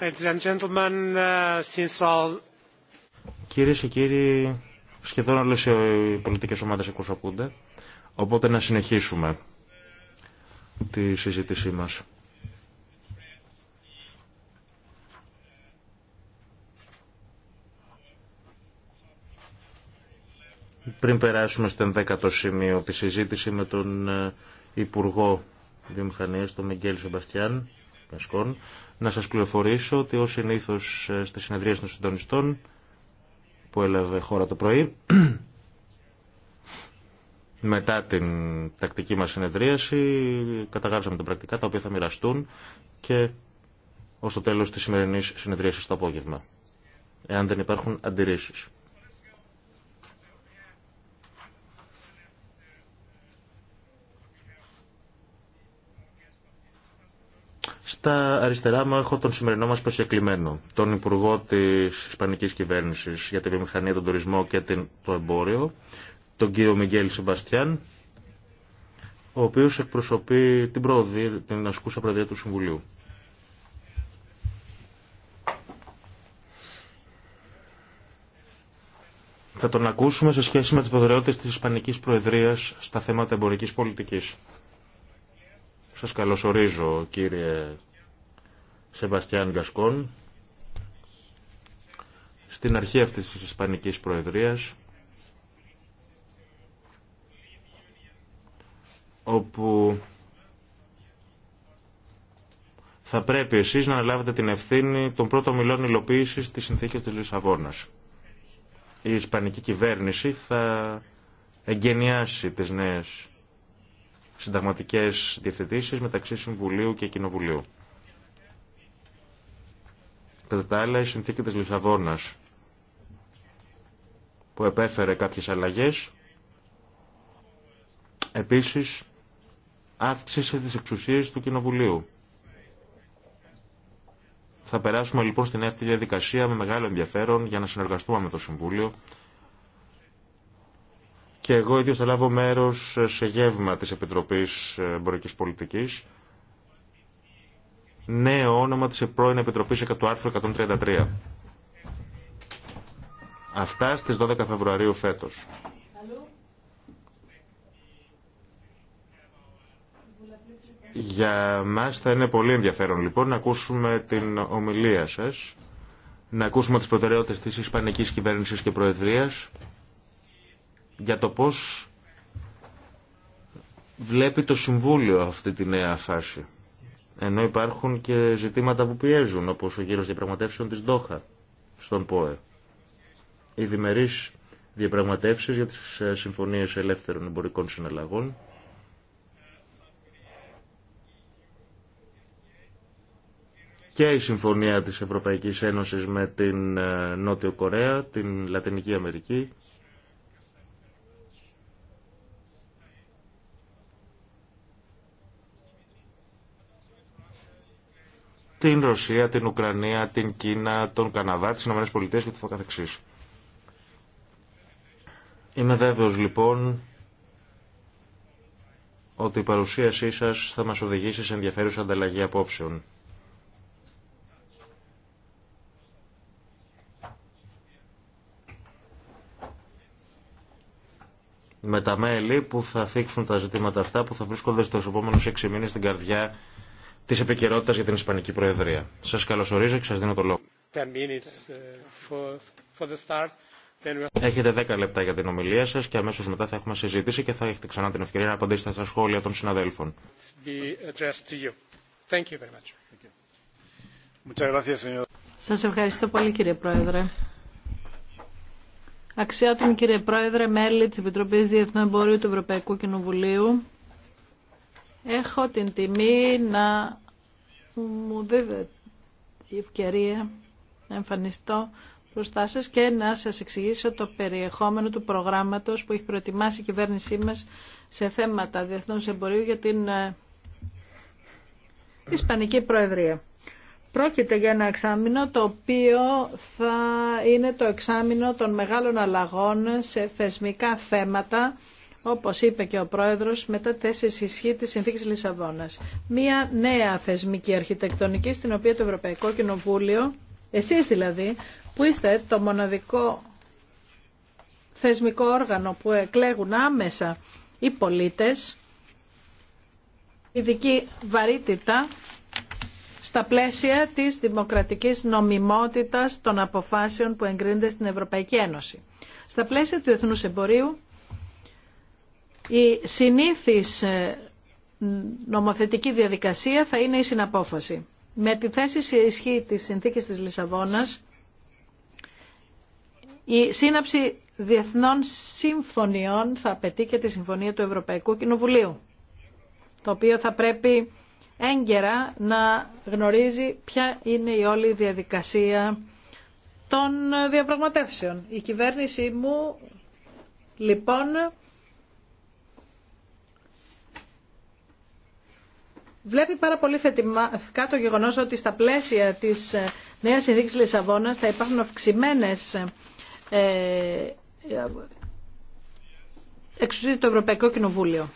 Uh, Κυρίε και κύριοι, σχεδόν όλε οι πολιτικέ ομάδε εκπροσωπούνται. Οπότε να συνεχίσουμε τη συζήτησή μα. Πριν περάσουμε στον δέκατο σημείο, τη συζήτηση με τον ε, Υπουργό Διομηχανία τον Μιγγέλ Σεμπαστιάν Πασκόν, να σας πληροφορήσω ότι ως συνήθως ε, στις συνεδρίες των συντονιστών που έλαβε χώρα το πρωί μετά την τακτική μας συνεδρίαση καταγράψαμε τα πρακτικά τα οποία θα μοιραστούν και ως το τέλος της σημερινής συνεδρίασης το απόγευμα εάν δεν υπάρχουν αντιρρήσεις. Στα αριστερά μου έχω τον σημερινό μα προσκεκλημένο, τον Υπουργό της Ισπανική Κυβέρνησης για τη βιομηχανία, τον τουρισμό και το εμπόριο, τον κύριο Μιγγέλ Σεμπαστιάν, ο οποίος εκπροσωπεί την, πρόοδη, την ασκούσα προεδρία του Συμβουλίου. Θα τον ακούσουμε σε σχέση με τις προτεραιότητες της Ισπανικής Προεδρίας στα θέματα εμπορικής πολιτικής. Σας καλωσορίζω κύριε Σεβαστιάν Γκασκόν στην αρχή αυτής της Ισπανικής Προεδρίας όπου θα πρέπει εσείς να αναλάβετε την ευθύνη των πρώτων μιλών υλοποίησης της συνθήκης της Λισαβόνας. Η Ισπανική κυβέρνηση θα εγκαινιάσει τις νέες συνταγματικές διευθετήσεις μεταξύ Συμβουλίου και Κοινοβουλίου. Κατά τα άλλα, η συνθήκη της που επέφερε κάποιες αλλαγές επίσης αύξησε τις εξουσίες του Κοινοβουλίου. Θα περάσουμε λοιπόν στην αυτή διαδικασία με μεγάλο ενδιαφέρον για να συνεργαστούμε με το Συμβούλιο και εγώ ίδιο θα λάβω μέρος σε γεύμα της Επιτροπής Εμπορικής Πολιτικής. Νέο όνομα της πρώην Επιτροπής του άρθρου 133. Αυτά στι 12 Φεβρουαρίου φέτο. Για μας θα είναι πολύ ενδιαφέρον λοιπόν να ακούσουμε την ομιλία σας, να ακούσουμε τις προτεραιότητες της Ισπανικής Κυβέρνησης και Προεδρίας για το πώς βλέπει το Συμβούλιο αυτή τη νέα φάση. Ενώ υπάρχουν και ζητήματα που πιέζουν, όπως ο γύρος διαπραγματεύσεων της ΔΟΧΑ στον ΠΟΕ. Οι διμερείς διαπραγματεύσεις για τις ε, συμφωνίες ελεύθερων εμπορικών συναλλαγών και η συμφωνία της Ευρωπαϊκής Ένωσης με την ε, Νότιο Κορέα, την Λατινική Αμερική την Ρωσία, την Ουκρανία, την Κίνα, τον Καναδά, τις Πολιτείες και το καθεξής. Είμαι βέβαιος λοιπόν ότι η παρουσίασή σας θα μας οδηγήσει σε ενδιαφέρουσα ανταλλαγή απόψεων. με τα μέλη που θα θίξουν τα ζητήματα αυτά που θα βρίσκονται στους επόμενους 6 μήνες στην καρδιά τη επικαιρότητα για την Ισπανική Προεδρία. Σα καλωσορίζω και σα δίνω το λόγο. Uh, έχετε 10 λεπτά για την ομιλία σα και αμέσω μετά θα έχουμε συζήτηση και θα έχετε ξανά την ευκαιρία να απαντήσετε στα σχόλια των συναδέλφων. Σα ευχαριστώ πολύ κύριε Πρόεδρε. Αξιότιμη κύριε Πρόεδρε, μέλη τη Επιτροπή Διεθνού Εμπορίου του Ευρωπαϊκού Κοινοβουλίου, Έχω την τιμή να μου δίδεται η ευκαιρία να εμφανιστώ μπροστά σας και να σας εξηγήσω το περιεχόμενο του προγράμματος που έχει προετοιμάσει η κυβέρνησή μας σε θέματα διεθνούς εμπορίου για την ε, Ισπανική Προεδρία. Πρόκειται για ένα εξάμεινο το οποίο θα είναι το εξάμεινο των μεγάλων αλλαγών σε θεσμικά θέματα όπως είπε και ο Πρόεδρος, μετά τέσσερις ισχύ της Συνθήκης Λισαβόνας. Μία νέα θεσμική αρχιτεκτονική στην οποία το Ευρωπαϊκό Κοινοβούλιο, εσείς δηλαδή, που είστε το μοναδικό θεσμικό όργανο που εκλέγουν άμεσα οι πολίτες, ειδική βαρύτητα στα πλαίσια της δημοκρατικής νομιμότητας των αποφάσεων που εγκρίνονται στην Ευρωπαϊκή Ένωση. Στα πλαίσια του Εθνούς Εμπορίου, η συνήθις ε, νομοθετική διαδικασία θα είναι η συναπόφαση. Με τη θέση σε ισχύ της συνθήκης της Λισαβόνας, η σύναψη διεθνών συμφωνιών θα απαιτεί και τη συμφωνία του Ευρωπαϊκού Κοινοβουλίου, το οποίο θα πρέπει έγκαιρα να γνωρίζει ποια είναι η όλη διαδικασία των διαπραγματεύσεων. Η κυβέρνηση μου, λοιπόν, βλέπει πάρα πολύ θετικά το γεγονός ότι στα πλαίσια της ε, νέας συνθήκης Λισαβόνας θα υπάρχουν ε, ε, εξουσίες του Ευρωπαϊκό Κοινοβούλιο.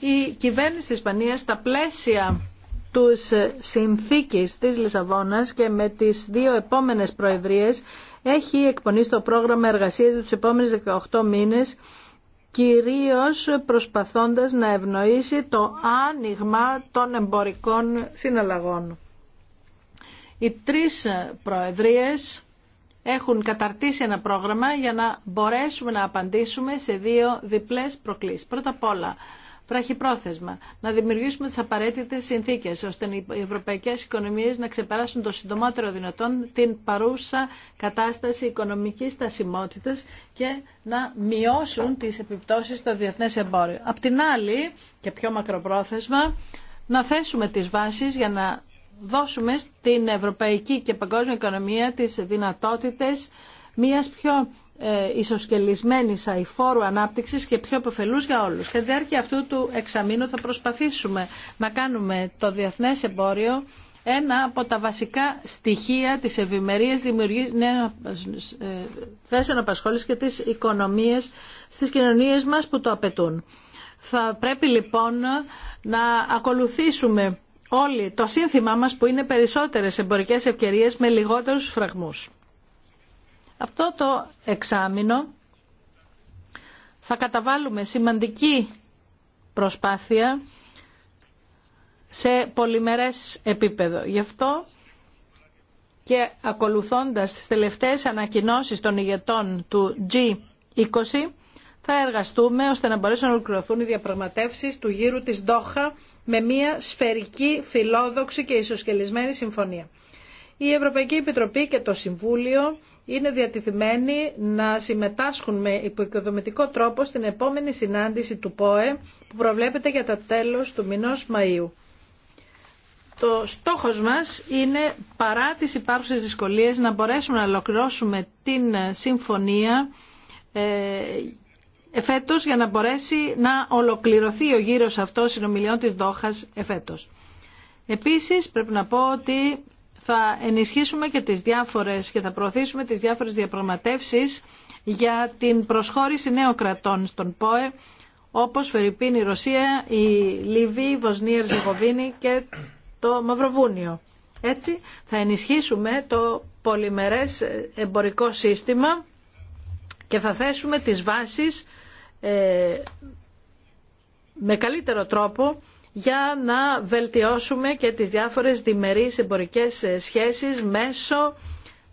Η κυβέρνηση της Ισπανίας στα πλαίσια τους ε, συνθήκης της Λισαβόνας και με τις δύο επόμενες προεδρίες έχει εκπονήσει το πρόγραμμα εργασίας του τους επόμενους 18 μήνες κυρίως προσπαθώντας να ευνοήσει το άνοιγμα των εμπορικών συναλλαγών. Οι τρεις προεδρίες έχουν καταρτήσει ένα πρόγραμμα για να μπορέσουμε να απαντήσουμε σε δύο διπλές προκλήσεις. Πρώτα απ' όλα, πρόθεσμα να δημιουργήσουμε τις απαραίτητες συνθήκες, ώστε οι ευρωπαϊκές οικονομίες να ξεπεράσουν το συντομότερο δυνατόν την παρούσα κατάσταση οικονομικής στασιμότητας και να μειώσουν τις επιπτώσεις στο διεθνές εμπόριο. Απ' την άλλη, και πιο μακροπρόθεσμα, να θέσουμε τις βάσεις για να δώσουμε στην ευρωπαϊκή και παγκόσμια οικονομία τις δυνατότητες μιας πιο ε, ισοσκελισμένης αηφόρου ανάπτυξης και πιο επωφελού για όλους. Και διάρκεια αυτού του εξαμήνου θα προσπαθήσουμε να κάνουμε το διεθνέ εμπόριο ένα από τα βασικά στοιχεία της ευημερία δημιουργής νέων ε, θέσεων απασχόλησης και της οικονομίας στις κοινωνίες μας που το απαιτούν. Θα πρέπει λοιπόν να ακολουθήσουμε όλοι το σύνθημά μας που είναι περισσότερες εμπορικές ευκαιρίες με λιγότερους φραγμούς. Αυτό το εξάμεινο θα καταβάλουμε σημαντική προσπάθεια σε πολυμερές επίπεδο. Γι' αυτό και ακολουθώντας τις τελευταίες ανακοινώσεις των ηγετών του G20 θα εργαστούμε ώστε να μπορέσουν να ολοκληρωθούν οι διαπραγματεύσεις του γύρου της ΔΟΧΑ με μια σφαιρική, φιλόδοξη και ισοσκελισμένη συμφωνία. Η Ευρωπαϊκή Επιτροπή και το Συμβούλιο είναι διατηθειμένοι να συμμετάσχουν με υποοικοδομητικό τρόπο στην επόμενη συνάντηση του ΠΟΕ που προβλέπεται για τα τέλος του μηνός Μαΐου. Το στόχος μας είναι παρά τις υπάρχουσες δυσκολίες να μπορέσουμε να ολοκληρώσουμε την συμφωνία ε, εφέτος για να μπορέσει να ολοκληρωθεί ο γύρος αυτός συνομιλιών της Δόχας εφέτος. Επίσης πρέπει να πω ότι θα ενισχύσουμε και τις διάφορες και θα προωθήσουμε τις διάφορες διαπραγματεύσεις για την προσχώρηση νέων κρατών στον ΠΟΕ, όπως Φερρυπίνη, η Ρωσία, η Λιβύη, η Βοσνία, Ζεγοβίνη και το Μαυροβούνιο. Έτσι θα ενισχύσουμε το πολυμερές εμπορικό σύστημα και θα θέσουμε τις βάσεις ε, με καλύτερο τρόπο για να βελτιώσουμε και τις διάφορες διμερείς εμπορικές ε, σχέσεις μέσω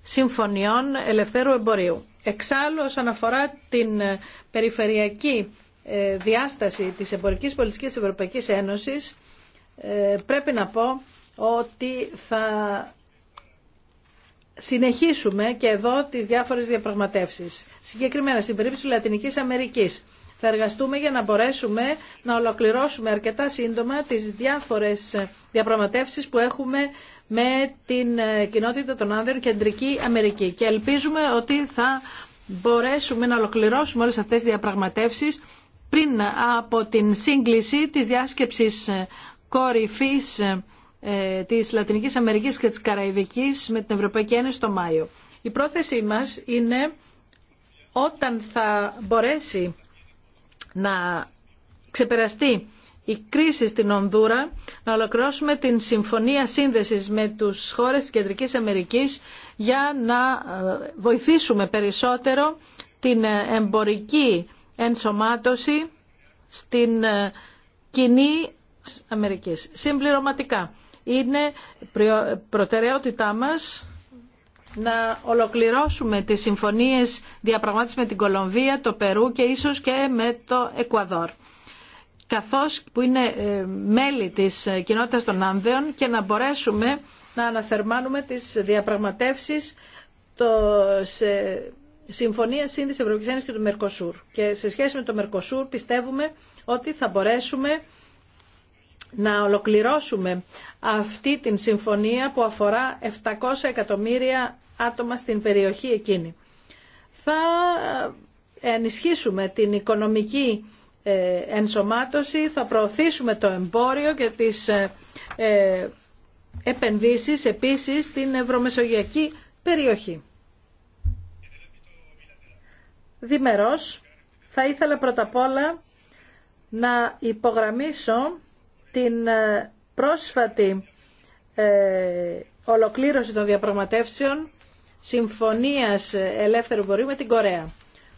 συμφωνιών ελευθέρου εμπορίου. Εξάλλου, όσον αφορά την ε, περιφερειακή ε, διάσταση της εμπορικής πολιτικής της Ευρωπαϊκής Ένωσης, πρέπει να πω ότι θα συνεχίσουμε και εδώ τις διάφορες διαπραγματεύσεις. Συγκεκριμένα, στην περίπτωση της Λατινικής Αμερικής, θα εργαστούμε για να μπορέσουμε να ολοκληρώσουμε αρκετά σύντομα τις διάφορες διαπραγματεύσεις που έχουμε με την ε, κοινότητα των άνδρων Κεντρική Αμερική. Και ελπίζουμε ότι θα μπορέσουμε να ολοκληρώσουμε όλες αυτές τις διαπραγματεύσεις πριν από την σύγκληση της διάσκεψης ε, κορυφής ε, της Λατινικής Αμερικής και της Καραϊβικής με την Ευρωπαϊκή Ένωση το Μάιο. Η πρόθεσή μας είναι όταν θα μπορέσει να ξεπεραστεί η κρίση στην Ονδούρα, να ολοκληρώσουμε την συμφωνία σύνδεσης με τους χώρες της Κεντρικής Αμερικής για να ε, βοηθήσουμε περισσότερο την ε, εμπορική ενσωμάτωση στην ε, κοινή Αμερικής. Συμπληρωματικά είναι προτεραιότητά μας να ολοκληρώσουμε τις συμφωνίες διαπραγμάτευσης με την Κολομβία, το Περού και ίσως και με το Εκουαδόρ καθώς που είναι ε, μέλη της ε, κοινότητας των Άνδεων και να μπορέσουμε να αναθερμάνουμε τις διαπραγματεύσεις το, σε συμφωνία σύνδεση Ευρωπαϊκής Ένωσης και του Μερκοσούρ. Και σε σχέση με το Μερκοσούρ πιστεύουμε ότι θα μπορέσουμε να ολοκληρώσουμε αυτή την συμφωνία που αφορά 700 εκατομμύρια άτομα στην περιοχή εκείνη. Θα ε, ενισχύσουμε την οικονομική ε, ενσωμάτωση, θα προωθήσουμε το εμπόριο και τις ε, επενδύσεις επίσης στην ευρωμεσογειακή περιοχή. Δημερός, θα ήθελα πρώτα απ' όλα να υπογραμμίσω την ε, πρόσφατη ε, ολοκλήρωση των διαπραγματεύσεων συμφωνίας ελεύθερου πορείου με την Κορέα.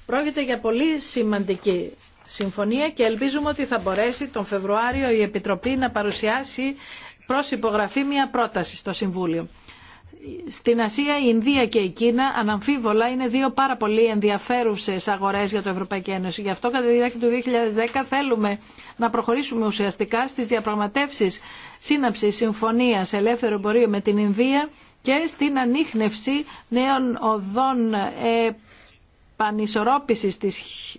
Πρόκειται για πολύ σημαντική συμφωνία και ελπίζουμε ότι θα μπορέσει τον Φεβρουάριο η Επιτροπή να παρουσιάσει προς υπογραφή μια πρόταση στο Συμβούλιο στην Ασία η Ινδία και η Κίνα αναμφίβολα είναι δύο πάρα πολύ ενδιαφέρουσε αγορές για το Ευρωπαϊκή Ένωση. Γι' αυτό κατά τη διάρκεια του 2010 θέλουμε να προχωρήσουμε ουσιαστικά στις διαπραγματεύσεις σύναψη συμφωνίας ελεύθερου εμπορίου με την Ινδία και στην ανείχνευση νέων οδών επανισορρόπηση τη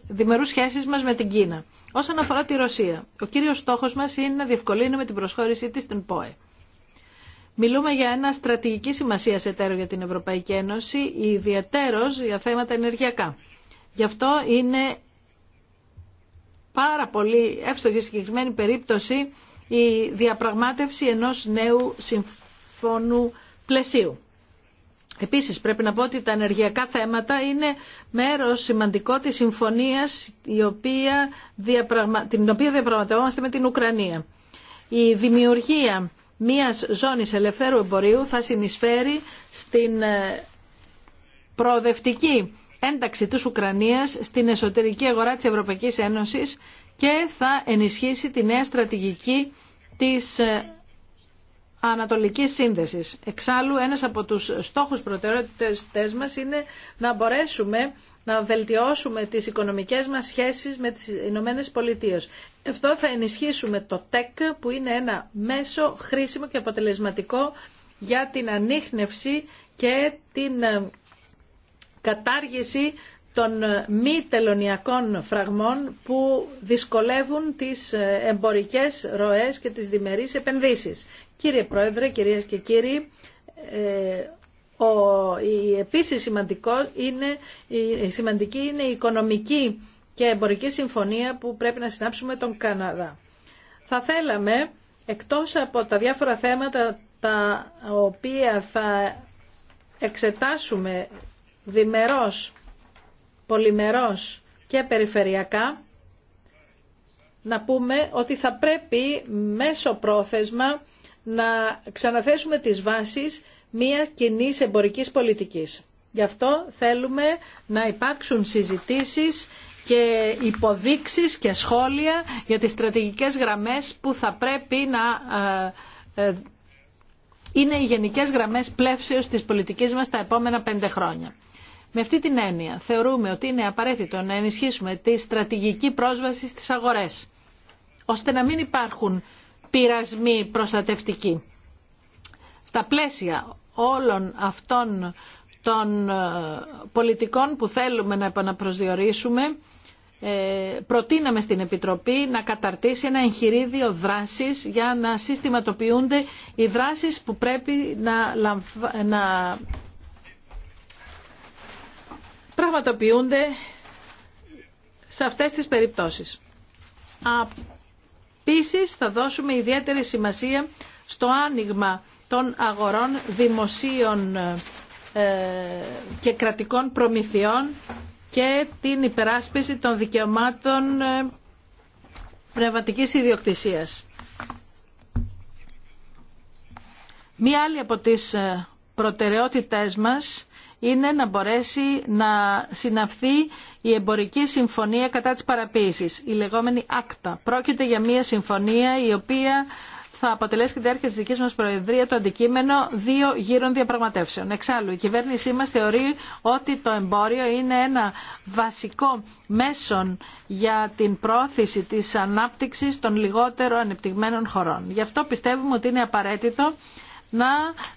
διμερούς σχέση μα με την Κίνα. Όσον αφορά τη Ρωσία, ο κύριο στόχο μα είναι να διευκολύνουμε την προσχώρησή τη στην ΠΟΕ. Μιλούμε για ένα στρατηγική σημασία εταίρο για την Ευρωπαϊκή Ένωση, ιδιαίτερο για θέματα ενεργειακά. Γι' αυτό είναι πάρα πολύ εύστοχη συγκεκριμένη περίπτωση η διαπραγμάτευση ενός νέου συμφώνου πλαισίου. Επίσης πρέπει να πω ότι τα ενεργειακά θέματα είναι μέρος σημαντικό της συμφωνίας η οποία διαπραγμα... την οποία διαπραγματευόμαστε με την Ουκρανία. Η δημιουργία μιας ζώνης ελευθέρου εμπορίου θα συνεισφέρει στην ε, προοδευτική ένταξη της Ουκρανίας στην εσωτερική αγορά της Ευρωπαϊκής Ένωσης και θα ενισχύσει τη νέα στρατηγική της ε, ανατολικής σύνδεσης. Εξάλλου, ένας από τους στόχους προτεραιότητες μας είναι να μπορέσουμε να βελτιώσουμε τις οικονομικές μας σχέσεις με τις Ηνωμένε Πολιτείες. Αυτό θα ενισχύσουμε το ΤΕΚ που είναι ένα μέσο χρήσιμο και αποτελεσματικό για την ανείχνευση και την ε, κατάργηση των ε, μη τελωνιακών φραγμών που δυσκολεύουν τις ε, εμπορικές ροές και τις διμερείς επενδύσεις. Κύριε Πρόεδρε, κυρίες και κύριοι, ο, η, επίσης σημαντικό είναι, η, σημαντική είναι η οικονομική και εμπορική συμφωνία που πρέπει να συνάψουμε τον Καναδά. Θα θέλαμε, εκτός από τα διάφορα θέματα τα οποία θα εξετάσουμε διμερός, πολυμερός και περιφερειακά, να πούμε ότι θα πρέπει μέσω πρόθεσμα να ξαναθέσουμε τις βάσεις μία κοινή εμπορικής πολιτικής. Γι' αυτό θέλουμε να υπάρξουν συζητήσεις και υποδείξεις και σχόλια για τις στρατηγικές γραμμές που θα πρέπει να ε, ε, είναι οι γενικές γραμμές πλεύσεως της πολιτικής μας τα επόμενα πέντε χρόνια. Με αυτή την έννοια θεωρούμε ότι είναι απαραίτητο να ενισχύσουμε τη στρατηγική πρόσβαση στις αγορές, ώστε να μην υπάρχουν πειρασμοί προστατευτικοί. Στα πλαίσια όλων αυτών των ε, πολιτικών που θέλουμε να επαναπροσδιορίσουμε, ε, προτείναμε στην Επιτροπή να καταρτήσει ένα εγχειρίδιο δράσης για να συστηματοποιούνται οι δράσεις που πρέπει να, να πραγματοποιούνται σε αυτές τις περιπτώσεις. Επίση θα δώσουμε ιδιαίτερη σημασία στο άνοιγμα των αγορών δημοσίων ε, και κρατικών προμηθειών και την υπεράσπιση των δικαιωμάτων ε, πνευματικής ιδιοκτησίας. Μία άλλη από τις ε, προτεραιότητές μας είναι να μπορέσει να συναυθεί η εμπορική συμφωνία κατά της παραποίησης, η λεγόμενη ACTA. Πρόκειται για μία συμφωνία η οποία θα αποτελέσει και διάρκεια τη δική μα Προεδρία το αντικείμενο δύο γύρων διαπραγματεύσεων. Εξάλλου, η κυβέρνησή μα θεωρεί ότι το εμπόριο είναι ένα βασικό μέσον για την πρόθεση τη ανάπτυξη των λιγότερο ανεπτυγμένων χωρών. Γι' αυτό πιστεύουμε ότι είναι απαραίτητο να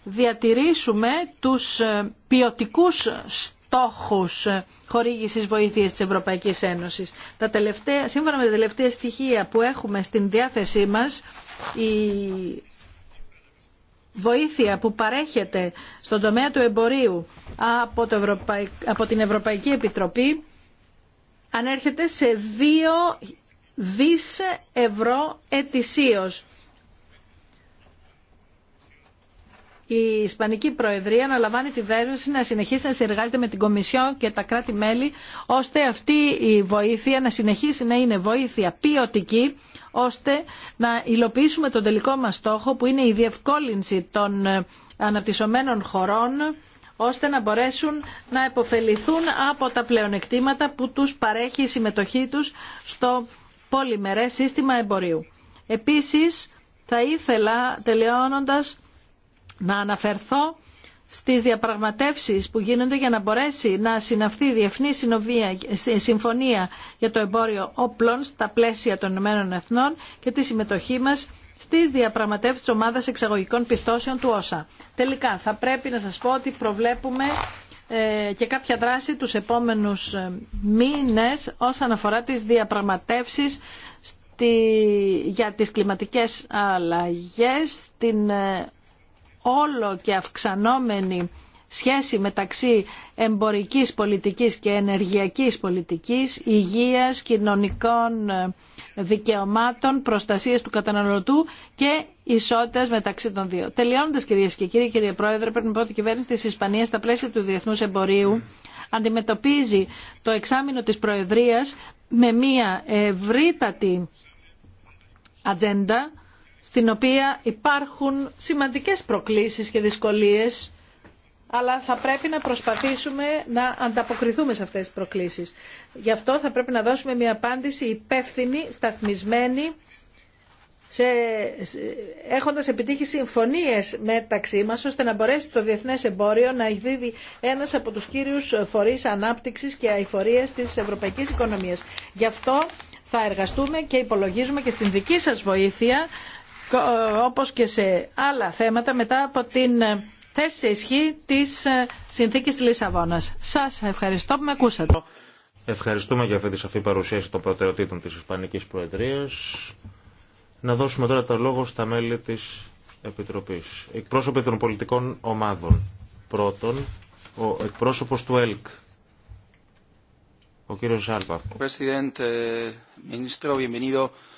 διατηρήσουμε τους ε, ποιοτικούς στόχους στόχους χορήγησης βοήθειας της Ευρωπαϊκής Ένωσης. Τα τελευταία, σύμφωνα με τα τελευταία στοιχεία που έχουμε στην διάθεσή μας, η βοήθεια που παρέχεται στον τομέα του εμπορίου από, το από την Ευρωπαϊκή Επιτροπή ανέρχεται σε 2 δις ευρώ ετησίως. η Ισπανική Προεδρία να λαμβάνει τη δέσμευση να συνεχίσει να συνεργάζεται με την Κομισιό και τα κράτη-μέλη, ώστε αυτή η βοήθεια να συνεχίσει να είναι βοήθεια ποιοτική, ώστε να υλοποιήσουμε τον τελικό μας στόχο, που είναι η διευκόλυνση των ε, αναπτυσσομένων χωρών, ώστε να μπορέσουν να επωφεληθούν από τα πλεονεκτήματα που τους παρέχει η συμμετοχή τους στο πολυμερές σύστημα εμπορίου. Επίσης, θα ήθελα, τελειώνοντας, να αναφερθώ στις διαπραγματεύσεις που γίνονται για να μπορέσει να συναυθεί η Διεθνή Συμφωνία για το Εμπόριο Όπλων στα πλαίσια των Ηνωμένων Εθνών και τη συμμετοχή μας στις διαπραγματεύσεις της Ομάδας Εξαγωγικών Πιστώσεων του ΩΣΑ. Τελικά, θα πρέπει να σας πω ότι προβλέπουμε ε, και κάποια δράση τους επόμενους ε, μήνες όσον αφορά τις διαπραγματεύσεις για τις κλιματικές αλλαγές, την ε, όλο και αυξανόμενη σχέση μεταξύ εμπορικής πολιτικής και ενεργειακής πολιτικής, υγείας, κοινωνικών ε, δικαιωμάτων, προστασίας του καταναλωτού και ισότητας μεταξύ των δύο. Τελειώνοντας κυρίες και κύριοι, κύριε Πρόεδρε, πρέπει να πω ότι η κυβέρνηση της Ισπανίας στα πλαίσια του διεθνούς εμπορίου αντιμετωπίζει το εξάμεινο της Προεδρίας με μια ευρύτατη ατζέντα στην οποία υπάρχουν σημαντικές προκλήσεις και δυσκολίες αλλά θα πρέπει να προσπαθήσουμε να ανταποκριθούμε σε αυτές τις προκλήσεις. Γι' αυτό θα πρέπει να δώσουμε μια απάντηση υπεύθυνη, σταθμισμένη, σε, έχοντας επιτύχει συμφωνίες μεταξύ μας, ώστε να μπορέσει το διεθνές εμπόριο να εκδίδει ένας από τους κύριους φορείς ανάπτυξης και αηφορίας της ευρωπαϊκής οικονομίας. Γι' αυτό θα εργαστούμε και υπολογίζουμε και στην δική σας βοήθεια όπως και σε άλλα θέματα μετά από την ε, θέση σε ισχύ της ε, συνθήκης της Λισαβόνας. Σας ευχαριστώ που με ακούσατε. Ευχαριστούμε για αυτή τη σαφή παρουσίαση των προτεραιοτήτων της Ισπανικής Προεδρίας. Να δώσουμε τώρα το λόγο στα μέλη της Επιτροπής. Εκπρόσωποι των πολιτικών ομάδων. Πρώτον, ο εκπρόσωπος του ΕΛΚ. Ο κύριος Σάλπα.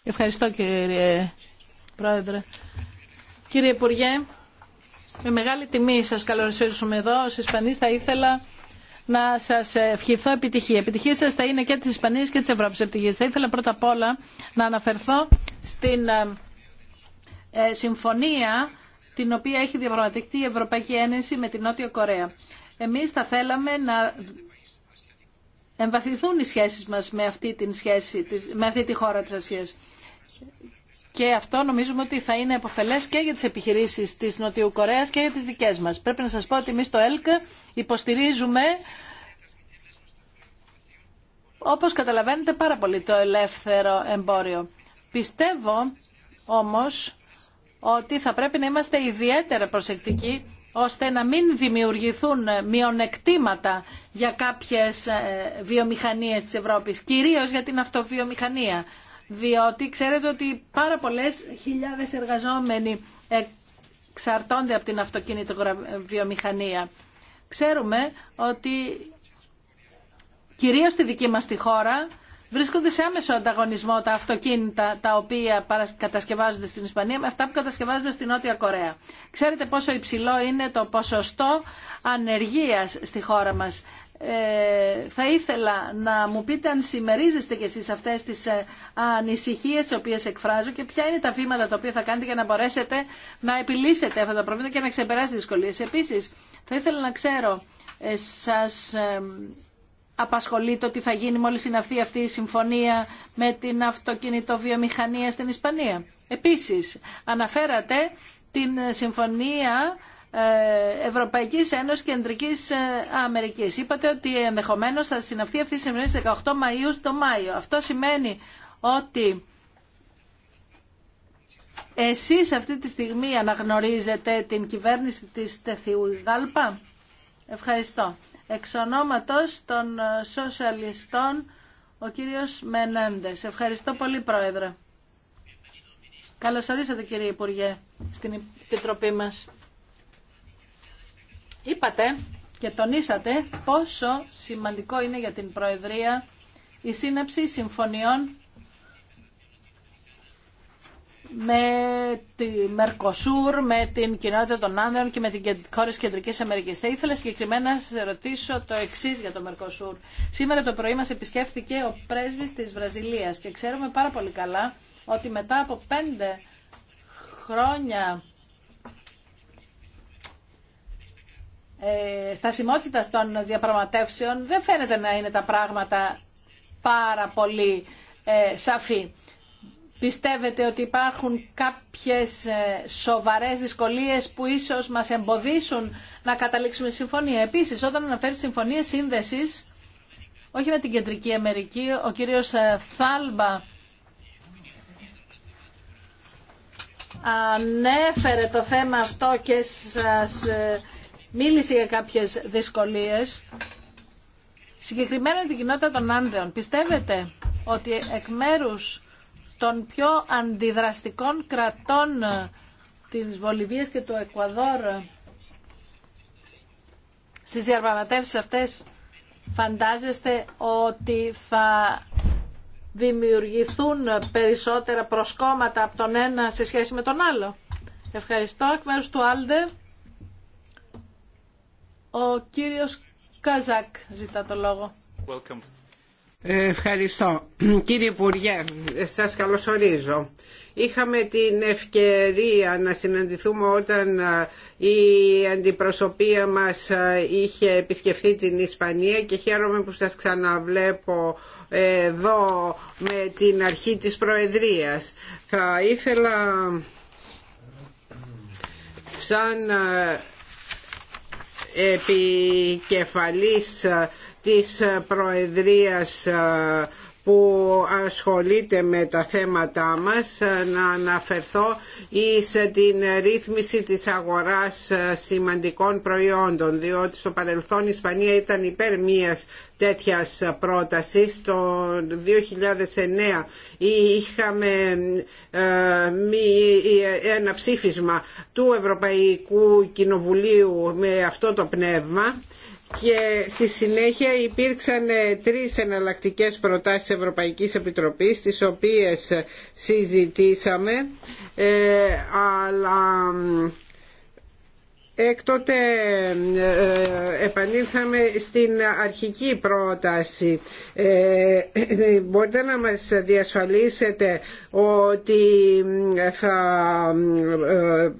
Ευχαριστώ κύριε Πρόεδρε. Κύριε Υπουργέ, με μεγάλη τιμή σας καλωσορίσουμε εδώ. Ως Ισπανής θα ήθελα να σας ευχηθώ επιτυχία. Επιτυχία σας θα είναι και της Ισπανίας και της Ευρώπης επιτυχίας. Θα ήθελα πρώτα απ' όλα να αναφερθώ στην ε, ε, συμφωνία την οποία έχει διαπραγματευτεί η Ευρωπαϊκή Ένωση με την Νότια Κορέα. Εμείς θα θέλαμε να εμβαθυνθούν οι σχέσεις μας με αυτή, την σχέση, με αυτή τη χώρα της Ασίας. Και αυτό νομίζουμε ότι θα είναι επωφελέ και για τι επιχειρήσει τη Νοτιού Κορέα και για τι δικέ μα. Πρέπει να σα πω ότι εμεί στο ΕΛΚ υποστηρίζουμε. Όπως καταλαβαίνετε πάρα πολύ το ελεύθερο εμπόριο. Πιστεύω όμως ότι θα πρέπει να είμαστε ιδιαίτερα προσεκτικοί ώστε να μην δημιουργηθούν μειονεκτήματα για κάποιες ε, βιομηχανίες της Ευρώπης, κυρίως για την αυτοβιομηχανία διότι ξέρετε ότι πάρα πολλές χιλιάδες εργαζόμενοι εξαρτώνται από την αυτοκίνητο βιομηχανία. Ξέρουμε ότι κυρίως στη δική μας τη χώρα βρίσκονται σε άμεσο ανταγωνισμό τα αυτοκίνητα τα οποία κατασκευάζονται στην Ισπανία με αυτά που κατασκευάζονται στην Νότια Κορέα. Ξέρετε πόσο υψηλό είναι το ποσοστό ανεργίας στη χώρα μας. Ε, θα ήθελα να μου πείτε αν συμμερίζεστε κι εσείς αυτές τις ε, ανησυχίες τις οποίες εκφράζω και ποια είναι τα βήματα τα οποία θα κάνετε για να μπορέσετε να επιλύσετε αυτά τα προβλήματα και να ξεπεράσετε τις δυσκολίες. Επίσης, θα ήθελα να ξέρω, ε, σας ε, απασχολεί το τι θα γίνει μόλις συναυθεί αυτή η συμφωνία με την αυτοκινητοβιομηχανία στην Ισπανία. Επίσης, αναφέρατε την συμφωνία ε, Ευρωπαϊκής Ένωσης και Κεντρικής ε, Αμερικής. Είπατε ότι ενδεχομένως θα συναυθεί αυτή η συμφωνία στις 18 Μαΐου στο Μάιο. Αυτό σημαίνει ότι εσείς αυτή τη στιγμή αναγνωρίζετε την κυβέρνηση της Τεθιού Γάλπα. Ευχαριστώ. Εξ ονόματος των ε, σοσιαλιστών, ο κύριος Μενέντες. Ευχαριστώ πολύ, Πρόεδρε. Καλώς ορίσατε, κύριε Υπουργέ, στην Επιτροπή μας. Είπατε και τονίσατε πόσο σημαντικό είναι για την Προεδρία η σύναψη συμφωνιών με τη Μερκοσούρ, με την κοινότητα των Άνδρων και με την χώρε Κεντρική Αμερική. Θα ήθελα συγκεκριμένα να σα ρωτήσω το εξή για το Μερκοσούρ. Σήμερα το πρωί μα επισκέφθηκε ο πρέσβη τη Βραζιλία και ξέρουμε πάρα πολύ καλά ότι μετά από πέντε χρόνια Ε, στασιμότητα των διαπραγματεύσεων δεν φαίνεται να είναι τα πράγματα πάρα πολύ ε, σαφή. Πιστεύετε ότι υπάρχουν κάποιες ε, σοβαρές δυσκολίες που ίσως μας εμποδίσουν να καταλήξουμε συμφωνία. Επίσης, όταν αναφέρει συμφωνίες σύνδεσης, όχι με την Κεντρική Αμερική, ο κύριος Θάλμπα ανέφερε το θέμα αυτό και σας μίλησε για κάποιες δυσκολίες, συγκεκριμένα την κοινότητα των Άνδεων. Πιστεύετε ότι εκ μέρους των πιο αντιδραστικών κρατών ε, της Βολιβίας και του Εκουαδόρ ε, στις διαπραγματεύσεις αυτές φαντάζεστε ότι θα δημιουργηθούν περισσότερα προσκόμματα από τον ένα σε σχέση με τον άλλο. Ευχαριστώ εκ μέρους του Άλντε. Ο κύριος Καζάκ ζητά το λόγο. Ευχαριστώ. Κύριε Υπουργέ, σας καλωσορίζω. Είχαμε την ευκαιρία να συναντηθούμε όταν ε, η αντιπροσωπεία μας ε, είχε επισκεφθεί την Ισπανία και χαίρομαι που σας ξαναβλέπω ε, εδώ με την αρχή της Προεδρίας. Θα ήθελα σαν επικεφαλής της Προεδρίας ε, που ασχολείται με τα θέματα μας να αναφερθώ εις την ρύθμιση της αγοράς σημαντικών προϊόντων διότι στο παρελθόν η Ισπανία ήταν υπέρ μίας τέτοιας πρότασης το 2009 είχαμε ε, ε, ένα ψήφισμα του Ευρωπαϊκού Κοινοβουλίου με αυτό το πνεύμα και στη συνέχεια υπήρξαν ε, τρεις εναλλακτικέ προτάσεις Ευρωπαϊκής Επιτροπής τις οποίες συζητήσαμε ε, αλλά Έκτοτε ε, επανήλθαμε στην αρχική πρόταση. Ε, μπορείτε να μας διασφαλίσετε ότι ε, θα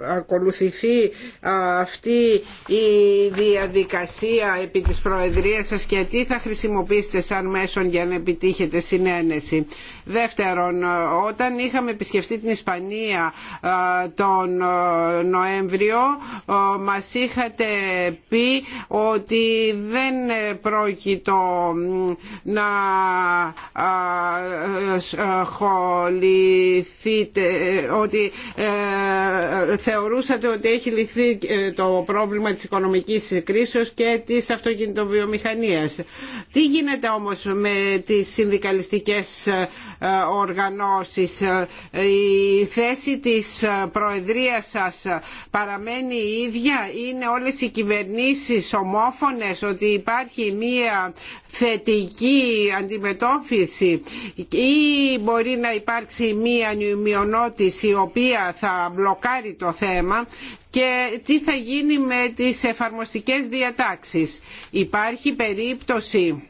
ακολουθηθεί αυτή η διαδικασία επί της Προεδρίας σας και τι θα χρησιμοποιήσετε σαν μέσον για να επιτύχετε συνένεση. Δεύτερον, όταν είχαμε επισκεφτεί την Ισπανία τον Νοέμβριο μας είχατε πει ότι δεν πρόκειτο να ασχοληθείτε, ότι ε, θεωρούσατε ότι έχει λυθεί ε, το πρόβλημα της οικονομικής κρίσης και της αυτοκινητοβιομηχανίας. Τι γίνεται όμως με τις συνδικαλιστικές ε, οργανώσεις. Η θέση της Προεδρίας σας παραμένει η ίδια είναι όλες οι κυβερνήσεις ομόφωνες ότι υπάρχει μία θετική αντιμετώπιση ή μπορεί να υπάρξει μία μειονότηση η οποία θα μπλοκάρει το θέμα και τι θα γίνει με τις εφαρμοστικές διατάξεις. Υπάρχει περίπτωση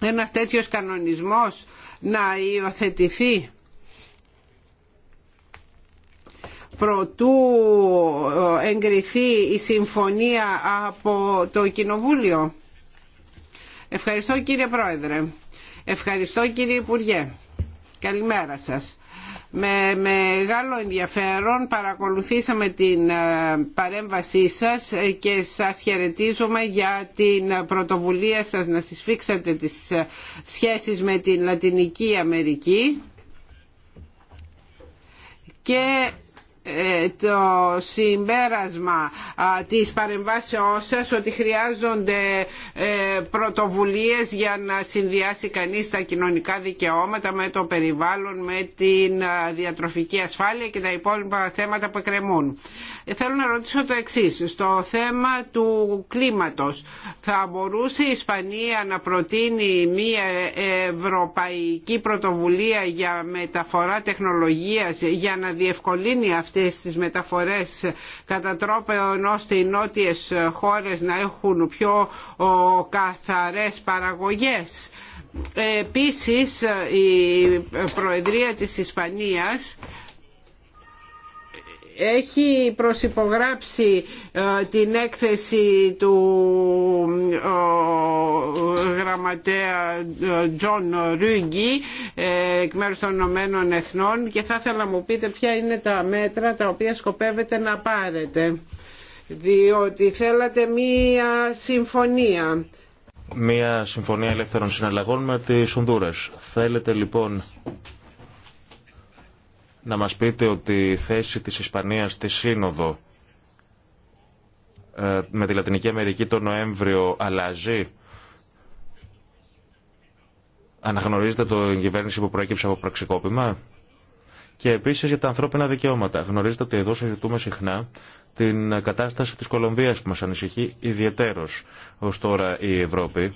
ένας τέτοιος κανονισμός να υιοθετηθεί προτού ε, εγκριθεί η συμφωνία από το Κοινοβούλιο. Ευχαριστώ κύριε Πρόεδρε. Ευχαριστώ κύριε Υπουργέ. Καλημέρα σας. Με μεγάλο ενδιαφέρον παρακολουθήσαμε την ε, παρέμβασή σας ε, και σας χαιρετίζουμε για την πρωτοβουλία σας να συσφίξατε τις σχέσεις με την Λατινική Αμερική και το συμπέρασμα της παρεμβάσεώς σας ότι χρειάζονται ε, πρωτοβουλίες για να συνδυάσει κανείς τα κοινωνικά δικαιώματα με το περιβάλλον, με την διατροφική ασφάλεια και τα υπόλοιπα θέματα που εκκρεμούν. Θέλω να ρωτήσω το εξή Στο θέμα του κλίματος, θα μπορούσε η Ισπανία να προτείνει μία ευρωπαϊκή πρωτοβουλία για μεταφορά τεχνολογίας για να διευκολύνει αυτές τις μεταφορές κατά τρόπο ώστε οι νότιες χώρες να έχουν πιο καθαρές παραγωγές. Επίσης η Προεδρία της Ισπανίας έχει προσυπογράψει ε, την έκθεση του ε, γραμματέα ε, Τζον Ρούγκη εκ μέρους των Ηνωμένων Εθνών και θα ήθελα να μου πείτε ποια είναι τα μέτρα τα οποία σκοπεύετε να πάρετε διότι θέλατε μία συμφωνία. Μία συμφωνία ελεύθερων συναλλαγών με τις Ονδούρες. Θέλετε λοιπόν να μας πείτε ότι η θέση της Ισπανίας στη Σύνοδο ε, με τη Λατινική Αμερική το Νοέμβριο αλλάζει. Αναγνωρίζετε το κυβέρνηση που προέκυψε από πραξικόπημα. Και επίσης για τα ανθρώπινα δικαιώματα. Γνωρίζετε ότι εδώ συζητούμε συχνά την κατάσταση της Κολομβίας που μας ανησυχεί ιδιαιτέρως ως τώρα η Ευρώπη.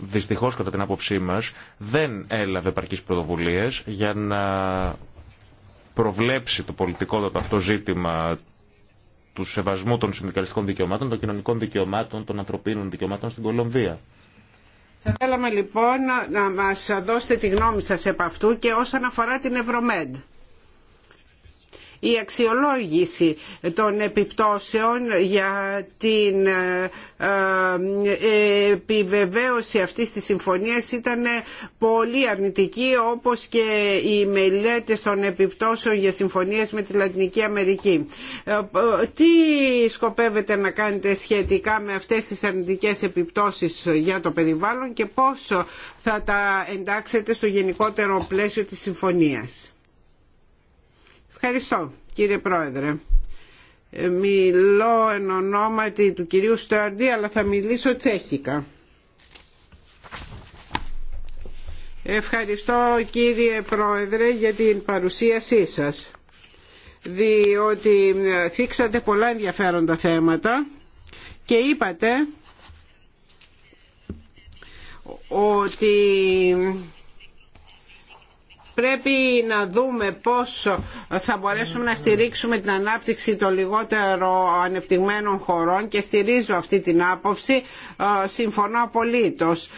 Δυστυχώς κατά την άποψή μας δεν έλαβε επαρκείς πρωτοβουλίες για να προβλέψει το πολιτικό το αυτό ζήτημα του σεβασμού των συνδικαλιστικών δικαιωμάτων, των κοινωνικών δικαιωμάτων, των ανθρωπίνων δικαιωμάτων στην Κολομβία. Θα θέλαμε λοιπόν να μας δώσετε τη γνώμη σας επ' αυτού και όσον αφορά την Ευρωμέντ η αξιολόγηση των επιπτώσεων για την ε, ε, επιβεβαίωση αυτής της συμφωνίας ήταν πολύ αρνητική όπως και οι μελέτε των επιπτώσεων για συμφωνίες με τη Λατινική Αμερική. Ε, τι σκοπεύετε να κάνετε σχετικά με αυτές τις αρνητικές επιπτώσεις για το περιβάλλον και πόσο θα τα εντάξετε στο γενικότερο πλαίσιο της συμφωνίας. Ευχαριστώ κύριε Πρόεδρε. Ε, μιλώ εν ονόματι του κυρίου Στέρντι αλλά θα μιλήσω τσέχικα. Ευχαριστώ κύριε Πρόεδρε για την παρουσίασή σας διότι ε, θίξατε πολλά ενδιαφέροντα θέματα και είπατε ότι πρέπει να δούμε πώς θα μπορέσουμε να στηρίξουμε την ανάπτυξη των λιγότερο ανεπτυγμένων χωρών και στηρίζω αυτή την άποψη, ε, συμφωνώ απολύτως.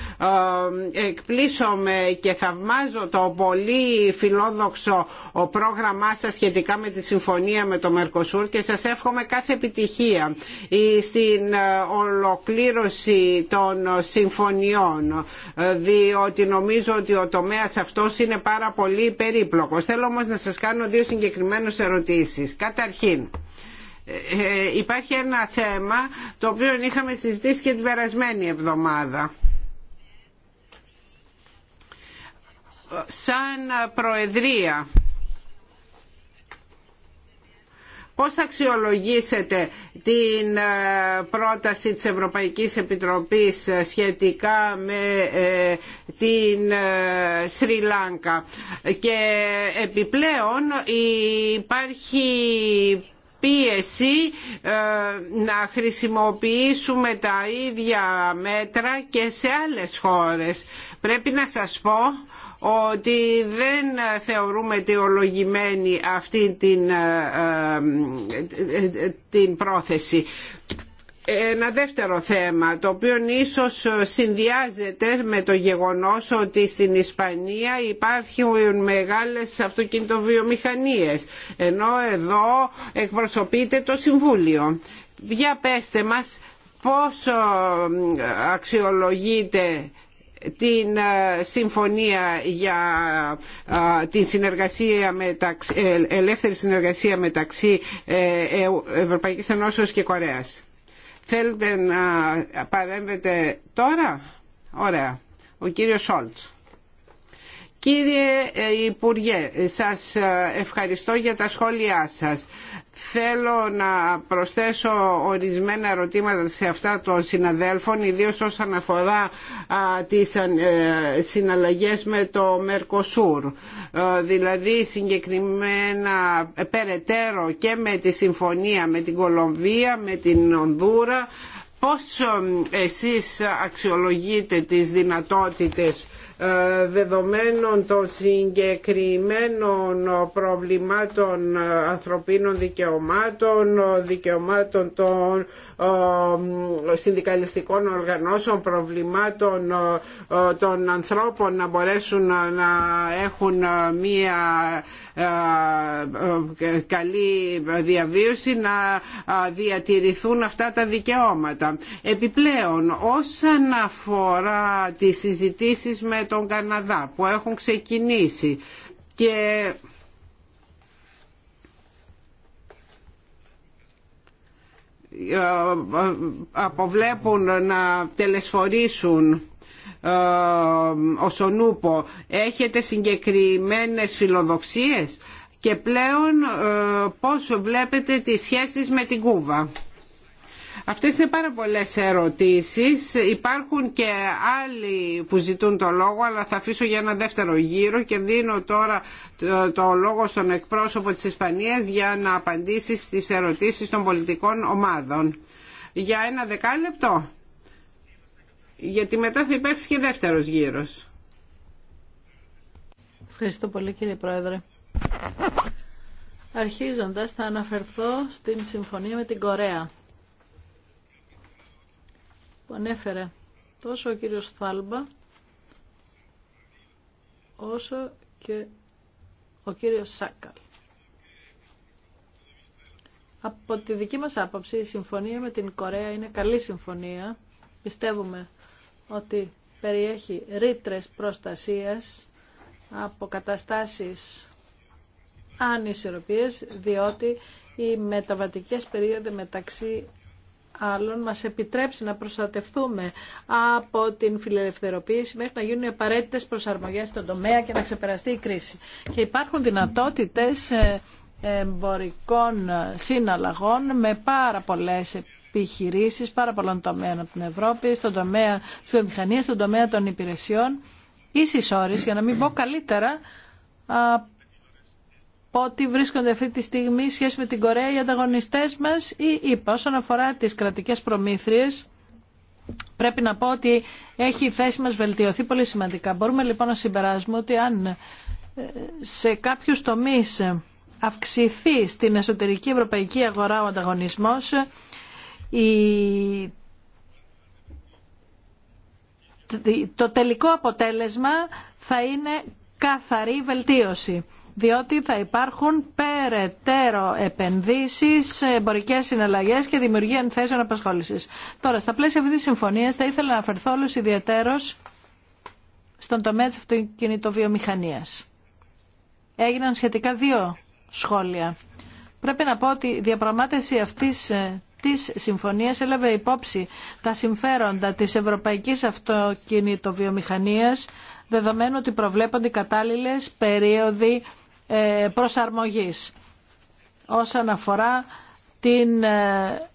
Ε, εκπλήσωμαι και θαυμάζω το πολύ φιλόδοξο πρόγραμμά σας σχετικά με τη συμφωνία με το Μερκοσούρ και σας εύχομαι κάθε επιτυχία ε, στην ολοκλήρωση των συμφωνιών, διότι νομίζω ότι ο τομέας αυτός είναι πάρα πολύ πολύ Θέλω όμως να σας κάνω δύο συγκεκριμένες ερωτήσεις. Καταρχήν, ε, ε, υπάρχει ένα θέμα το οποίο είχαμε συζητήσει και την περασμένη εβδομάδα. Σαν Προεδρία Πώς θα αξιολογήσετε την ε, πρόταση της Ευρωπαϊκής Επιτροπής ε, σχετικά με ε, την Σρι Λάνκα και επιπλέον υπάρχει πίεση να χρησιμοποιήσουμε τα ίδια μέτρα και σε άλλες χώρες. Πρέπει να σας πω ότι δεν θεωρούμε αιτιολογημένη αυτή την, ε, ε, ε, την πρόθεση. Ένα δεύτερο θέμα, το οποίο ίσως συνδυάζεται με το γεγονός ότι στην Ισπανία υπάρχουν μεγάλες αυτοκινητοβιομηχανίες, ενώ εδώ εκπροσωπείται το Συμβούλιο. Για πέστε μας πώς αξιολογείται την ε, συμφωνία για ε, την συνεργασία μεταξύ, ε, ελεύθερη συνεργασία μεταξύ Ευρωπαϊκής Ενώσεως και Κορέας. Θέλετε να παρέμβετε τώρα? Ωραία. Ο κύριος Σόλτς. Κύριε Υπουργέ, σας ευχαριστώ για τα σχόλιά σας. Θέλω να προσθέσω ορισμένα ερωτήματα σε αυτά των συναδέλφων, ιδίως όσον αφορά τις ε, συναλλαγές με το Μερκοσούρ. Ε, δηλαδή συγκεκριμένα ε, περαιτέρω και με τη συμφωνία με την Κολομβία, με την Ονδούρα. Πώς εσείς αξιολογείτε τις δυνατότητες δεδομένων των συγκεκριμένων προβλημάτων ανθρωπίνων δικαιωμάτων, δικαιωμάτων των συνδικαλιστικών οργανώσεων, προβλημάτων των ανθρώπων να μπορέσουν να έχουν μία ε, ε, καλή διαβίωση, να ε, διατηρηθούν αυτά τα δικαιώματα. Επιπλέον, όσον αφορά τις συζητήσεις με τον Καναδά που έχουν ξεκινήσει και ε, ε, αποβλέπουν να τελεσφορήσουν ε, ο Σονούπο έχετε συγκεκριμένες φιλοδοξίες και πλέον πώς βλέπετε τις σχέσεις με την Κούβα. Αυτές είναι πάρα πολλές ερωτήσεις. Υπάρχουν και άλλοι που ζητούν το λόγο, αλλά θα αφήσω για ένα δεύτερο γύρο και δίνω τώρα το λόγο στον εκπρόσωπο της Ισπανίας για να απαντήσει στις ερωτήσεις των πολιτικών ομάδων. Για ένα δεκάλεπτο, γιατί μετά θα υπάρξει και δεύτερος γύρος. Ευχαριστώ πολύ κύριε Πρόεδρε. Αρχίζοντας θα αναφερθώ στην συμφωνία με την Κορέα που ανέφερε τόσο ο κύριος Θάλμπα όσο και ο κύριος Σάκαλ. Από τη δική μας άποψη η συμφωνία με την Κορέα είναι καλή συμφωνία. Πιστεύουμε ότι περιέχει ρήτρε προστασίας από καταστάσεις ανισορροπίες διότι οι μεταβατικές περίοδοι μεταξύ άλλων μας επιτρέψει να προστατευτούμε από την φιλελευθεροποίηση μέχρι να γίνουν οι απαραίτητες προσαρμογές στον τομέα και να ξεπεραστεί η κρίση. Και υπάρχουν δυνατότητες ε, εμπορικών συναλλαγών με πάρα πολλές επιχειρήσεις, πάρα πολλών τομέων από την Ευρώπη, στον τομέα της βιομηχανίας, στον τομέα των υπηρεσιών, ίσης όρης, για να μην πω καλύτερα, πότε βρίσκονται αυτή τη στιγμή σχέση με την Κορέα οι ανταγωνιστές μας ή είπα όσον αφορά τις κρατικές προμήθειες πρέπει να πω ότι έχει η θέση μας βελτιωθεί πολύ σημαντικά. Μπορούμε λοιπόν να συμπεράσουμε ότι αν ε, σε κάποιους τομείς αυξηθεί στην εσωτερική ευρωπαϊκή αγορά ο ανταγωνισμός η... το τελικό αποτέλεσμα θα είναι καθαρή βελτίωση διότι θα υπάρχουν περαιτέρω επενδύσεις, εμπορικέ συναλλαγέ και δημιουργία θέσεων απασχόλησης. Τώρα, στα πλαίσια αυτή τη συμφωνία θα ήθελα να αναφερθώ όλου ιδιαίτερω στον τομέα τη αυτοκινητοβιομηχανία. Έγιναν σχετικά δύο σχόλια. Πρέπει να πω ότι η διαπραγμάτευση αυτής ε, της συμφωνίας έλαβε υπόψη τα συμφέροντα τη ευρωπαϊκής Αυτοκινητοβιομηχανία, δεδομένου ότι προβλέπονται κατάλληλε περίοδοι ε, προσαρμογής όσον αφορά την ε,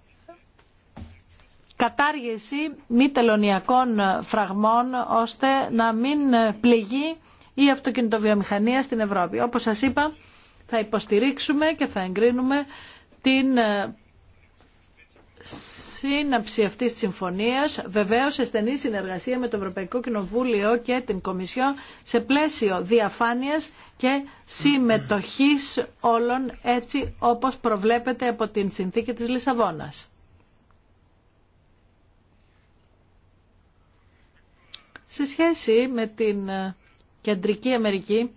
κατάργηση μη τελωνιακών φραγμών ώστε να μην πληγεί η αυτοκινητοβιομηχανία στην Ευρώπη. Όπως σας είπα θα υποστηρίξουμε και θα εγκρίνουμε την ε, σύναψη αυτής της συμφωνίας βεβαίως σε στενή συνεργασία με το Ευρωπαϊκό Κοινοβούλιο και την Κομισιό σε πλαίσιο διαφάνειας και συμμετοχής όλων έτσι όπως προβλέπεται από την συνθήκη της Λισαβόνας. Σε σχέση με την ε, Κεντρική Αμερική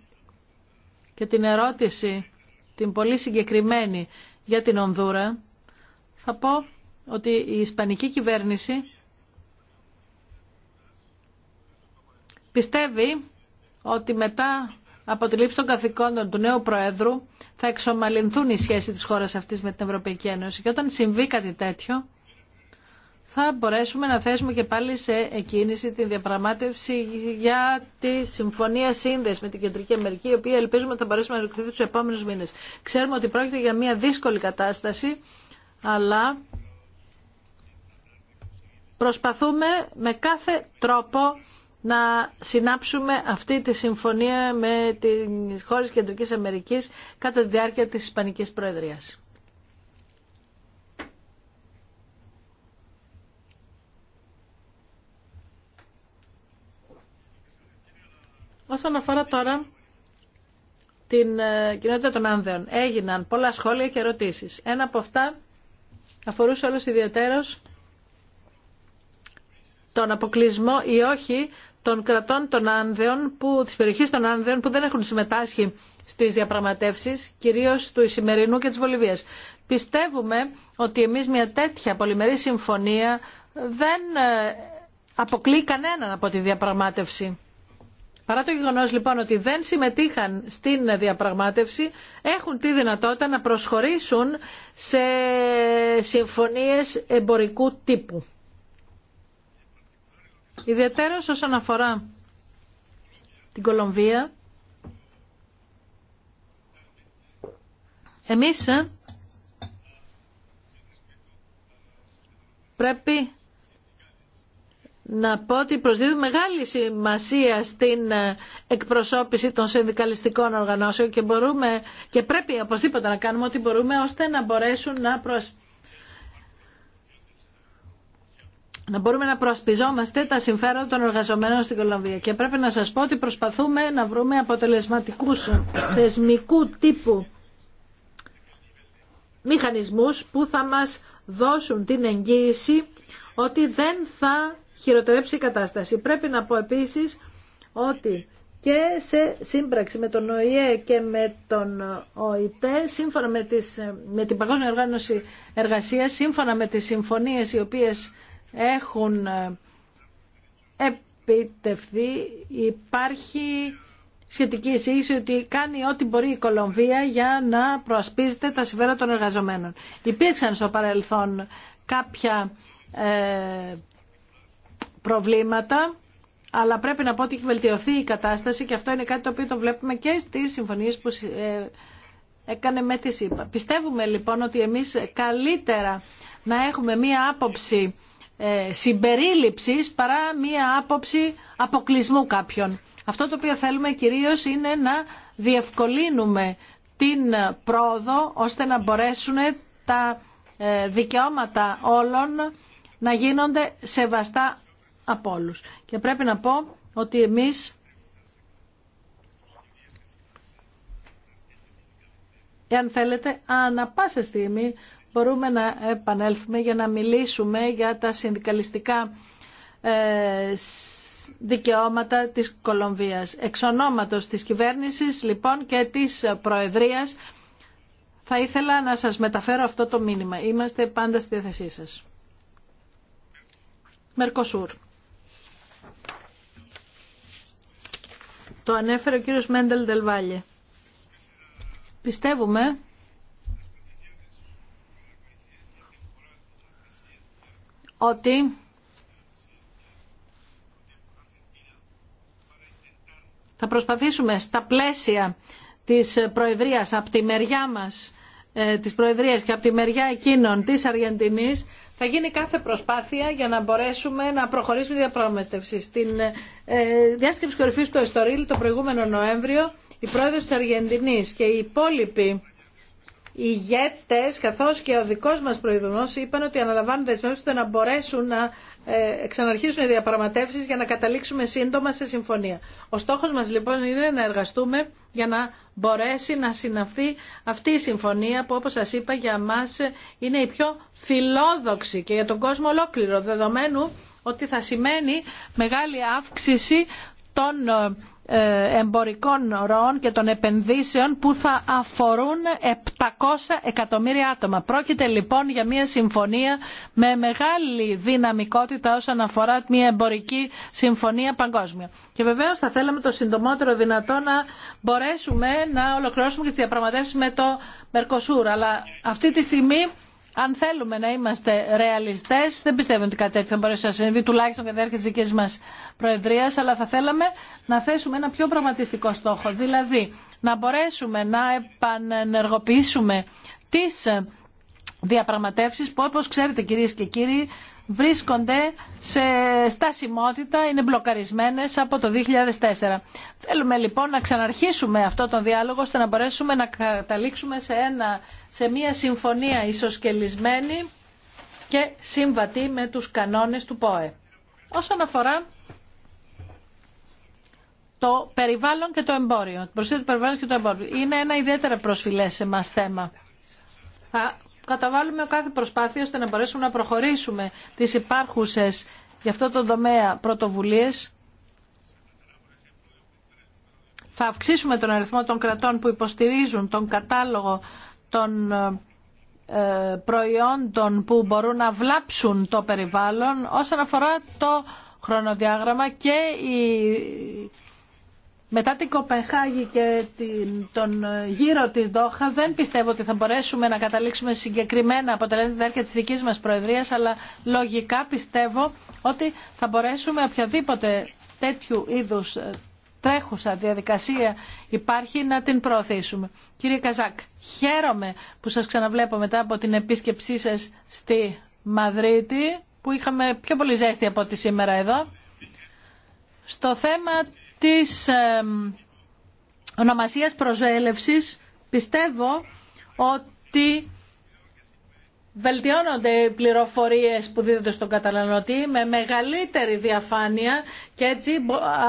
και την ερώτηση την πολύ συγκεκριμένη για την Ονδούρα θα πω ότι η Ισπανική κυβέρνηση πιστεύει ότι μετά από τη λήψη των καθηκόντων του νέου Προέδρου θα εξομαλυνθούν οι σχέσεις της χώρας αυτής με την Ευρωπαϊκή Ένωση. Και όταν συμβεί κάτι τέτοιο, θα μπορέσουμε να θέσουμε και πάλι σε εκκίνηση την διαπραγμάτευση για τη Συμφωνία Σύνδεση με την Κεντρική Αμερική, η οποία ελπίζουμε θα μπορέσουμε να ρεκριθεί του επόμενου μήνε. Ξέρουμε ότι πρόκειται για μια δύσκολη κατάσταση, αλλά προσπαθούμε με κάθε τρόπο να συνάψουμε αυτή τη συμφωνία με τις χώρες Κεντρικής Αμερικής κατά τη διάρκεια της Ισπανικής Προεδρίας. Όσον αφορά τώρα την ε, κοινότητα των Άνδεων, έγιναν πολλά σχόλια και ερωτήσεις. Ένα από αυτά αφορούσε όλος ιδιαίτερος τον αποκλεισμό ή όχι των κρατών των Άνδεων, που, της περιοχής των Άνδεων που δεν έχουν συμμετάσχει στις διαπραγματεύσεις, κυρίως του Ισημερινού και της Βολιβίας. Πιστεύουμε ότι εμείς μια τέτοια πολυμερή συμφωνία δεν ε, αποκλεί κανέναν από τη διαπραγμάτευση. Παρά το γεγονό λοιπόν ότι δεν συμμετείχαν στην διαπραγμάτευση, έχουν τη δυνατότητα να προσχωρήσουν σε συμφωνίες εμπορικού τύπου. Ιδιαίτερα όσον αφορά την Κολομβία, εμείς ε, πρέπει να πω ότι προσδίδουμε μεγάλη σημασία στην ε, εκπροσώπηση των συνδικαλιστικών οργανώσεων και, μπορούμε, και πρέπει οπωσδήποτε να κάνουμε ό,τι μπορούμε ώστε να μπορέσουν να προσ να μπορούμε να προασπιζόμαστε τα συμφέροντα των εργαζομένων στην Κολομβία. Και πρέπει να σας πω ότι προσπαθούμε να βρούμε αποτελεσματικούς θεσμικού τύπου μηχανισμούς που θα μας δώσουν την εγγύηση ότι δεν θα χειροτερέψει η κατάσταση. Πρέπει να πω επίσης ότι και σε σύμπραξη με τον ΟΗΕ και με τον ΟΗΤΕ, σύμφωνα με, την Παγκόσμια Οργάνωση Εργασίας, σύμφωνα με τις συμφωνίες οι οποίες έχουν ε, επιτευθεί. Υπάρχει σχετική εισήγηση ότι κάνει ό,τι μπορεί η Κολομβία για να προασπίζεται τα συμφέροντα των εργαζομένων. Υπήρξαν στο παρελθόν κάποια ε, προβλήματα, αλλά πρέπει να πω ότι έχει βελτιωθεί η κατάσταση και αυτό είναι κάτι το οποίο το βλέπουμε και στις συμφωνίες που ε, έκανε με τη ΣΥΠΑ. Πιστεύουμε λοιπόν ότι εμείς καλύτερα να έχουμε μία άποψη ε, συμπερίληψης παρά μία άποψη αποκλεισμού κάποιων. Αυτό το οποίο θέλουμε κυρίως είναι να διευκολύνουμε την πρόοδο ώστε να μπορέσουν τα ε, δικαιώματα όλων να γίνονται σεβαστά από όλους. Και πρέπει να πω ότι εμείς εάν θέλετε, ανά πάσα στιγμή μπορούμε να επανέλθουμε για να μιλήσουμε για τα συνδικαλιστικά ε, δικαιώματα της Κολομβίας. Εξ ονόματος της κυβέρνησης λοιπόν και της Προεδρίας θα ήθελα να σας μεταφέρω αυτό το μήνυμα. Είμαστε πάντα στη διάθεσή σας. Μερκοσούρ. Το ανέφερε ο κύριος Μέντελ Δελβάλλη. Πιστεύουμε ότι θα προσπαθήσουμε στα πλαίσια της Προεδρίας, από τη μεριά μας ε, της Προεδρίας και από τη μεριά εκείνων της Αργεντινής, θα γίνει κάθε προσπάθεια για να μπορέσουμε να προχωρήσουμε διαπραγματεύσεις. Στην ε, διάσκεψη κορυφής του Εστορίλ το προηγούμενο Νοέμβριο, η πρόεδρος της Αργεντινής και οι υπόλοιποι οι ηγέτε, καθώς και ο δικός μας προηγούμενο είπαν ότι αναλαμβάνουν δεσμεύσεις ώστε να μπορέσουν να ε, ξαναρχίσουν οι διαπραγματεύσει για να καταλήξουμε σύντομα σε συμφωνία. Ο στόχος μας λοιπόν είναι να εργαστούμε για να μπορέσει να συναφθεί αυτή η συμφωνία που όπως σας είπα για μας είναι η πιο φιλόδοξη και για τον κόσμο ολόκληρο δεδομένου ότι θα σημαίνει μεγάλη αύξηση των ε, ε, εμπορικών ροών και των επενδύσεων που θα αφορούν 700 εκατομμύρια άτομα. Πρόκειται λοιπόν για μια συμφωνία με μεγάλη δυναμικότητα όσον αφορά μια εμπορική συμφωνία παγκόσμια. Και βεβαίως θα θέλαμε το συντομότερο δυνατό να μπορέσουμε να ολοκληρώσουμε και τις διαπραγματεύσεις με το Μερκοσούρ. Αλλά αυτή τη στιγμή αν θέλουμε να είμαστε ρεαλιστέ, δεν πιστεύω ότι κάτι τέτοιο θα μπορέσει να συμβεί, τουλάχιστον κατά τη δική μα Προεδρία, αλλά θα θέλαμε να θέσουμε ένα πιο πραγματιστικό στόχο. Δηλαδή, να μπορέσουμε να επανενεργοποιήσουμε τι διαπραγματεύσει που, όπω ξέρετε κυρίε και κύριοι, βρίσκονται σε στασιμότητα, είναι μπλοκαρισμένες από το 2004. Θέλουμε λοιπόν να ξαναρχίσουμε αυτό τον διάλογο ώστε να μπορέσουμε να καταλήξουμε σε, ένα, σε μια συμφωνία ισοσκελισμένη και σύμβατη με τους κανόνες του ΠΟΕ. Όσον αφορά το περιβάλλον και το εμπόριο, το περιβάλλον και το εμπόριο, είναι ένα ιδιαίτερα προσφυλές σε μας θέμα. Θα καταβάλουμε κάθε προσπάθεια ώστε να μπορέσουμε να προχωρήσουμε τις υπάρχουσες για αυτό το τομέα πρωτοβουλίες. Θα αυξήσουμε τον αριθμό των κρατών που υποστηρίζουν τον κατάλογο των ε, προϊόντων που μπορούν να βλάψουν το περιβάλλον όσον αφορά το χρονοδιάγραμμα και η μετά την Κοπεχάγη και τον γύρο της Δόχα δεν πιστεύω ότι θα μπορέσουμε να καταλήξουμε συγκεκριμένα αποτελέσματα τη διάρκεια της δική μας προεδρία, αλλά λογικά πιστεύω ότι θα μπορέσουμε οποιαδήποτε τέτοιου είδους ε, τρέχουσα διαδικασία υπάρχει να την προωθήσουμε. Κύριε Καζάκ, χαίρομαι που σας ξαναβλέπω μετά από την επίσκεψή σας στη Μαδρίτη που είχαμε πιο πολύ ζέστη από ό,τι σήμερα εδώ. Στο θέμα της ονομασίας προσέλευσης πιστεύω ότι βελτιώνονται οι πληροφορίες που δίδονται στον καταναλωτή με μεγαλύτερη διαφάνεια και έτσι,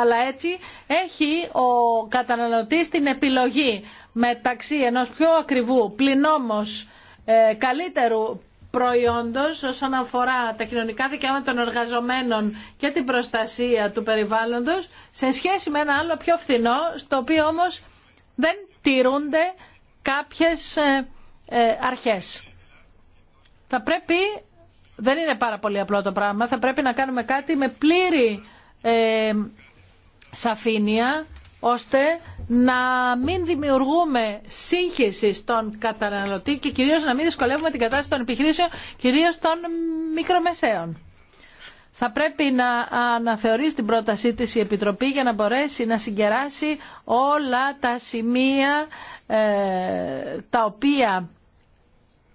αλλά έτσι έχει ο καταναλωτής την επιλογή μεταξύ ενός πιο ακριβού πλην όμως ε, καλύτερου προϊόντος όσον αφορά τα κοινωνικά δικαιώματα των εργαζομένων και την προστασία του περιβάλλοντος σε σχέση με ένα άλλο πιο φθηνό στο οποίο όμως δεν τηρούνται κάποιες ε, ε, αρχές. Θα πρέπει, δεν είναι πάρα πολύ απλό το πράγμα, θα πρέπει να κάνουμε κάτι με πλήρη ε, σαφήνεια ώστε να μην δημιουργούμε σύγχυση στον καταναλωτή και κυρίως να μην δυσκολεύουμε την κατάσταση των επιχειρήσεων, κυρίως των μικρομεσαίων. Θα πρέπει να αναθεωρήσει την πρότασή της η Επιτροπή για να μπορέσει να συγκεράσει όλα τα σημεία ε, τα οποία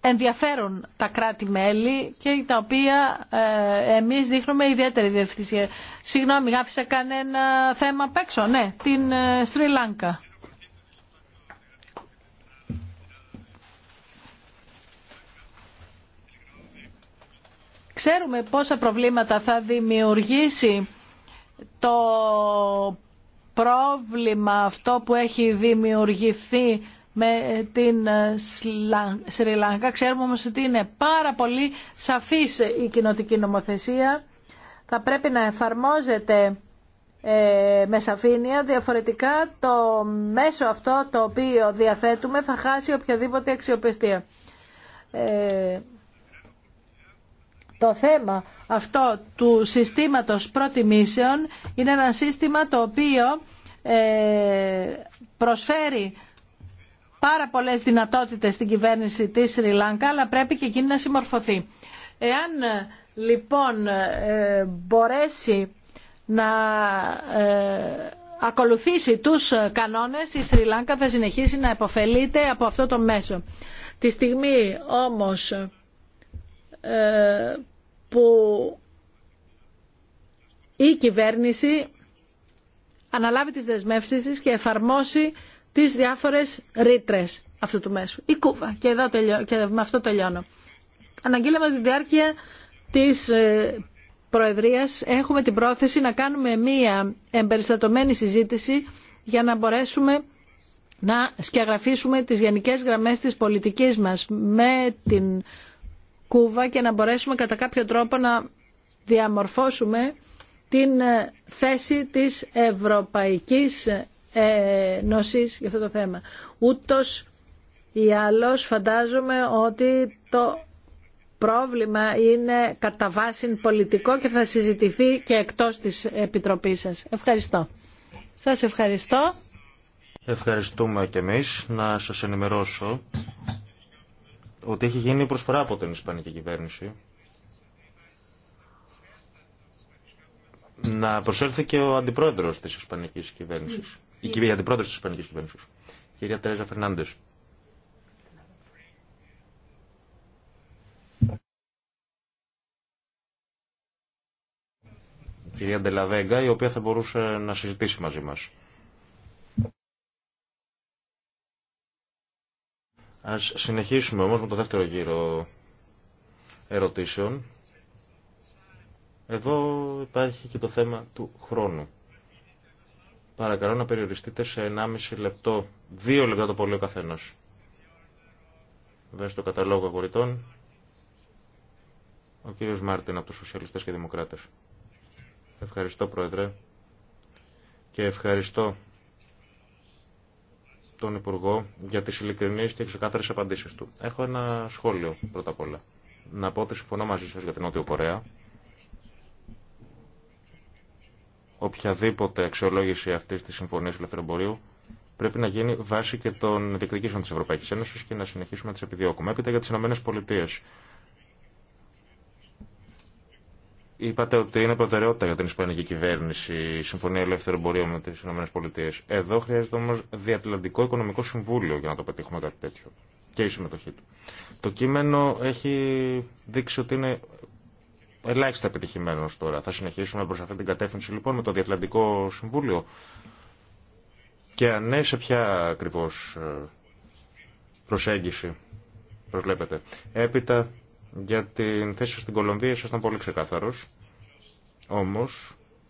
ενδιαφέρουν τα κράτη-μέλη και τα οποία ε, εμείς δείχνουμε ιδιαίτερη διευθυνσία. Συγγνώμη, άφησα κανένα θέμα απ' έξω. Ναι, την ε, Σρι Λάνκα. Ξέρουμε πόσα προβλήματα θα δημιουργήσει το πρόβλημα αυτό που έχει δημιουργηθεί με ε, την ε, Σρι Λάγκα. Ξέρουμε όμως ότι είναι πάρα πολύ σαφής ε, η κοινοτική νομοθεσία. Θα πρέπει να εφαρμόζεται με σαφήνεια, διαφορετικά το μέσο αυτό το οποίο διαθέτουμε θα χάσει οποιαδήποτε αξιοπιστία. Ε, το θέμα αυτό του συστήματος προτιμήσεων είναι ένα σύστημα το οποίο ε, προσφέρει πάρα πολλέ δυνατότητες στην κυβέρνηση της Σρι Λάνκα, αλλά πρέπει και εκείνη να συμμορφωθεί. Εάν λοιπόν ε, μπορέσει να ε, ακολουθήσει τους κανόνες, η Σρι Λάνκα θα συνεχίσει να επωφελείται από αυτό το μέσο. Τη στιγμή όμως ε, που η κυβέρνηση αναλάβει τις δεσμεύσεις και εφαρμόσει τις διάφορες ρήτρε αυτού του μέσου. Η Κούβα, και, εδώ με αυτό τελειώνω. Αναγγείλαμε τη διάρκεια της ε, Προεδρίας έχουμε την πρόθεση να κάνουμε μία εμπεριστατωμένη συζήτηση για να μπορέσουμε να σκιαγραφίσουμε τις γενικές γραμμές της πολιτικής μας με την Κούβα και να μπορέσουμε κατά κάποιο τρόπο να διαμορφώσουμε την ε, θέση της Ευρωπαϊκής ε, νοσής για αυτό το θέμα. Ούτως ή άλλως φαντάζομαι ότι το πρόβλημα είναι κατά βάση πολιτικό και θα συζητηθεί και εκτός της Επιτροπής σας. Ευχαριστώ. Σας ευχαριστώ. Ευχαριστούμε και εμείς. Να σας ενημερώσω ότι έχει γίνει προσφορά από την Ισπανική κυβέρνηση να προσέλθει και ο αντιπρόεδρος της Ισπανικής κυβέρνησης. Η κυρία για την πρόταση τη Ισπανική κυβέρνηση. Κυρία Τερέζα Φερνάντε. Κυρία Ντελαβέγκα, η οποία θα μπορούσε να συζητήσει μαζί μας. Ας συνεχίσουμε όμως με το δεύτερο γύρο ερωτήσεων. Εδώ υπάρχει και το θέμα του χρόνου. Παρακαλώ να περιοριστείτε σε 1,5 λεπτό, 2 λεπτά το πολύ ο καθένας. Βέβαια στο καταλόγο αγορητών, ο κύριος Μάρτιν από τους Σοσιαλιστές και Δημοκράτες. Ευχαριστώ Πρόεδρε και ευχαριστώ τον Υπουργό για τις ειλικρινείς και ξεκάθαρες απαντήσεις του. Έχω ένα σχόλιο πρώτα απ' όλα. Να πω ότι συμφωνώ μαζί σας για την Νότιο Κορέα οποιαδήποτε αξιολόγηση αυτής της Συμφωνίας ελευθερομπορίου πρέπει να γίνει βάση και των διεκδικήσεων τη Ευρωπαϊκής Ένωση και να συνεχίσουμε να τι επιδιώκουμε. Έπειτα για τι ΗΠΑ. Είπατε ότι είναι προτεραιότητα για την Ισπανική κυβέρνηση η Συμφωνία Ελεύθερου Εμπορίου με τι ΗΠΑ. Εδώ χρειάζεται όμω διατλαντικό οικονομικό συμβούλιο για να το πετύχουμε κάτι τέτοιο. Και η συμμετοχή του. Το κείμενο έχει δείξει ότι είναι ελάχιστα επιτυχημένο τώρα. Θα συνεχίσουμε προ αυτή την κατεύθυνση λοιπόν με το Διατλαντικό Συμβούλιο. Και αν ναι, σε ποια ακριβώ ε, προσέγγιση προσλέπετε. Έπειτα για την θέση στην Κολομβία ήσασταν πολύ ξεκάθαρο. Όμω,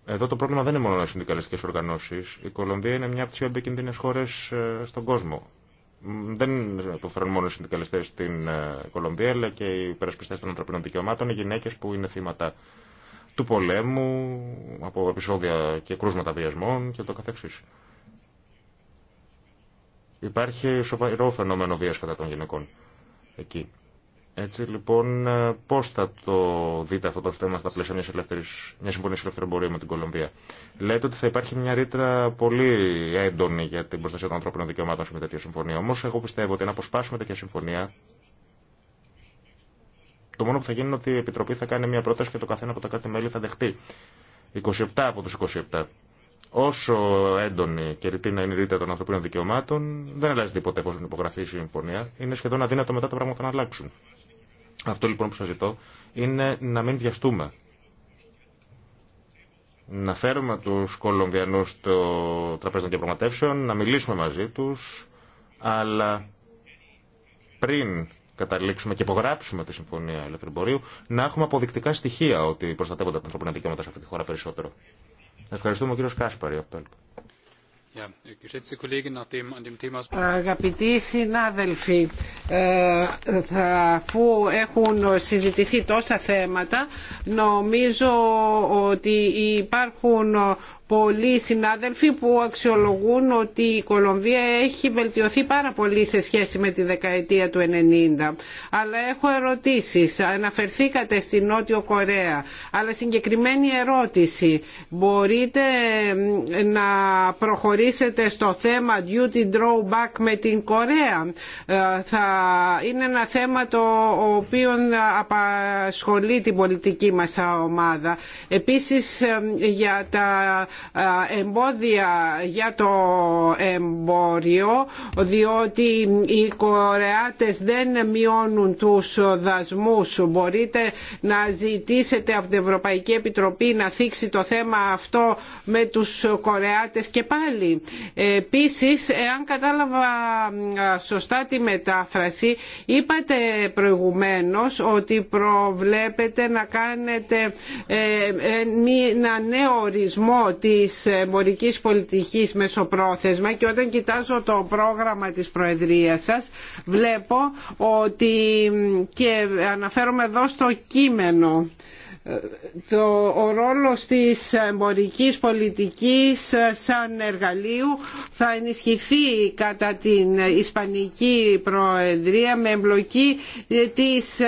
εδώ το πρόβλημα δεν είναι μόνο οι συνδικαλιστικέ οργανώσει. Η Κολομβία είναι μια από τι πιο επικίνδυνε χώρε ε, στον κόσμο δεν υποφέρουν μόνο οι συνδικαλιστέ στην ε, Κολομβία, αλλά και οι υπερασπιστέ των ανθρωπίνων δικαιωμάτων, οι γυναίκε που είναι θύματα του πολέμου, από επεισόδια και κρούσματα βιασμών και το καθεξής. Υπάρχει σοβαρό φαινόμενο βίας κατά των γυναικών εκεί. Έτσι λοιπόν, ε, πώ θα το δείτε αυτό το θέμα στα πλαίσια μια μιας συμφωνία ελεύθερου εμπορίου με την Κολομβία. Λέτε ότι θα υπάρχει μια ρήτρα πολύ έντονη για την προστασία των ανθρώπινων δικαιωμάτων σε μια τέτοια συμφωνία. Όμω, εγώ πιστεύω ότι να αποσπάσουμε τέτοια συμφωνία, το μόνο που θα γίνει είναι ότι η Επιτροπή θα κάνει μια πρόταση και το καθένα από τα κράτη-μέλη θα δεχτεί. 27 από του 27. Όσο έντονη και ρητή να είναι η ρήτρα των ανθρωπίνων δικαιωμάτων, δεν αλλάζει τίποτα εφόσον υπογραφεί η συμφωνία. Είναι σχεδόν αδύνατο μετά τα πράγματα να αλλάξουν. Αυτό λοιπόν που σας ζητώ είναι να μην βιαστούμε. Να φέρουμε τους Κολομβιανούς στο τραπέζι των διαπραγματεύσεων, να μιλήσουμε μαζί τους, αλλά πριν καταλήξουμε και υπογράψουμε τη Συμφωνία Ελευθερμπορίου, να έχουμε αποδεικτικά στοιχεία ότι προστατεύονται τα ανθρώπινα δικαιώματα σε αυτή τη χώρα περισσότερο. Ευχαριστούμε ο κύριος Κάσπαρη από το Αγαπητοί συνάδελφοι, ε, αφού έχουν συζητηθεί τόσα θέματα, νομίζω ότι υπάρχουν πολλοί συνάδελφοι που αξιολογούν ότι η Κολομβία έχει βελτιωθεί πάρα πολύ σε σχέση με τη δεκαετία του 90. Αλλά έχω ερωτήσεις. Αναφερθήκατε στη Νότιο Κορέα. Αλλά συγκεκριμένη ερώτηση. Μπορείτε να προχωρήσετε στο θέμα duty drawback με την Κορέα. Ε, θα είναι ένα θέμα το οποίο απασχολεί την πολιτική μας ομάδα. Επίσης ε, για τα εμπόδια για το εμπόριο διότι οι Κορεάτες δεν μειώνουν τους δασμούς. Μπορείτε να ζητήσετε από την Ευρωπαϊκή Επιτροπή να θίξει το θέμα αυτό με τους Κορεάτες και πάλι. Επίσης, εάν κατάλαβα σωστά τη μετάφραση, είπατε προηγουμένως ότι προβλέπετε να κάνετε ε, ε, ένα νέο ορισμό της Μορικής πολιτικής μεσοπρόθεσμα και όταν κοιτάζω το πρόγραμμα της Προεδρίας σας βλέπω ότι και αναφέρομαι εδώ στο κείμενο το, ο ρόλος της εμπορικής πολιτικής σαν εργαλείου θα ενισχυθεί κατά την Ισπανική Προεδρία με εμπλοκή της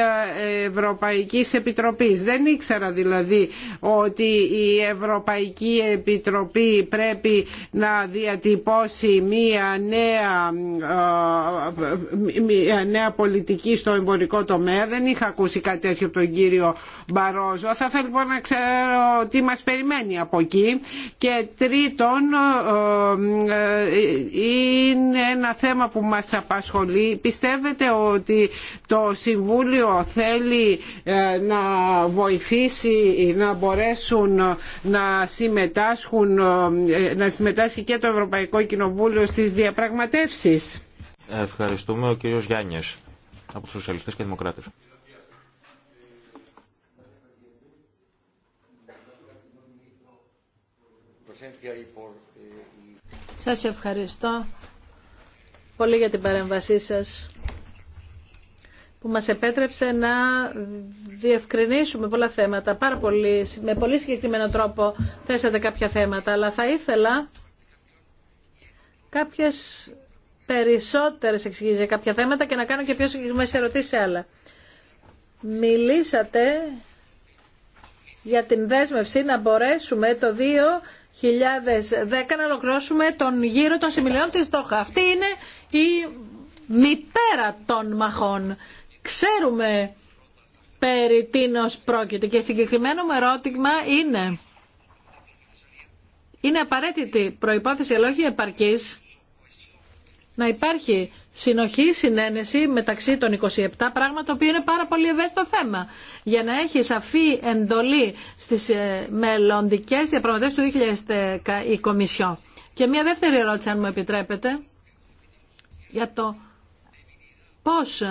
Ευρωπαϊκής Επιτροπής. Δεν ήξερα δηλαδή ότι η Ευρωπαϊκή Επιτροπή πρέπει να διατυπώσει μία νέα, ε, μία νέα πολιτική στο εμπορικό τομέα. Δεν είχα ακούσει κάτι τέτοιο από τον κύριο Μπαρόζο θα θέλω λοιπόν να ξέρω τι μας περιμένει από εκεί. Και τρίτον, ε, ε, είναι ένα θέμα που μας απασχολεί. Πιστεύετε ότι το Συμβούλιο θέλει ε, να βοηθήσει να μπορέσουν να συμμετάσχουν, να συμμετάσχει και το Ευρωπαϊκό Κοινοβούλιο στις διαπραγματεύσεις. Ευχαριστούμε ο κύριος Γιάννης από τους Σοσιαλιστές και Δημοκράτες. Σας ευχαριστώ πολύ για την παρέμβασή σας που μας επέτρεψε να διευκρινίσουμε πολλά θέματα. Πάρα με πολύ συγκεκριμένο τρόπο θέσατε κάποια θέματα, αλλά θα ήθελα κάποιες περισσότερες εξηγήσεις για κάποια θέματα και να κάνω και πιο συγκεκριμένες ερωτήσεις σε άλλα. Μιλήσατε για την δέσμευση να μπορέσουμε το 2 να ολοκληρώσουμε τον γύρο των συμιλιών της ΔΟΧΑ. Αυτή είναι η μητέρα των μαχών. Ξέρουμε περί τίνος πρόκειται και συγκεκριμένο μου είναι είναι απαραίτητη προϋπόθεση αλλά όχι επαρκής να υπάρχει συνοχή, συνένεση μεταξύ των 27, πράγμα το οποίο είναι πάρα πολύ ευαίσθητο θέμα. Για να έχει σαφή εντολή στις ε, μελλοντικέ διαπραγματεύσεις του 2010 η Κομισιό. Και μια δεύτερη ερώτηση, αν μου επιτρέπετε, για το πώς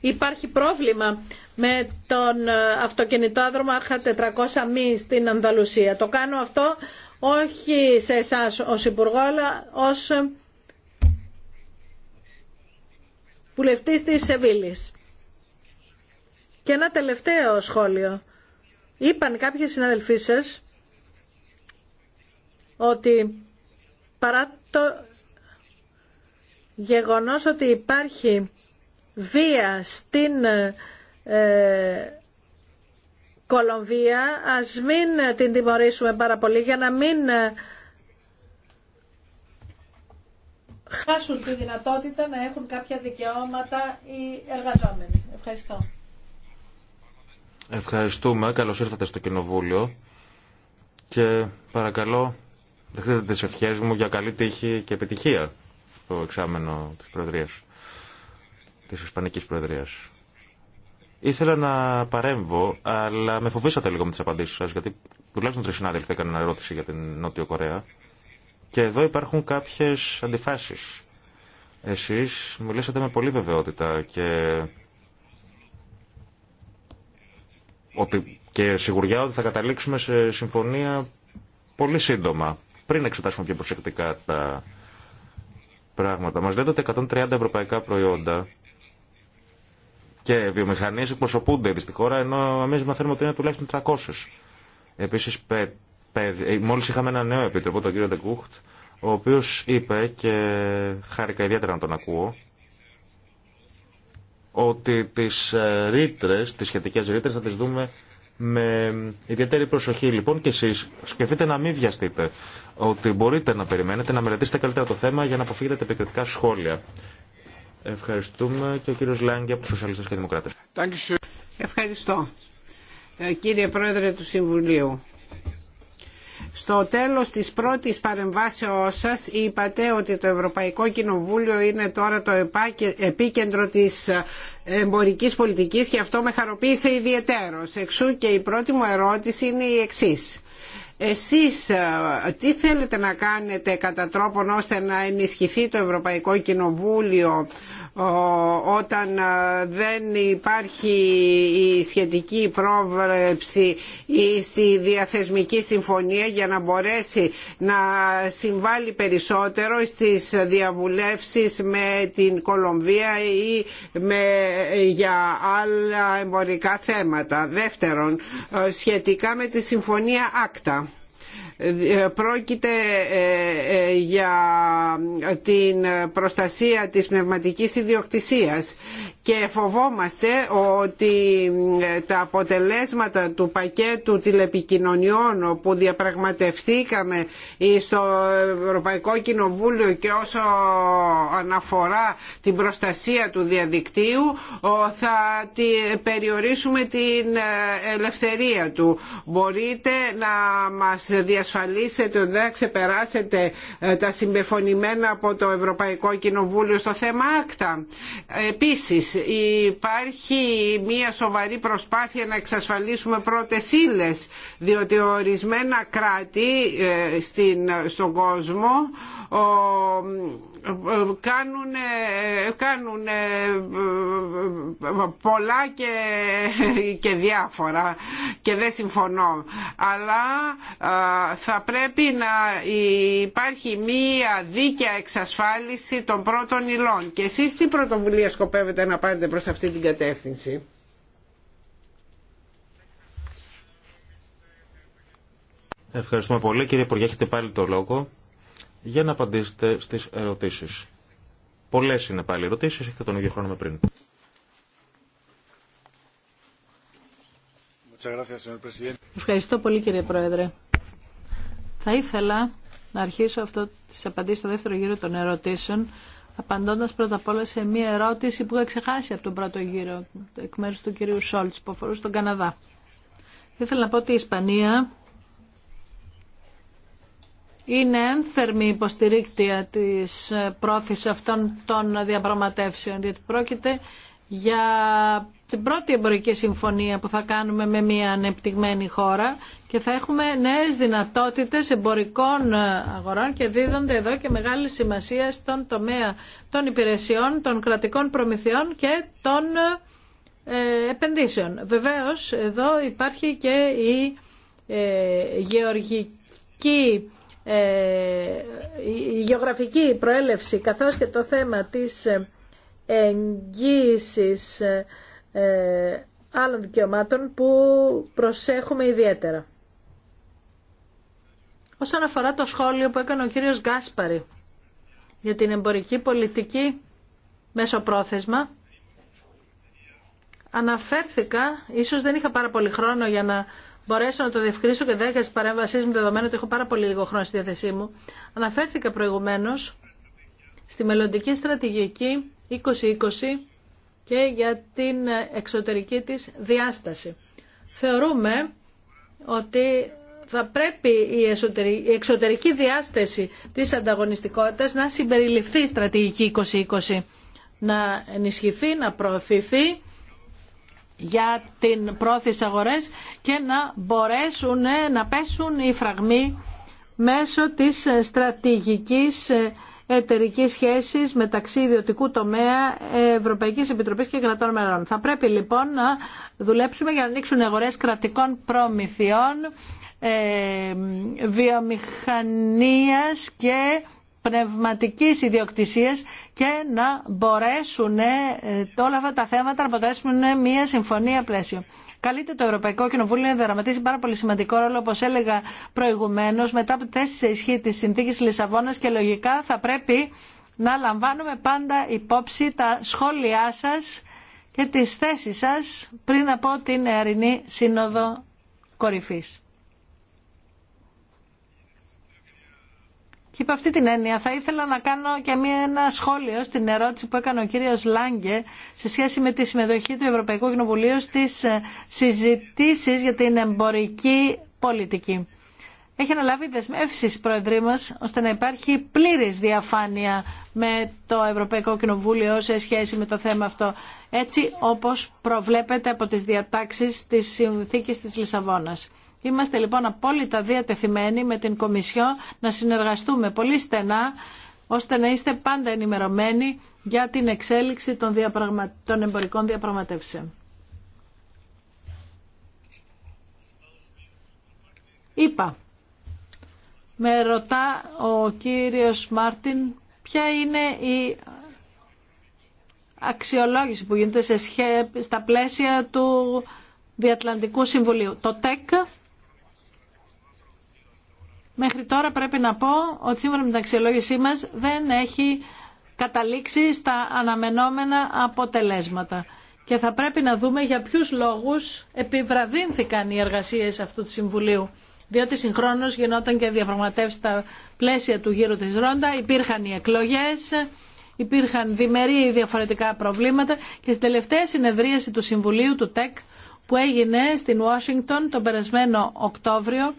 υπάρχει πρόβλημα με τον ε, αυτοκινητόδρομο άρχα 400 μη στην Ανδαλουσία. Το κάνω αυτό όχι σε εσά ως Υπουργό, αλλά ως ε, βουλευτής της Σεβίλης. Και ένα τελευταίο σχόλιο. Είπαν κάποιοι συναδελφοί σας ότι παρά το γεγονός ότι υπάρχει βία στην ε, ε, Κολομβία, ας μην την τιμωρήσουμε πάρα πολύ για να μην ε, χάσουν τη δυνατότητα να έχουν κάποια δικαιώματα οι εργαζόμενοι. Ευχαριστώ. Ευχαριστούμε. Καλώς ήρθατε στο Κοινοβούλιο και παρακαλώ δεχτείτε τις ευχές μου για καλή τύχη και επιτυχία στο εξάμενο της Προεδρίας. Τη ισπανική προεδρία. Ήθελα να παρέμβω, αλλά με φοβήσατε λίγο με τι απαντήσει σα, γιατί τουλάχιστον τρει συνάδελφοι έκαναν ερώτηση για την Νότιο Κορέα. Και εδώ υπάρχουν κάποιε αντιφάσει. Εσεί μιλήσατε με πολύ βεβαιότητα και... Ότι... και σιγουριά ότι θα καταλήξουμε σε συμφωνία πολύ σύντομα, πριν εξετάσουμε πιο προσεκτικά τα πράγματα. Μας λέτε ότι 130 ευρωπαϊκά προϊόντα και βιομηχανίε εκπροσωπούνται στη χώρα, ενώ εμεί μαθαίνουμε ότι είναι τουλάχιστον 300. Επίση, μόλι είχαμε ένα νέο επίτροπο, τον κύριο Ντεκούχτ, ο οποίο είπε και χάρηκα ιδιαίτερα να τον ακούω, ότι τι ε, ρήτρε, τι σχετικέ ρήτρε θα τι δούμε με ιδιαίτερη προσοχή. Λοιπόν και εσείς σκεφτείτε να μην βιαστείτε ότι μπορείτε να περιμένετε, να μελετήσετε καλύτερα το θέμα για να αποφύγετε τα επικριτικά σχόλια. Ευχαριστούμε και ο κύριο Λάγκη από τους Σοσιαλιστές και Δημοκράτες. Ευχαριστώ. Ε, κύριε Πρόεδρε του Συμβουλίου, στο τέλος της πρώτης παρεμβάσεώς σας είπατε ότι το Ευρωπαϊκό Κοινοβούλιο είναι τώρα το επίκεντρο της εμπορικής πολιτικής και αυτό με χαροποίησε ιδιαιτέρως. Εξού και η πρώτη μου ερώτηση είναι η εξής εσείς τι θέλετε να κάνετε κατά τρόπον ώστε να ενισχυθεί το Ευρωπαϊκό Κοινοβούλιο όταν δεν υπάρχει η σχετική πρόβλεψη στη διαθεσμική συμφωνία για να μπορέσει να συμβάλλει περισσότερο στις διαβουλεύσεις με την Κολομβία ή με, για άλλα εμπορικά θέματα. Δεύτερον, σχετικά με τη συμφωνία Άκτα Πρόκειται ε, ε, για την προστασία της πνευματικής ιδιοκτησίας και φοβόμαστε ότι ε, τα αποτελέσματα του πακέτου τηλεπικοινωνιών που διαπραγματευθήκαμε στο Ευρωπαϊκό Κοινοβούλιο και όσο αναφορά την προστασία του διαδικτύου θα περιορίσουμε την ε, ελευθερία του. Μπορείτε να μας διασφαλίσετε ότι δεν ξεπεράσετε ε, τα συμπεφωνημένα από το Ευρωπαϊκό Κοινοβούλιο στο θέμα άκτα. Υπάρχει μια σοβαρή προσπάθεια να εξασφαλίσουμε πρώτες ύλες, διότι ορισμένα κράτη ε, στην, στον κόσμο κάνουν, κάνουν ε, πολλά και, και διάφορα και δεν συμφωνώ αλλά ε, θα πρέπει να υπάρχει μία δίκαια εξασφάλιση των πρώτων υλών και εσείς τι πρωτοβουλία σκοπεύετε να πάρετε προς αυτή την κατεύθυνση Ευχαριστούμε πολύ κύριε Υπουργέ έχετε πάλι το λόγο για να απαντήσετε στις ερωτήσεις. Πολλέ είναι πάλι ερωτήσεις, έχετε τον ίδιο χρόνο με πριν. Ευχαριστώ πολύ κύριε Πρόεδρε. Θα ήθελα να αρχίσω αυτό τι απαντήσει στο δεύτερο γύρο των ερωτήσεων απαντώντας πρώτα απ' όλα σε μία ερώτηση που είχα ξεχάσει από τον πρώτο γύρο εκ μέρου του κυρίου Σόλτ που αφορούσε τον Καναδά. Ήθελα να πω ότι η Ισπανία είναι ένθερμη υποστηρίκτεια της πρόθεσης αυτών των διαπραγματεύσεων, διότι πρόκειται για την πρώτη εμπορική συμφωνία που θα κάνουμε με μια ανεπτυγμένη χώρα και θα έχουμε νέες δυνατότητες εμπορικών αγορών και δίδονται εδώ και μεγάλη σημασία στον τομέα των υπηρεσιών, των κρατικών προμηθειών και των ε, επενδύσεων. Βεβαίως εδώ υπάρχει και η ε, γεωργική ε, η γεωγραφική προέλευση καθώς και το θέμα της ε, εγγύησης ε, άλλων δικαιωμάτων που προσέχουμε ιδιαίτερα. Όσον αφορά το σχόλιο που έκανε ο κύριος Γκάσπαρη για την εμπορική πολιτική πρόθεσμα αναφέρθηκα, ίσως δεν είχα πάρα πολύ χρόνο για να μπορέσω να το διευκρίσω και δέκα τη παρέμβασή μου, δεδομένου ότι έχω πάρα πολύ λίγο χρόνο στη διάθεσή μου. Αναφέρθηκα προηγουμένω στη μελλοντική στρατηγική 2020 και για την εξωτερική της διάσταση. Θεωρούμε ότι θα πρέπει η, η εξωτερική διάσταση της ανταγωνιστικότητας να συμπεριληφθεί η στρατηγική 2020, να ενισχυθεί, να προωθηθεί για την πρόθεση αγορές και να μπορέσουν να πέσουν οι φραγμοί μέσω της στρατηγικής εταιρική σχέση μεταξύ ιδιωτικού τομέα Ευρωπαϊκή Επιτροπή και κρατών μερών. Θα πρέπει λοιπόν να δουλέψουμε για να ανοίξουν αγορέ κρατικών προμηθειών, ε, βιομηχανία και πνευματικής ιδιοκτησίας και να μπορέσουν ε, όλα αυτά τα θέματα να αποτελέσουν ε, μια συμφωνία πλαίσιο. Καλείται το Ευρωπαϊκό Κοινοβούλιο να δραματίσει πάρα πολύ σημαντικό ρόλο, όπω έλεγα προηγουμένω, μετά από τη θέση σε ισχύ τη συνθήκη Λισαβόνα και λογικά θα πρέπει να λαμβάνουμε πάντα υπόψη τα σχόλιά σα και τι θέσει σα πριν από την αιρινή Σύνοδο Κορυφής. Και υπ' αυτή την έννοια θα ήθελα να κάνω και μία, ένα σχόλιο στην ερώτηση που έκανε ο κύριος Λάγκε σε σχέση με τη συμμετοχή του Ευρωπαϊκού Κοινοβουλίου στις ε, συζητήσεις για την εμπορική πολιτική. Έχει αναλάβει δεσμεύσεις Προεδρή μας ώστε να υπάρχει πλήρης διαφάνεια με το Ευρωπαϊκό Κοινοβούλιο σε σχέση με το θέμα αυτό, έτσι όπως προβλέπεται από τις διατάξεις της Συνθήκης της Λισαβόνας. Είμαστε λοιπόν απόλυτα διατεθειμένοι με την Κομισιό να συνεργαστούμε πολύ στενά ώστε να είστε πάντα ενημερωμένοι για την εξέλιξη των, διαπραγμα... εμπορικών διαπραγματεύσεων. Είπα, με ρωτά ο κύριος Μάρτιν ποια είναι η αξιολόγηση που γίνεται σε στα πλαίσια του Διατλαντικού Συμβουλίου. Το ΤΕΚ μέχρι τώρα πρέπει να πω ότι σύμφωνα με την αξιολόγησή μας δεν έχει καταλήξει στα αναμενόμενα αποτελέσματα. Και θα πρέπει να δούμε για ποιους λόγους επιβραδύνθηκαν οι εργασίες αυτού του Συμβουλίου. Διότι συγχρόνως γινόταν και διαπραγματεύσει στα πλαίσια του γύρου της Ρόντα, υπήρχαν οι εκλογές, υπήρχαν διμερεί διαφορετικά προβλήματα και στην τελευταία συνεδρίαση του Συμβουλίου του ΤΕΚ που έγινε στην Ουάσιγκτον τον περασμένο Οκτώβριο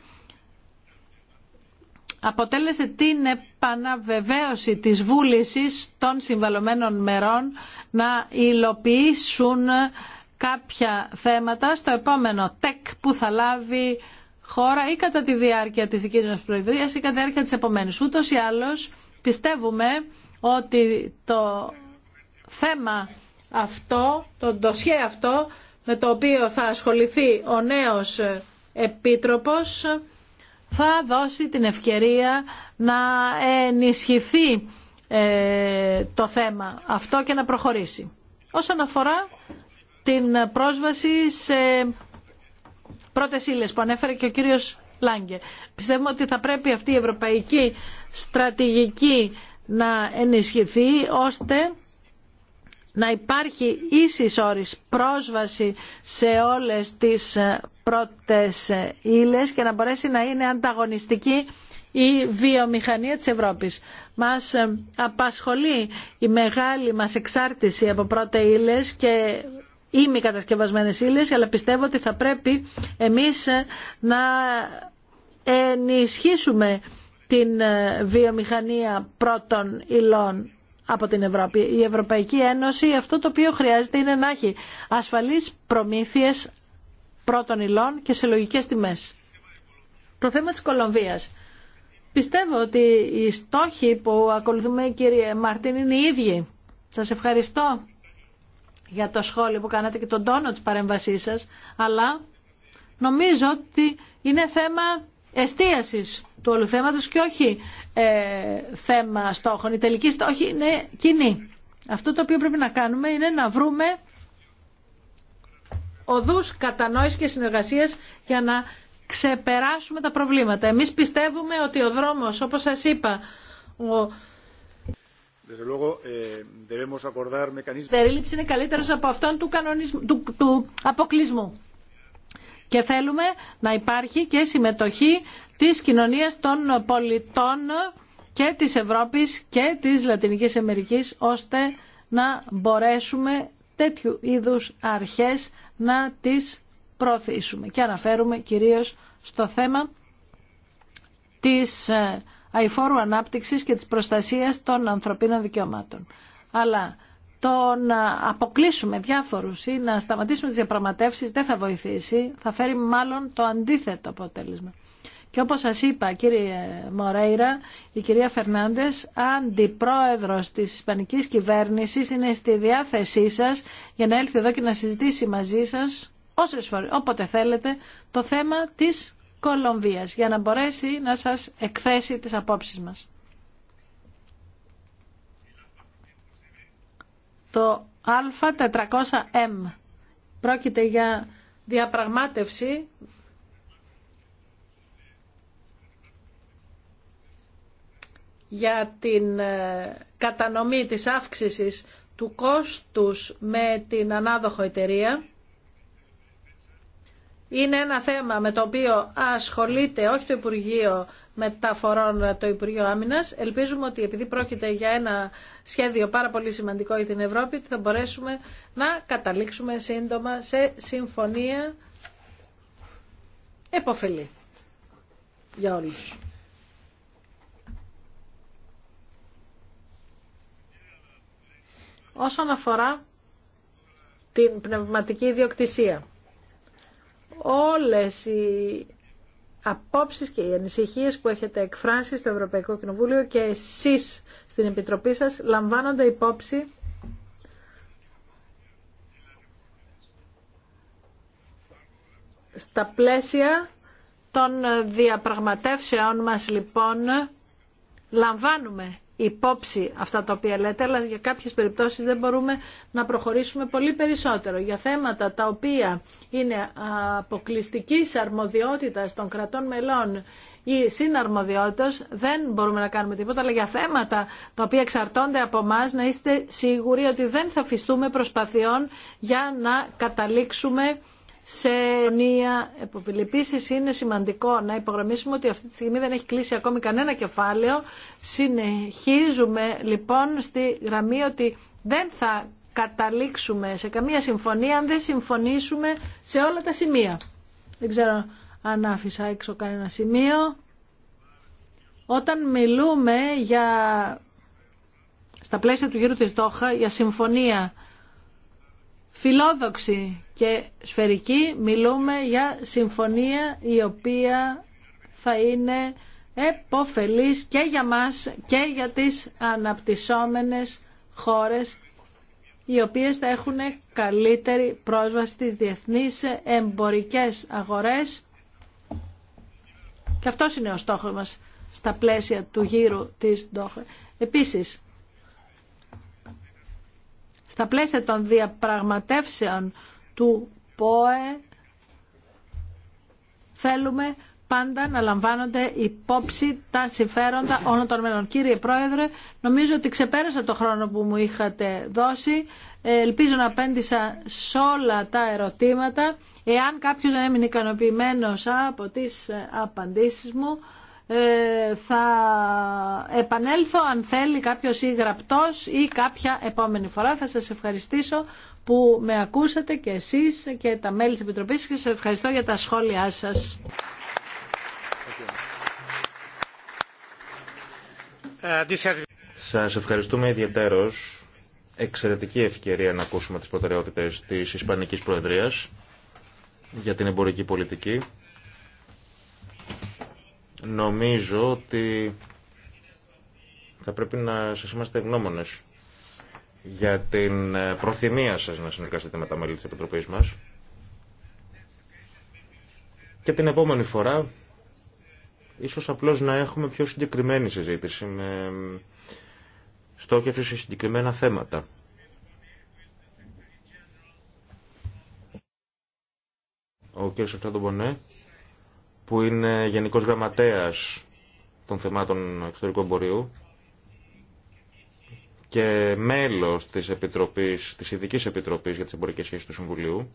αποτέλεσε την επαναβεβαίωση της βούλησης των συμβαλωμένων μερών να υλοποιήσουν κάποια θέματα στο επόμενο ΤΕΚ που θα λάβει χώρα ή κατά τη διάρκεια της δικής μας προεδρίας ή κατά τη διάρκεια της επομένης. Ούτως ή άλλως πιστεύουμε ότι το θέμα αυτό, το ντοσιέ αυτό με το οποίο θα ασχοληθεί ο νέος επίτροπος θα δώσει την ευκαιρία να ενισχυθεί ε, το θέμα αυτό και να προχωρήσει. Όσον αφορά την πρόσβαση σε πρώτες ύλες που ανέφερε και ο κύριος Λάγκε. Πιστεύουμε ότι θα πρέπει αυτή η ευρωπαϊκή στρατηγική να ενισχυθεί ώστε να υπάρχει ίσης όρης πρόσβαση σε όλες τις ε, πρώτες ε, ύλες και να μπορέσει να είναι ανταγωνιστική η βιομηχανία της Ευρώπης. Μας ε, απασχολεί η μεγάλη μας εξάρτηση από πρώτε ύλες και ήμι κατασκευασμένες ύλες, αλλά πιστεύω ότι θα πρέπει εμείς να ενισχύσουμε την βιομηχανία πρώτων υλών από την Ευρώπη. Η Ευρωπαϊκή Ένωση αυτό το οποίο χρειάζεται είναι να έχει ασφαλείς προμήθειες πρώτων υλών και σε λογικές τιμές. Το θέμα της Κολομβίας. Πιστεύω ότι οι στόχοι που ακολουθούμε κύριε Μαρτίν είναι οι ίδιοι. Σας ευχαριστώ για το σχόλιο που κάνατε και τον τόνο της παρέμβασής σας, αλλά νομίζω ότι είναι θέμα εστίασης του όλου θέματος και όχι ε, θέμα στόχων. Η τελική στόχη είναι κοινή. Αυτό το οποίο πρέπει να κάνουμε είναι να βρούμε οδούς κατανόησης και συνεργασίες για να ξεπεράσουμε τα προβλήματα. Εμείς πιστεύουμε ότι ο δρόμος, όπως σας είπα, ο... Η eh, περίληψη είναι καλύτερος από αυτόν του, του... του αποκλεισμού. Και θέλουμε να υπάρχει και συμμετοχή της κοινωνίας των πολιτών και της Ευρώπης και της Λατινικής Αμερικής ώστε να μπορέσουμε τέτοιου είδους αρχές να τις προωθήσουμε. Και αναφέρουμε κυρίως στο θέμα της ε, αηφόρου ανάπτυξης και της προστασίας των ανθρωπίνων δικαιωμάτων. Αλλά το να αποκλείσουμε διάφορους ή να σταματήσουμε τις διαπραγματεύσεις δεν θα βοηθήσει, θα φέρει μάλλον το αντίθετο αποτέλεσμα. Και όπως σας είπα κύριε Μορέιρα, η κυρία Φερνάντες, αντιπρόεδρος της Ισπανικής Κυβέρνησης, είναι στη διάθεσή σας για να έλθει εδώ και να συζητήσει μαζί σας όσες φορές, όποτε θέλετε, το θέμα της Κολομβίας για να μπορέσει να σας εκθέσει τις απόψεις μας. Το Α400M πρόκειται για διαπραγμάτευση για την ε, κατανομή της αύξησης του κόστους με την ανάδοχο εταιρεία είναι ένα θέμα με το οποίο ασχολείται όχι το Υπουργείο Μεταφορών, το Υπουργείο Άμυνας. Ελπίζουμε ότι επειδή πρόκειται για ένα σχέδιο πάρα πολύ σημαντικό για την Ευρώπη, θα μπορέσουμε να καταλήξουμε σύντομα σε συμφωνία επωφελή για όλους. όσον αφορά την πνευματική ιδιοκτησία. Όλες οι απόψεις και οι ανησυχίες που έχετε εκφράσει στο Ευρωπαϊκό Κοινοβούλιο και εσείς στην Επιτροπή σας λαμβάνονται υπόψη στα πλαίσια των διαπραγματεύσεων μας λοιπόν λαμβάνουμε υπόψη αυτά τα οποία λέτε, αλλά για κάποιες περιπτώσεις δεν μπορούμε να προχωρήσουμε πολύ περισσότερο. Για θέματα τα οποία είναι αποκλειστική αρμοδιότητα των κρατών μελών ή συναρμοδιότητας δεν μπορούμε να κάνουμε τίποτα, αλλά για θέματα τα οποία εξαρτώνται από εμά να είστε σίγουροι ότι δεν θα φυστούμε προσπαθειών για να καταλήξουμε σε αιωνία Επίση είναι σημαντικό να υπογραμμίσουμε ότι αυτή τη στιγμή δεν έχει κλείσει ακόμη κανένα κεφάλαιο. Συνεχίζουμε λοιπόν στη γραμμή ότι δεν θα καταλήξουμε σε καμία συμφωνία αν δεν συμφωνήσουμε σε όλα τα σημεία. Δεν ξέρω αν άφησα έξω κανένα σημείο. Όταν μιλούμε για στα πλαίσια του γύρου της Δόχα για συμφωνία φιλόδοξη και σφαιρική μιλούμε για συμφωνία η οποία θα είναι εποφελής και για μας και για τις αναπτυσσόμενες χώρες οι οποίες θα έχουν καλύτερη πρόσβαση στις διεθνείς εμπορικές αγορές και αυτό είναι ο στόχος μας στα πλαίσια του γύρου της Ντόχα. Επίσης, στα πλαίσια των διαπραγματεύσεων του ΠΟΕ θέλουμε πάντα να λαμβάνονται υπόψη τα συμφέροντα όλων των μελών. Κύριε Πρόεδρε, νομίζω ότι ξεπέρασα το χρόνο που μου είχατε δώσει. Ελπίζω να απέντησα σε όλα τα ερωτήματα. Εάν κάποιος δεν έμεινε ικανοποιημένος από τις απαντήσεις μου, ε, θα επανέλθω αν θέλει κάποιος ή γραπτός ή κάποια επόμενη φορά. Θα σας ευχαριστήσω που με ακούσατε και εσείς και τα μέλη της Επιτροπής και σας ευχαριστώ για τα σχόλιά σας. Σας ευχαριστούμε ιδιαίτερος. Εξαιρετική ευκαιρία να ακούσουμε τις προτεραιότητες της Ισπανικής Προεδρίας για την εμπορική πολιτική. Νομίζω ότι θα πρέπει να σας είμαστε γνώμονες για την ε, προθυμία σας να συνεργαστείτε με τα μέλη της Επιτροπής μας. Και την επόμενη φορά, ίσως απλώς να έχουμε πιο συγκεκριμένη συζήτηση με στόχευση σε συγκεκριμένα θέματα. Ο κ. Σεφτάντο Μπονέ που είναι Γενικός Γραμματέας των θεμάτων εξωτερικού εμπορίου και μέλος της, Επιτροπής, της Ειδικής Επιτροπής για τις Εμπορικές Σχέσεις του Συμβουλίου.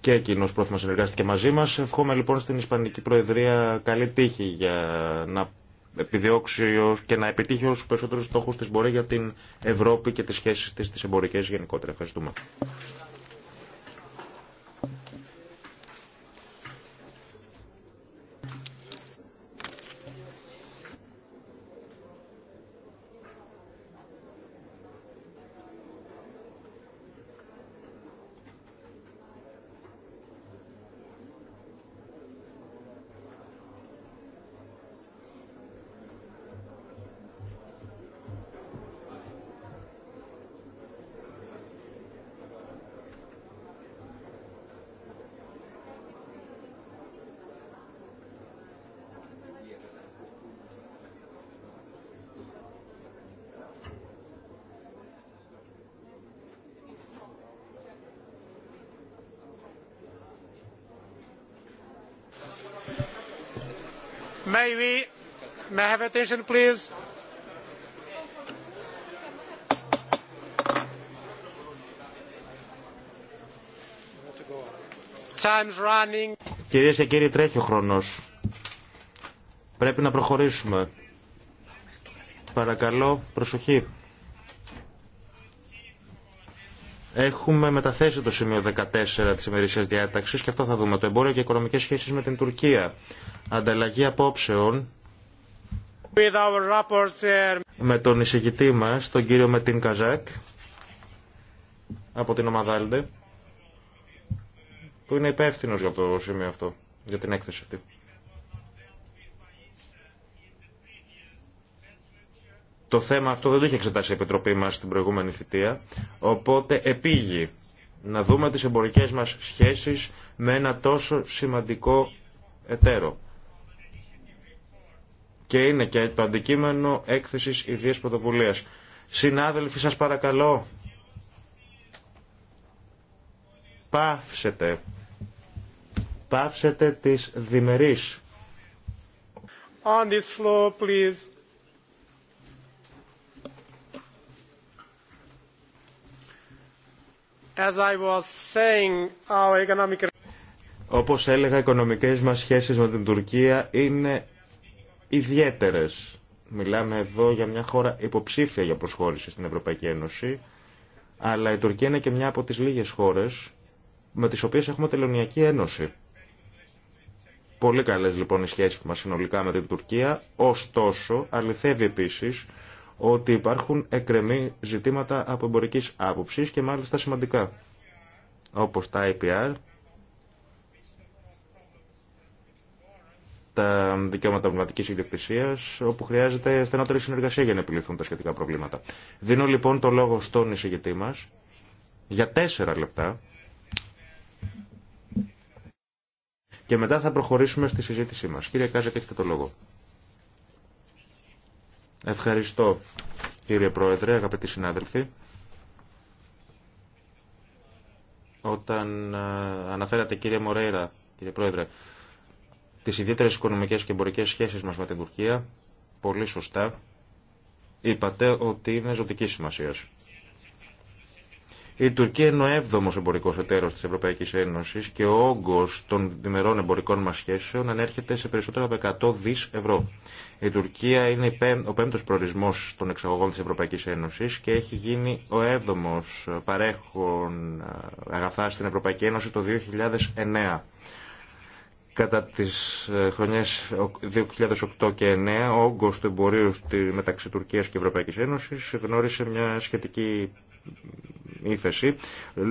Και εκείνος πρόθυμα συνεργάστηκε μαζί μας. Ευχόμαι λοιπόν στην Ισπανική Προεδρία καλή τύχη για να επιδιώξει και να επιτύχει όσου περισσότερου στόχου τη μπορεί για την Ευρώπη και τι σχέσει τη, τι εμπορικέ γενικότερα. Ευχαριστούμε. attention, please. Time's running. Κυρίες και κύριοι, τρέχει ο χρόνος. Πρέπει να προχωρήσουμε. Παρακαλώ, προσοχή. Έχουμε μεταθέσει το σημείο 14 της ημερήσιας διάταξης και αυτό θα δούμε. Το εμπόριο και οι οικονομικές σχέσεις με την Τουρκία. Ανταλλαγή απόψεων με τον εισηγητή μα τον κύριο Μετίν Καζάκ, από την ομάδα Άλντε, που είναι υπεύθυνο για το σημείο αυτό, για την έκθεση αυτή. Το θέμα αυτό δεν το είχε εξετάσει η Επιτροπή μας στην προηγούμενη θητεία, οπότε επήγει να δούμε τις εμπορικές μας σχέσεις με ένα τόσο σημαντικό εταίρο και είναι και το αντικείμενο έκθεσης ιδίας πρωτοβουλία. Συνάδελφοι σας παρακαλώ, πάυσετε, πάυσετε τις διμερείς. On this floor, please. As I was saying, our economic... Όπως έλεγα, οι οικονομικές μας σχέσεις με την Τουρκία είναι ιδιαίτερες. Μιλάμε εδώ για μια χώρα υποψήφια για προσχώρηση στην Ευρωπαϊκή Ένωση, αλλά η Τουρκία είναι και μια από τις λίγες χώρες με τις οποίες έχουμε τελωνιακή ένωση. Πολύ καλές λοιπόν οι σχέσεις μας συνολικά με την Τουρκία, ωστόσο αληθεύει επίσης ότι υπάρχουν εκκρεμή ζητήματα από εμπορική άποψη και μάλιστα σημαντικά, όπως τα IPR τα δικαιώματα πνευματική ιδιοκτησία, όπου χρειάζεται στενότερη συνεργασία για να επιλυθούν τα σχετικά προβλήματα. Δίνω λοιπόν το λόγο στον εισηγητή μα για τέσσερα λεπτά και μετά θα προχωρήσουμε στη συζήτησή μας. Κύριε και έχετε το λόγο. Ευχαριστώ, κύριε Πρόεδρε, αγαπητοί συνάδελφοι. Όταν ε, αναφέρατε, κύριε Μορέιρα, κύριε Πρόεδρε, τι ιδιαίτερε οικονομικέ και εμπορικέ σχέσει μα με την Τουρκία, πολύ σωστά είπατε ότι είναι ζωτική σημασία. Η Τουρκία είναι ο έβδομο εμπορικό εταίρο τη Ευρωπαϊκή Ένωση και ο όγκο των διμερών εμπορικών μα σχέσεων ανέρχεται σε περισσότερο από 100 δι ευρώ. Η Τουρκία είναι ο πέμπτο προορισμό των εξαγωγών τη Ευρωπαϊκή Ένωση και έχει γίνει ο έβδομο παρέχων ε, αγαθά στην Ευρωπαϊκή Ένωση το 2009. Κατά τις ε, χρονιές 2008 και 2009, ο όγκος του εμπορίου μεταξύ Τουρκίας και Ευρωπαϊκής Ένωσης γνώρισε μια σχετική ύφεση,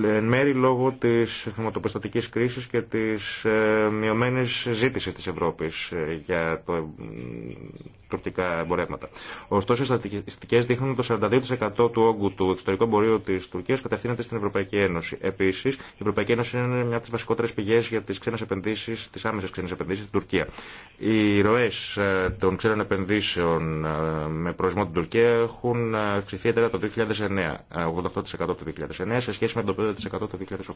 ε, εν μέρη λόγω της χρηματοπιστωτικής κρίσης και της ε, μειωμένης ζήτησης της Ευρώπης για το τουρκικά εμπορεύματα. Ωστόσο, οι στατιστικέ δείχνουν ότι το 42% του όγκου του εξωτερικού εμπορίου τη Τουρκία κατευθύνεται στην Ευρωπαϊκή Ένωση. Επίση, η Ευρωπαϊκή Ένωση είναι μια από τι βασικότερε πηγέ για τι ξένε επενδύσει, τι άμεσε ξένε επενδύσει στην Τουρκία. Οι ροέ ε, των ξένων επενδύσεων ε, με προορισμό την Τουρκία έχουν ε, αυξηθεί ιδιαίτερα το 2009, 88% το 2009 σε σχέση με το 5% το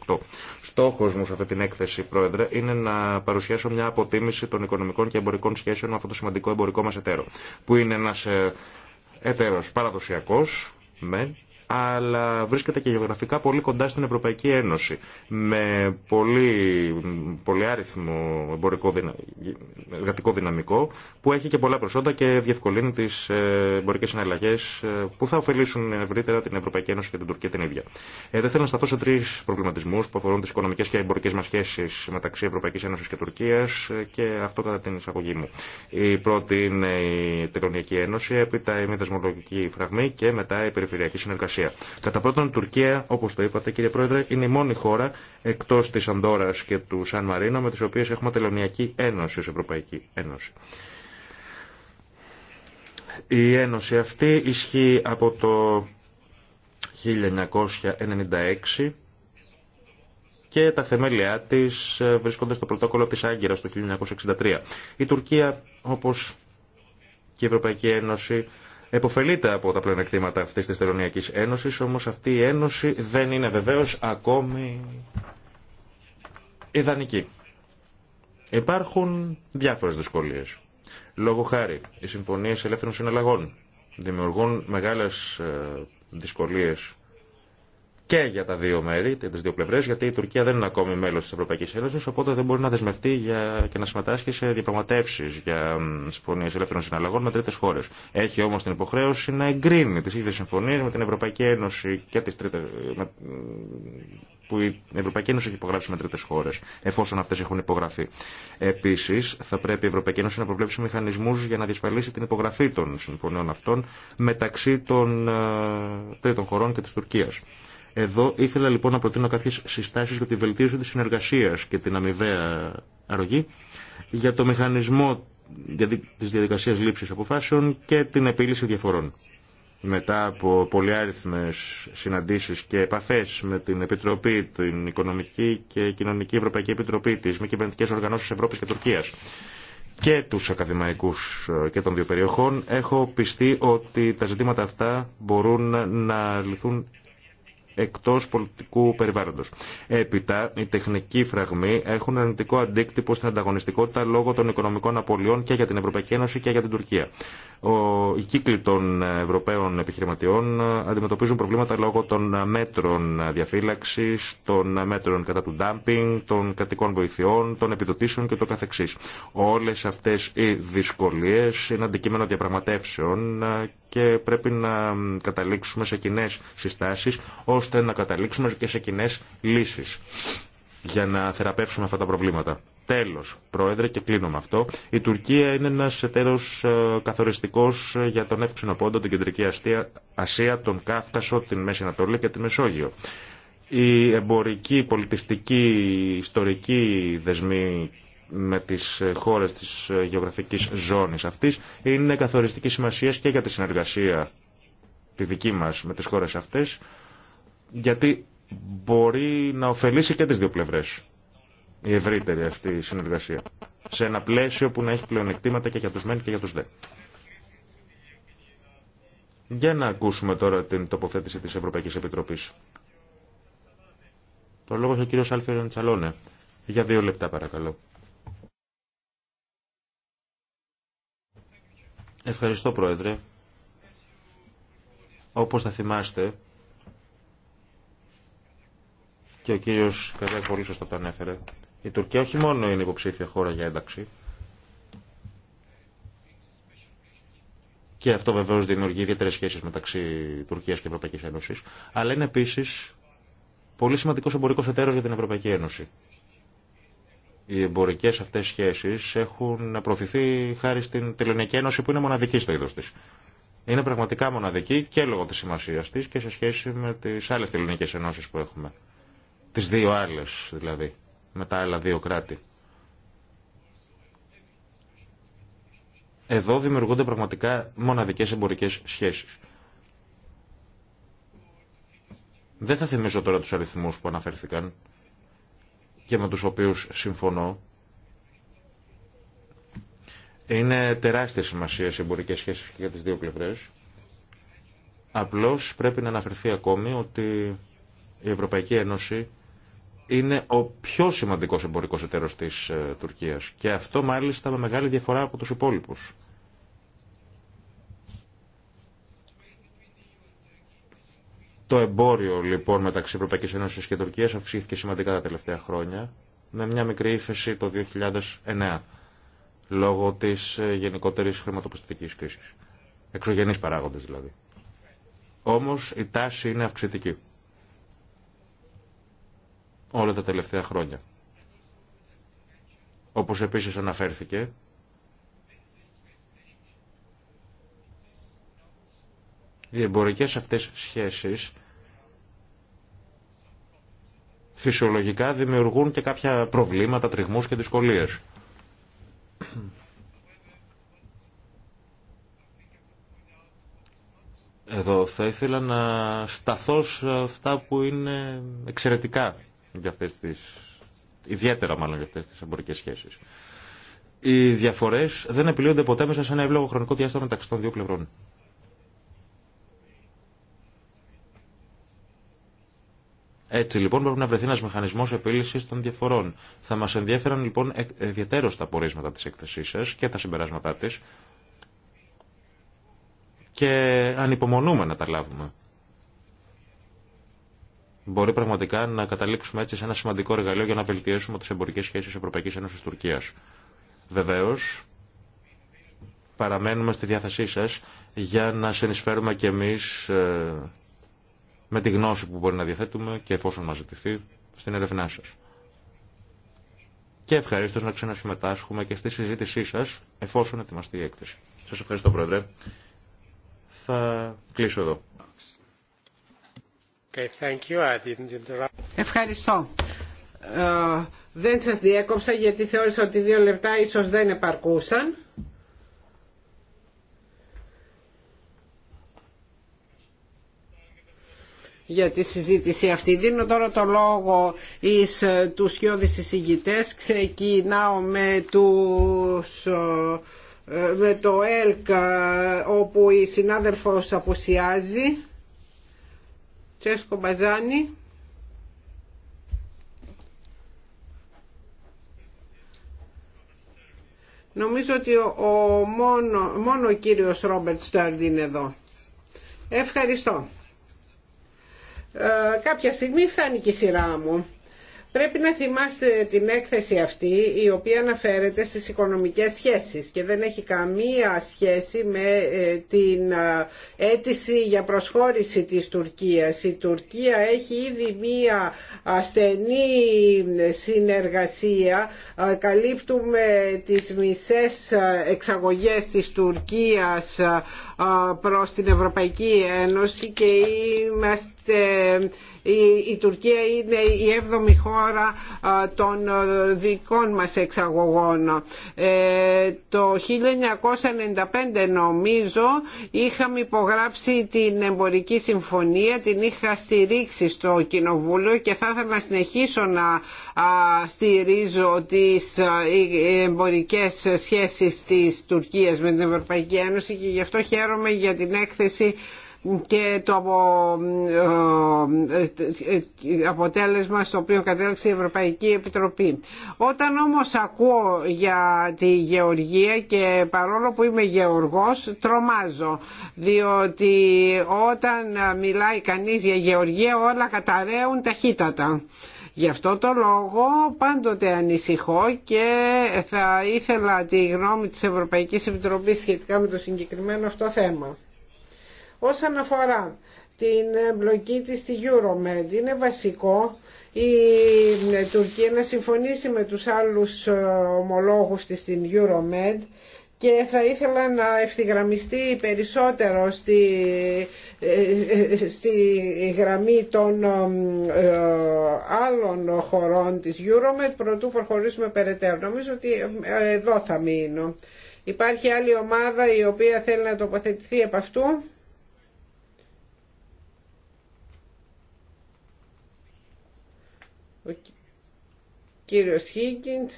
2008. Στόχο μου σε αυτή την έκθεση, Πρόεδρε, είναι να παρουσιάσω μια αποτίμηση των οικονομικών και εμπορικών σχέσεων με αυτό το σημαντικό εμπορικό μα εταίρο που είναι ένας εταίρος παραδοσιακός, με αλλά βρίσκεται και γεωγραφικά πολύ κοντά στην Ευρωπαϊκή Ένωση, με πολύ, πολύ άριθμο εμπορικό δυνα... εργατικό δυναμικό, που έχει και πολλά προσόντα και διευκολύνει τι ε, εμπορικέ συναλλαγέ ε, που θα ωφελήσουν ευρύτερα την Ευρωπαϊκή Ένωση και την Τουρκία την ίδια. Ε, δεν θέλω να σταθώ σε τρει προβληματισμού που αφορούν τι οικονομικέ και εμπορικέ μα σχέσει μεταξύ Ευρωπαϊκή Ένωση και Τουρκία και αυτό κατά την εισαγωγή μου. Η πρώτη είναι η Τελωνιακή Ένωση, έπειτα η μη δεσμολογική και μετά η περιφερειακή συνεργασία. Κατά πρώτον, η Τουρκία, όπω το είπατε κύριε Πρόεδρε, είναι η μόνη χώρα εκτό τη Αντόρα και του Σαν Μαρίνο με τι οποίε έχουμε τελωνιακή ένωση ω Ευρωπαϊκή Ένωση. Η ένωση αυτή ισχύει από το 1996 και τα θεμέλια της ε, βρίσκονται στο πρωτόκολλο της Άγκυρας το 1963. Η Τουρκία, όπως και η Ευρωπαϊκή Ένωση, εποφελείται από τα πλεονεκτήματα αυτής της Τελωνιακή Ένωσης, όμως αυτή η ένωση δεν είναι βεβαίω ακόμη ιδανική. Υπάρχουν διάφορες δυσκολίες. Λόγω χάρη, οι συμφωνίε ελεύθερων συναλλαγών δημιουργούν μεγάλες ε, δυσκολίες και για τα δύο μέρη, τι δύο πλευρέ, γιατί η Τουρκία δεν είναι ακόμη μέλο τη Ευρωπαϊκή Ένωση, οπότε δεν μπορεί να δεσμευτεί για, και να συμμετάσχει σε διαπραγματεύσει για συμφωνίε ελεύθερων συναλλαγών με τρίτε χώρε. Έχει όμω την υποχρέωση να εγκρίνει τι ίδιε συμφωνίε με την Ευρωπαϊκή Ένωση και τις τρίτε. που η Ευρωπαϊκή Ένωση έχει υπογράψει με τρίτε χώρε, εφόσον αυτέ έχουν υπογραφεί. Επίση, θα πρέπει η Ευρωπαϊκή Ένωση να προβλέψει μηχανισμού για να διασφαλίσει την υπογραφή των συμφωνιών αυτών μεταξύ των ε, τρίτων χωρών και τη Τουρκία. Εδώ ήθελα λοιπόν να προτείνω κάποιες συστάσεις για τη βελτίωση της συνεργασίας και την αμοιβαία αρρωγή, για το μηχανισμό της διαδικασίας λήψης αποφάσεων και την επίλυση διαφορών. Μετά από πολυάριθμες συναντήσεις και επαφές με την Επιτροπή, την Οικονομική και Κοινωνική Ευρωπαϊκή Επιτροπή της, Μη κυβερνητικέ οργανώσεις Ευρώπης και Τουρκίας, και τους ακαδημαϊκούς ε, και των δύο περιοχών έχω πιστεί ότι τα ζητήματα αυτά μπορούν να λυθούν εκτός πολιτικού περιβάλλοντος. Έπειτα, οι τεχνικοί φραγμοί έχουν αρνητικό αντίκτυπο στην ανταγωνιστικότητα λόγω των οικονομικών απολειών και για την Ευρωπαϊκή Ένωση και για την Τουρκία. οι κύκλοι των Ευρωπαίων επιχειρηματιών αντιμετωπίζουν προβλήματα λόγω των μέτρων διαφύλαξης, των μέτρων κατά του ντάμπινγκ, των κρατικών βοηθειών, των επιδοτήσεων και το καθεξής. Όλες αυτές οι δυσκολίες είναι αντικείμενο διαπραγματεύσεων και πρέπει να καταλήξουμε σε κοινέ συστάσεις ώστε να καταλήξουμε και σε κοινέ λύσεις για να θεραπεύσουμε αυτά τα προβλήματα. Τέλος, Πρόεδρε, και κλείνω με αυτό. Η Τουρκία είναι ένας εταίρο ε, καθοριστικός ε, για τον εύξηνο πόντο, την Κεντρική Ασία, τον Κάφκασο, την Μέση Ανατολή και τη Μεσόγειο. Η εμπορική, πολιτιστική, ιστορική δεσμοί με τις χώρες της γεωγραφικής ζώνης αυτής είναι καθοριστική σημασία και για τη συνεργασία τη δική μας με τις χώρες αυτές γιατί μπορεί να ωφελήσει και τις δύο πλευρές η ευρύτερη αυτή συνεργασία σε ένα πλαίσιο που να έχει πλεονεκτήματα και για τους μεν και για τους δε. Για να ακούσουμε τώρα την τοποθέτηση της Ευρωπαϊκής Επιτροπής. Το λόγο έχει ο κύριος Άλφερον Τσαλόνε. Για δύο λεπτά παρακαλώ. Ευχαριστώ, Πρόεδρε. Όπως θα θυμάστε, και ο κύριος Καζάκ πολύ σωστά το ανέφερε, η Τουρκία όχι μόνο είναι υποψήφια χώρα για ένταξη, και αυτό βεβαίως δημιουργεί ιδιαίτερες σχέσεις μεταξύ Τουρκίας και Ευρωπαϊκής Ένωσης, αλλά είναι επίσης πολύ σημαντικός εμπορικός εταίρος για την Ευρωπαϊκή Ένωση οι εμπορικές αυτές σχέσεις έχουν προωθηθεί χάρη στην Τελωνιακή Ένωση που είναι μοναδική στο είδος της. Είναι πραγματικά μοναδική και λόγω της σημασίας της και σε σχέση με τις άλλες Τελωνιακές Ενώσεις που έχουμε. Τις δύο άλλες δηλαδή, με τα άλλα δύο κράτη. Εδώ δημιουργούνται πραγματικά μοναδικές εμπορικές σχέσεις. Δεν θα θυμίζω τώρα τους αριθμούς που αναφέρθηκαν και με τους οποίους συμφωνώ. Είναι τεράστια σημασία σε εμπορικές σχέσεις για τις δύο πλευρές. Απλώς πρέπει να αναφερθεί ακόμη ότι η Ευρωπαϊκή Ένωση είναι ο πιο σημαντικός εμπορικός εταίρος της ε, Τουρκίας και αυτό μάλιστα με μεγάλη διαφορά από τους υπόλοιπους. Το εμπόριο λοιπόν μεταξύ Ευρωπαϊκή Ένωση και Τουρκία αυξήθηκε σημαντικά τα τελευταία χρόνια με μια μικρή ύφεση το 2009 λόγω της ε, γενικότερη χρηματοπιστωτική κρίσης. Εξωγενείς παράγοντες δηλαδή. Όμως η τάση είναι αυξητική. Όλα τα τελευταία χρόνια. Όπως επίσης αναφέρθηκε, Οι εμπορικές αυτές σχέσεις φυσιολογικά δημιουργούν και κάποια προβλήματα, τριγμούς και δυσκολίες. Εδώ θα ήθελα να σταθώ σε αυτά που είναι εξαιρετικά για αυτές τις, ιδιαίτερα μάλλον για αυτές τις εμπορικές σχέσεις. Οι διαφορές δεν επιλύονται ποτέ μέσα σε ένα εύλογο χρονικό διάστημα μεταξύ των δύο πλευρών. Έτσι λοιπόν πρέπει να βρεθεί ένα μηχανισμό επίλυση των διαφορών. Θα μα ενδιαφέραν λοιπόν ε, ιδιαίτερω τα πορίσματα τη έκθεσή σα και τα συμπεράσματά τη και ανυπομονούμε να τα λάβουμε. Μπορεί πραγματικά να καταλήξουμε έτσι σε ένα σημαντικό εργαλείο για να βελτιώσουμε τι εμπορικέ σχέσει Ευρωπαϊκή Ένωση Τουρκία. Βεβαίω, παραμένουμε στη διάθεσή σα για να συνεισφέρουμε κι εμεί ε, με τη γνώση που μπορεί να διαθέτουμε και εφόσον μας ζητηθεί στην ερευνά σας. Και ευχαρίστως να ξανασυμμετάσχουμε και στη συζήτησή σας εφόσον ετοιμαστεί η έκθεση. Σας ευχαριστώ Πρόεδρε. Θα κλείσω εδώ. Okay, thank you. I didn't ευχαριστώ. Ε, δεν σας διέκοψα γιατί θεώρησα ότι δύο λεπτά ίσως δεν επαρκούσαν. για τη συζήτηση αυτή. Δίνω τώρα το λόγο εις ε, τους σκιώδης εισηγητές. Ξεκινάω με τους ε, ε, με το ΕΛΚ όπου η συνάδελφος αποσιάζει Τσέσκο Μπαζάνη Νομίζω ότι ο, μόνο, μόνο ο κύριος Ρόμπερτ Στέρντ είναι εδώ. Ευχαριστώ. Ε, κάποια στιγμή φτάνει και η σειρά μου. Πρέπει να θυμάστε την έκθεση αυτή η οποία αναφέρεται στις οικονομικές σχέσεις και δεν έχει καμία σχέση με ε, την ε, αίτηση για προσχώρηση της Τουρκίας. Η Τουρκία έχει ήδη μία ασθενή ε, συνεργασία. Καλύπτουμε τις μισές εξαγωγές της Τουρκίας προς την Ευρωπαϊκή Ένωση και είμαστε... Η, η Τουρκία είναι η έβδομη χώρα χώρα των ε, δικών μας εξαγωγών. Ε, το 1995 νομίζω είχαμε υπογράψει την εμπορική συμφωνία, την είχα στηρίξει στο Κοινοβούλιο και θα ήθελα να συνεχίσω να στηρίζω τις εμπορικές σχέσεις της Τουρκίας με την Ευρωπαϊκή Ένωση και γι' αυτό χαίρομαι για την έκθεση και το ε, ε, αποτέλεσμα στο οποίο κατέληξε η Ευρωπαϊκή Επιτροπή. Όταν όμως ακούω για τη γεωργία και παρόλο που είμαι γεωργός τρομάζω διότι όταν μιλάει κανείς για γεωργία όλα καταραίουν ταχύτατα. Γι' αυτό το λόγο πάντοτε ανησυχώ και θα ήθελα τη γνώμη της Ευρωπαϊκής Επιτροπής σχετικά με το συγκεκριμένο αυτό θέμα. Όσον αφορά την εμπλοκή της στη Euromed είναι βασικό η Τουρκία να συμφωνήσει με τους άλλους ε, ομολόγους της στην Euromed και θα ήθελα να ευθυγραμμιστεί περισσότερο στη, ε, ε, στη γραμμή των άλλων χωρών της Euromed προτού προχωρήσουμε περαιτέρω. Νομίζω ότι εδώ θα μείνω. Υπάρχει άλλη ομάδα η οποία θέλει να τοποθετηθεί από αυτού. Κύριος Χίγκιντς,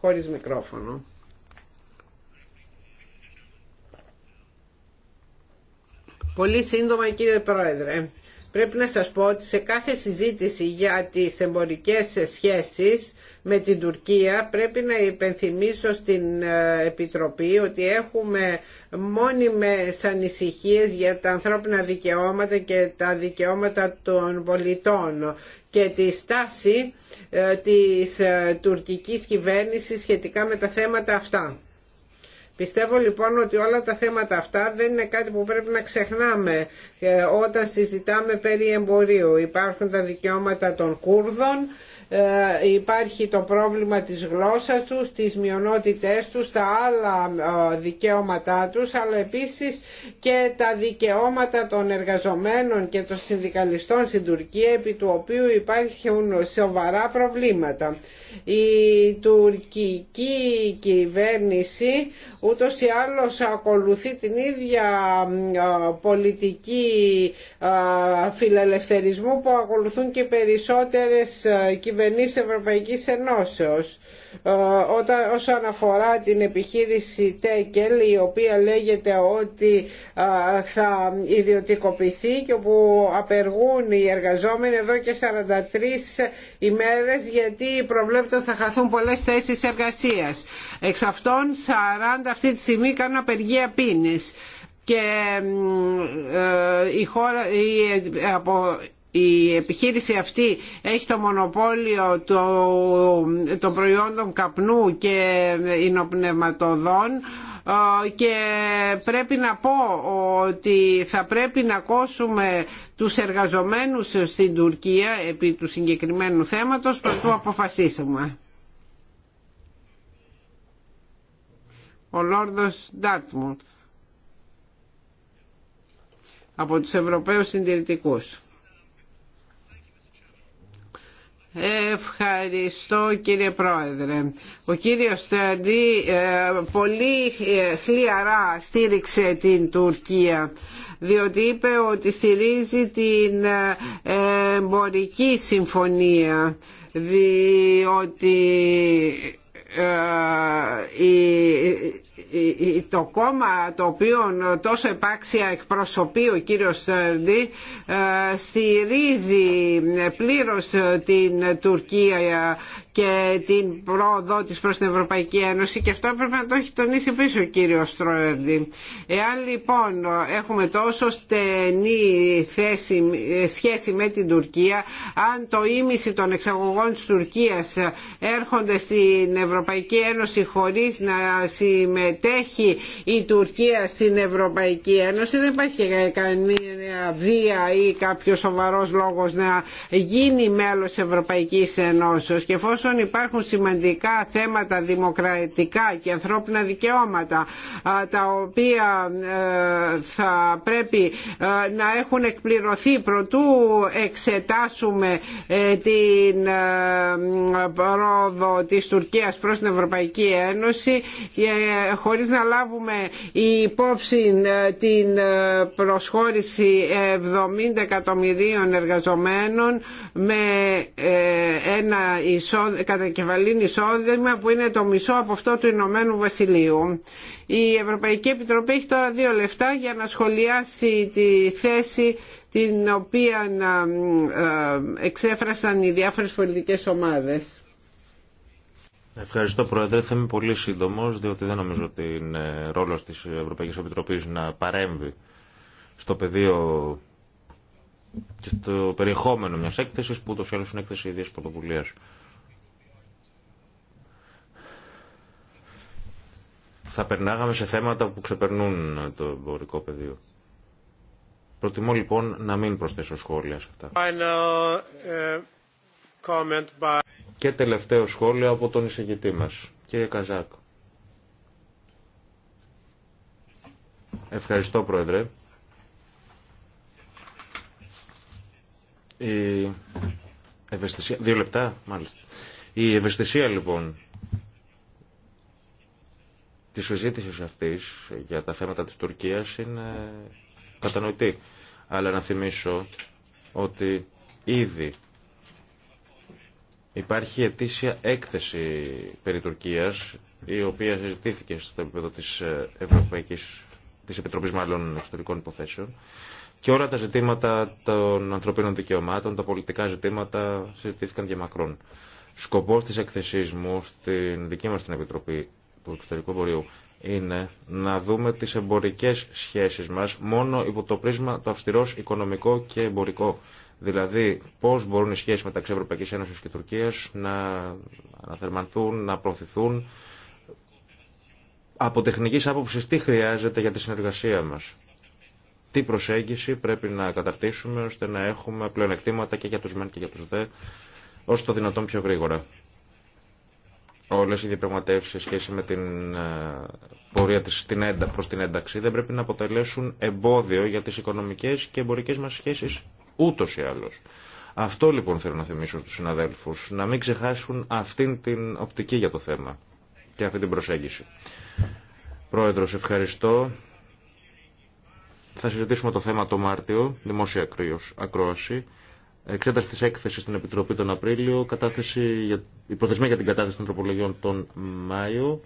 χωρίς μικρόφωνο. Πολύ σύντομα κύριε Πρόεδρε. Πρέπει να σας πω ότι σε κάθε συζήτηση για τις εμπορικές σχέσεις με την Τουρκία πρέπει να υπενθυμίσω στην ε, Επιτροπή ότι έχουμε μόνιμες ανησυχίες για τα ανθρώπινα δικαιώματα και τα δικαιώματα των πολιτών και τη στάση ε, της ε, τουρκικής κυβέρνησης σχετικά με τα θέματα αυτά. Πιστεύω λοιπόν ότι όλα τα θέματα αυτά δεν είναι κάτι που πρέπει να ξεχνάμε ε, όταν συζητάμε περί εμπορίου. Υπάρχουν τα δικαιώματα των Κούρδων ε, υπάρχει το πρόβλημα της γλώσσας τους, της μειονότητές τους, τα άλλα ε, δικαιώματά τους, αλλά επίσης και τα δικαιώματα των εργαζομένων και των συνδικαλιστών στην Τουρκία, επί του οποίου υπάρχουν σοβαρά προβλήματα. Η τουρκική κυβέρνηση ούτως ή άλλως ακολουθεί την ίδια ε, πολιτική φιλελευθερισμού που ακολουθούν και περισσότερες κυβερνήσεις Ευρωπαϊκή Ευρωπαϊκής Ενώσεως ε, όταν, όσον αφορά την επιχείρηση ΤΕΚΕΛ η οποία λέγεται ότι ε, θα ιδιωτικοποιηθεί και που απεργούν οι εργαζόμενοι εδώ και 43 ημέρες γιατί προβλέπεται θα χαθούν πολλές θέσεις εργασίας. Εξ αυτών 40 αυτή τη στιγμή κάνουν απεργία πίνης και ε, η χώρα, η, από, η επιχείρηση αυτή έχει το μονοπόλιο των προϊόντων καπνού και υνοπνευματοδών ε, και πρέπει να πω ότι θα πρέπει να κόσουμε τους εργαζομένους στην Τουρκία επί του συγκεκριμένου θέματος προτού αποφασίσουμε. Ο Λόρδος Ντάρτμουρθ από τους Ευρωπαίους Συντηρητικούς. Ευχαριστώ κύριε Πρόεδρε. Ο κύριος Στέρντι ε, πολύ ε, χλιαρά στήριξε την Τουρκία διότι είπε ότι στηρίζει την ε, εμπορική συμφωνία διότι η το κόμμα το οποίο τόσο επάξια εκπροσωπεί ο κύριος Στέρντι ε, στηρίζει πλήρως την Τουρκία και την πρόοδό της προς την Ευρωπαϊκή Ένωση και αυτό έπρεπε να το έχει τονίσει πίσω ο κύριος Στρόερντι. Εάν λοιπόν έχουμε τόσο στενή θέση, ε, σχέση με την Τουρκία, αν το ίμιση των εξαγωγών της Τουρκίας έρχονται στην Ευρωπαϊκή Ένωση χωρίς να συμμετέχουν συμμετέχει η Τουρκία στην Ευρωπαϊκή Ένωση δεν υπάρχει κανένα βία ή κάποιο σοβαρό λόγο να γίνει μέλος Ευρωπαϊκής Ένωση. και εφόσον υπάρχουν σημαντικά θέματα δημοκρατικά και ανθρώπινα δικαιώματα τα οποία ε, θα πρέπει ε, να έχουν εκπληρωθεί προτού εξετάσουμε ε, την πρόοδο της Τουρκίας προς την Ευρωπαϊκή Ένωση χωρίς να λάβουμε υπόψη ε, την ε, προσχώρηση 70 εκατομμυρίων εργαζομένων με ε, ένα κατακεφαλήν εισόδημα που είναι το μισό από αυτό του Ηνωμένου Βασιλείου. Η Ευρωπαϊκή Επιτροπή έχει τώρα δύο λεφτά για να σχολιάσει τη θέση την οποία εξέφρασαν οι διάφορες πολιτικές ομάδες. Ευχαριστώ, Πρόεδρε. Θα είμαι πολύ σύντομο, διότι δεν νομίζω ότι είναι ρόλο τη Ευρωπαϊκή Επιτροπή να παρέμβει στο πεδίο και στο περιεχόμενο μια έκθεση που ούτω ή άλλω είναι έκθεση ιδία πρωτοβουλία. Θα περνάγαμε σε θέματα που ξεπερνούν το εμπορικό πεδίο. Προτιμώ λοιπόν να μην προσθέσω σχόλια σε αυτά. Uh, και τελευταίο σχόλιο από τον εισηγητή μας, κύριε Καζάκ. Ευχαριστώ, Πρόεδρε. Η ευαισθησία... Δύο λεπτά, μάλιστα. Η ευαισθησία, λοιπόν, τη συζήτηση αυτή για τα θέματα της Τουρκίας είναι κατανοητή. Αλλά να θυμίσω ότι ήδη Υπάρχει ετήσια έκθεση περί Τουρκίας, η οποία συζητήθηκε στο επίπεδο της ε, Ευρωπαϊκής, της Επιτροπής μάλλον Εξωτερικών Υποθέσεων και όλα τα ζητήματα των ανθρωπίνων δικαιωμάτων, τα πολιτικά ζητήματα συζητήθηκαν για μακρόν. Σκοπός της έκθεσής μου στην δική μας την Επιτροπή του Εξωτερικού Βορείου είναι να δούμε τις εμπορικές σχέσεις μας μόνο υπό το πρίσμα το αυστηρός οικονομικό και εμπορικό Δηλαδή, πώ μπορούν οι σχέσει μεταξύ Ευρωπαϊκή Ένωση και Τουρκία να αναθερμανθούν, να προωθηθούν. Από τεχνική άποψη, τι χρειάζεται για τη συνεργασία μα. Τι προσέγγιση πρέπει να καταρτήσουμε ώστε να έχουμε πλεονεκτήματα και για του μεν και για του δε, όσο το δυνατόν πιο γρήγορα. Όλε οι διαπραγματεύσει σε σχέση με την ε, πορεία της προ την ένταξη δεν πρέπει να αποτελέσουν εμπόδιο για τι οικονομικέ και εμπορικέ μα σχέσει ούτως ή άλλως. Αυτό λοιπόν θέλω να θυμίσω στους συναδέλφους, να μην ξεχάσουν αυτήν την οπτική για το θέμα και αυτή την προσέγγιση. Πρόεδρος, ευχαριστώ. Θα συζητήσουμε το θέμα το Μάρτιο, δημόσια ακρόαση. Εξέταση τη έκθεση στην Επιτροπή τον Απρίλιο, κατάθεση για, η προθεσμία για την κατάθεση των τροπολογιών τον Μάιο.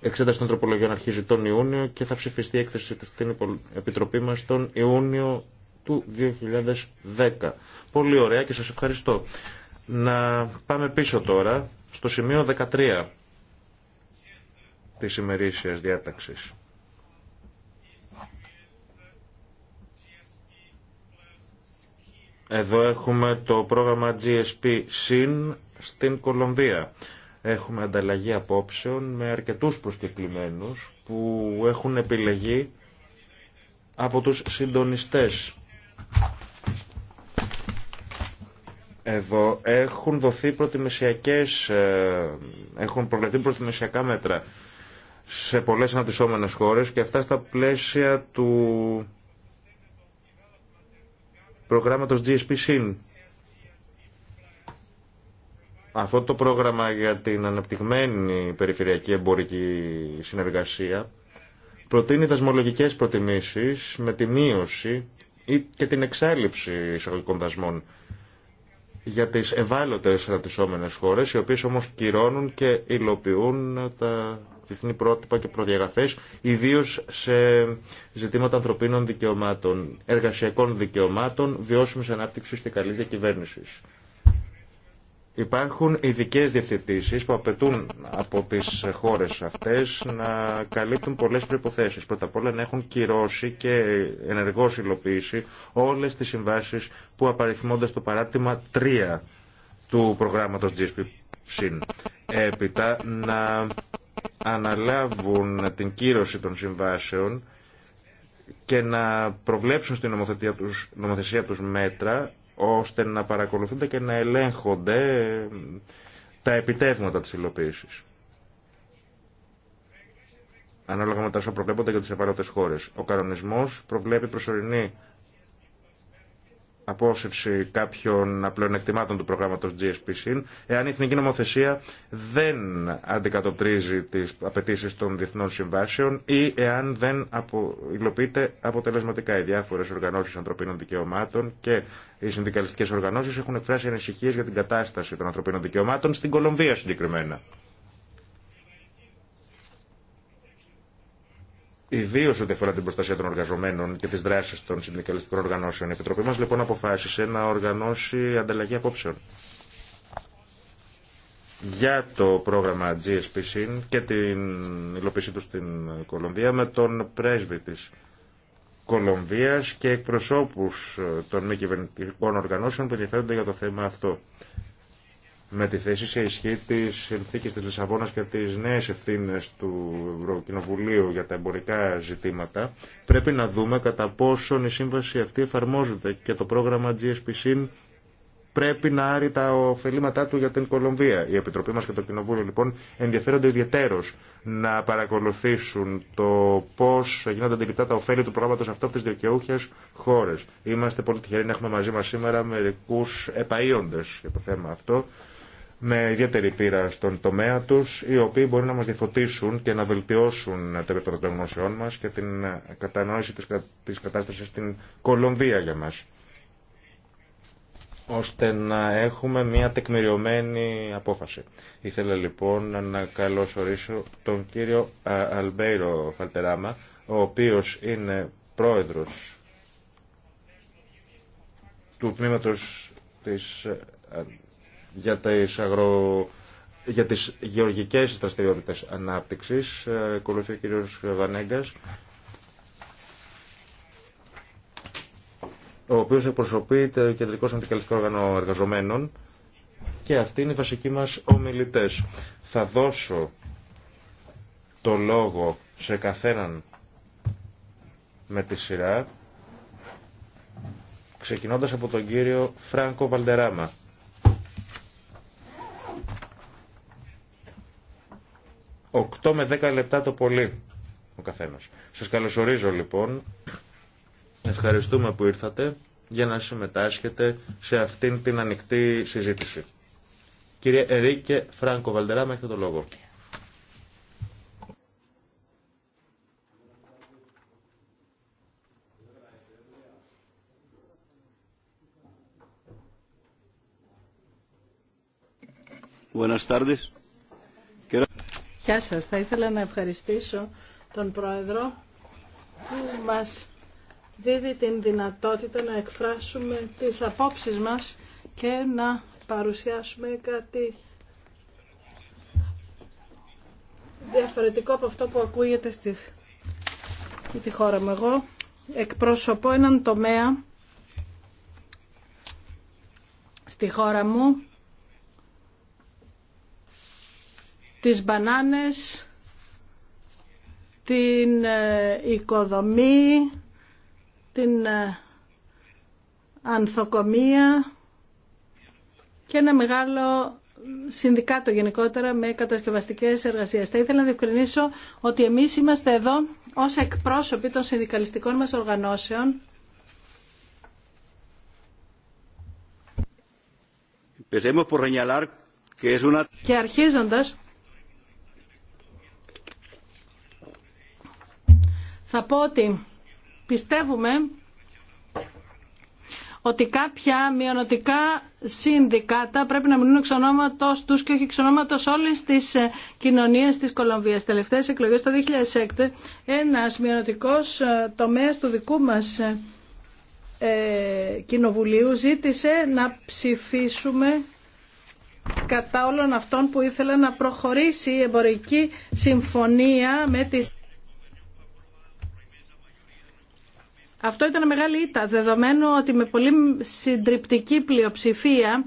Εξέταση των τροπολογιών αρχίζει τον Ιούνιο και θα ψηφιστεί η έκθεση στην Επιτροπή μα τον Ιούνιο του 2010. Πολύ ωραία και σας ευχαριστώ. Να πάμε πίσω τώρα στο σημείο 13 της ημερήσιας διάταξης. Εδώ έχουμε το πρόγραμμα GSP SIN στην Κολομβία. Έχουμε ανταλλαγή απόψεων με αρκετούς προσκεκλημένους που έχουν επιλεγεί από τους συντονιστές εδώ έχουν δοθεί προτιμησιακές, ε, έχουν προβλεφθεί προτιμησιακά μέτρα σε πολλές αναπτυσσόμενες χώρες και αυτά στα πλαίσια του προγράμματος GSP SIN. Αυτό το πρόγραμμα για την αναπτυγμένη περιφερειακή εμπορική συνεργασία προτείνει δασμολογικές προτιμήσεις με τη μείωση ή και την εξάλληψη εισαγωγικών δασμών για τις ευάλωτες αναπτυσσόμενες χώρες, οι οποίες όμως κυρώνουν και υλοποιούν τα διεθνή πρότυπα και προδιαγραφές, ιδίως σε ζητήματα ανθρωπίνων δικαιωμάτων, εργασιακών δικαιωμάτων, βιώσιμης ανάπτυξης και καλής διακυβέρνησης. Υπάρχουν ειδικέ διευθετήσει που απαιτούν από τι χώρε αυτέ να καλύπτουν πολλέ προποθέσει. Πρώτα απ' όλα να έχουν κυρώσει και ενεργώ υλοποιήσει όλες τι συμβάσει που απαριθμώνται στο παράρτημα 3 του προγράμματο GSP. Έπειτα να αναλάβουν την κύρωση των συμβάσεων και να προβλέψουν στην νομοθεσία τους μέτρα ώστε να παρακολουθούνται και να ελέγχονται τα επιτεύγματα της υλοποίησης. Ανάλογα με τα όσα προβλέπονται για τις απαραίτητες χώρες. Ο κανονισμός προβλέπει προσωρινή απόσυρση κάποιων εκτιμάτων του προγράμματος εάν η εθνική νομοθεσία δεν αντικατοπτρίζει τις απαιτήσει των διεθνών συμβάσεων ή εάν δεν απο... υλοποιείται αποτελεσματικά. Οι διάφορε οργανώσει ανθρωπίνων δικαιωμάτων και οι συνδικαλιστικέ οργανώσεις έχουν εκφράσει ανησυχίε για την κατάσταση των ανθρωπίνων δικαιωμάτων στην Κολομβία συγκεκριμένα. ιδίω ό,τι αφορά την προστασία των εργαζομένων και τι δράσει των συνδικαλιστικών οργανώσεων. Η Επιτροπή μα λοιπόν αποφάσισε να οργανώσει ανταλλαγή απόψεων για το πρόγραμμα GSPC και την υλοποίησή του στην Κολομβία με τον πρέσβη τη Κολομβία και εκπροσώπου των μη κυβερνητικών οργανώσεων που ενδιαφέρονται για το θέμα αυτό με τη θέση σε ισχύ τη συνθήκη τη Λισαβόνα και τι νέε ευθύνε του Ευρωκοινοβουλίου για τα εμπορικά ζητήματα, πρέπει να δούμε κατά πόσον η σύμβαση αυτή εφαρμόζεται και το πρόγραμμα GSPC πρέπει να άρει τα ωφελήματά του για την Κολομβία. Η Επιτροπή μας και το Κοινοβούλιο λοιπόν ενδιαφέρονται ιδιαίτερως να παρακολουθήσουν το πώς γίνονται αντιληπτά τα ωφέλη του προγράμματος αυτό από τις δικαιούχες χώρες. Είμαστε πολύ τυχεροί να έχουμε μαζί μας σήμερα μερικού επαΐοντες για το θέμα αυτό με ιδιαίτερη πείρα στον τομέα τους, οι οποίοι μπορεί να μας διαφωτίσουν και να βελτιώσουν το επίπεδο των γνώσεών μας και την κατανόηση της, της κατάστασης στην Κολομβία για μας ώστε να έχουμε μια τεκμηριωμένη απόφαση. Ήθελα λοιπόν να καλωσορίσω τον κύριο Αλμπέιρο Φαλτεράμα, ο οποίος είναι πρόεδρος του τμήματος της για τις, αγρο... για τις γεωργικές δραστηριότητες ανάπτυξης. Ε, ακολουθεί ο κύριος Βανέγκας, ο οποίος εκπροσωπεί το Κεντρικό Συνδικαλιστικό Όργανο Εργαζομένων και αυτοί είναι οι βασικοί μας ομιλητές. Θα δώσω το λόγο σε καθέναν με τη σειρά, ξεκινώντας από τον κύριο Φράνκο Βαλτεράμα 8 με 10 λεπτά το πολύ ο καθένας. Σας καλωσορίζω λοιπόν. Ευχαριστούμε που ήρθατε για να συμμετάσχετε σε αυτήν την ανοιχτή συζήτηση. Κύριε Ερίκε Φράνκο Βαλτερά, έχετε το λόγο. Γεια σας. Θα ήθελα να ευχαριστήσω τον Πρόεδρο που μας δίδει την δυνατότητα να εκφράσουμε τις απόψεις μας και να παρουσιάσουμε κάτι διαφορετικό από αυτό που ακούγεται στη, στη χώρα μου. Εγώ εκπροσωπώ έναν τομέα στη χώρα μου τις μπανάνες, την ε, οικοδομή, την ε, ανθοκομία και ένα μεγάλο συνδικάτο γενικότερα με κατασκευαστικές εργασίες. Θα ήθελα να διευκρινίσω ότι εμείς είμαστε εδώ ως εκπρόσωποι των συνδικαλιστικών μας οργανώσεων και αρχίζοντας θα πω ότι πιστεύουμε ότι κάποια μειονοτικά συνδικάτα πρέπει να μείνουν εξ ονόματο του και όχι εξ ονόματο όλη τη της ε, τη Κολομβία. Τελευταίε εκλογέ το 2006, ένα μειονοτικός ε, τομέα του δικού μα ε, κοινοβουλίου ζήτησε να ψηφίσουμε κατά όλων αυτών που ήθελαν να προχωρήσει η εμπορική συμφωνία με τη Αυτό ήταν μεγάλη ήττα, δεδομένου ότι με πολύ συντριπτική πλειοψηφία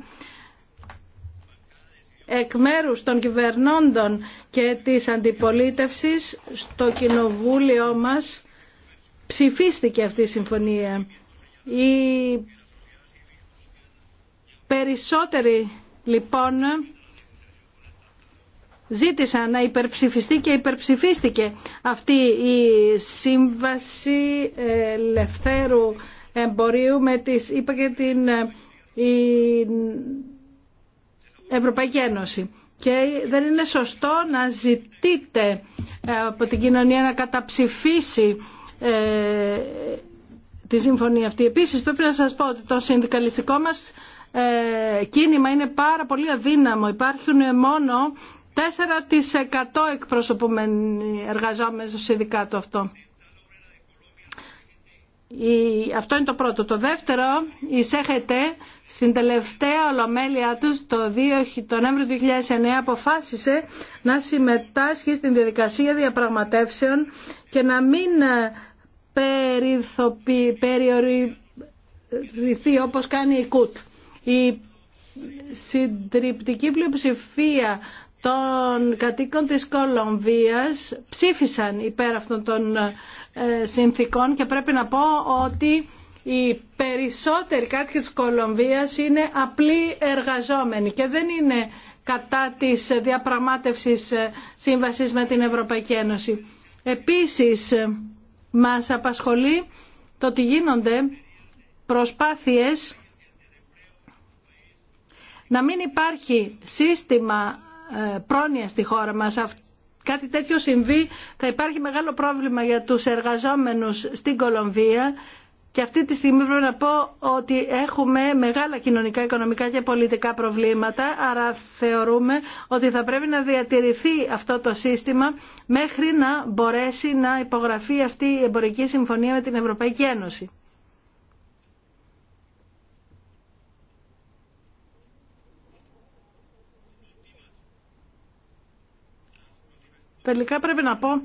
εκ μέρους των κυβερνώντων και της αντιπολίτευσης στο κοινοβούλιο μας ψηφίστηκε αυτή η συμφωνία. Οι περισσότεροι λοιπόν ζήτησαν να υπερψηφιστεί και υπερψηφίστηκε αυτή η σύμβαση ελευθέρου εμπορίου με τις, είπα και την ε, η Ευρωπαϊκή Ένωση. Και δεν είναι σωστό να ζητείτε ε, από την κοινωνία να καταψηφίσει ε, τη συμφωνία αυτή. Επίσης πρέπει να σας πω ότι το συνδικαλιστικό μας κίνημα είναι πάρα πολύ αδύναμο. Υπάρχουν μόνο 4% εκπροσωπούμενοι εργαζόμενοι στο συνδικάτο αυτό. Η... Αυτό είναι το πρώτο. Το δεύτερο εισέχεται στην τελευταία ολομέλεια του το, 2... 2009 αποφάσισε να συμμετάσχει στην διαδικασία διαπραγματεύσεων και να μην ε, περιοριθεί όπως κάνει η ΚΟΥΤ. Η συντριπτική πλειοψηφία των κατοίκων της Κολομβίας ψήφισαν υπέρ αυτών των ε, συνθήκων και πρέπει να πω ότι οι περισσότεροι κάτοικοι της Κολομβίας είναι απλοί εργαζόμενοι και δεν είναι κατά της διαπραγμάτευσης ε, σύμβασης με την Ευρωπαϊκή Ένωση. Επίσης, ε, μας απασχολεί το ότι γίνονται προσπάθειες να μην υπάρχει σύστημα ε, πρόνοια στη χώρα μας. Κάτι τέτοιο συμβεί, θα υπάρχει μεγάλο πρόβλημα για τους εργαζόμενους στην Κολομβία και αυτή τη στιγμή πρέπει να πω ότι έχουμε μεγάλα κοινωνικά, οικονομικά και πολιτικά προβλήματα, άρα θεωρούμε ότι θα πρέπει να διατηρηθεί αυτό το σύστημα μέχρι να μπορέσει να υπογραφεί αυτή η εμπορική συμφωνία με την Ευρωπαϊκή Ένωση. Τελικά πρέπει να πω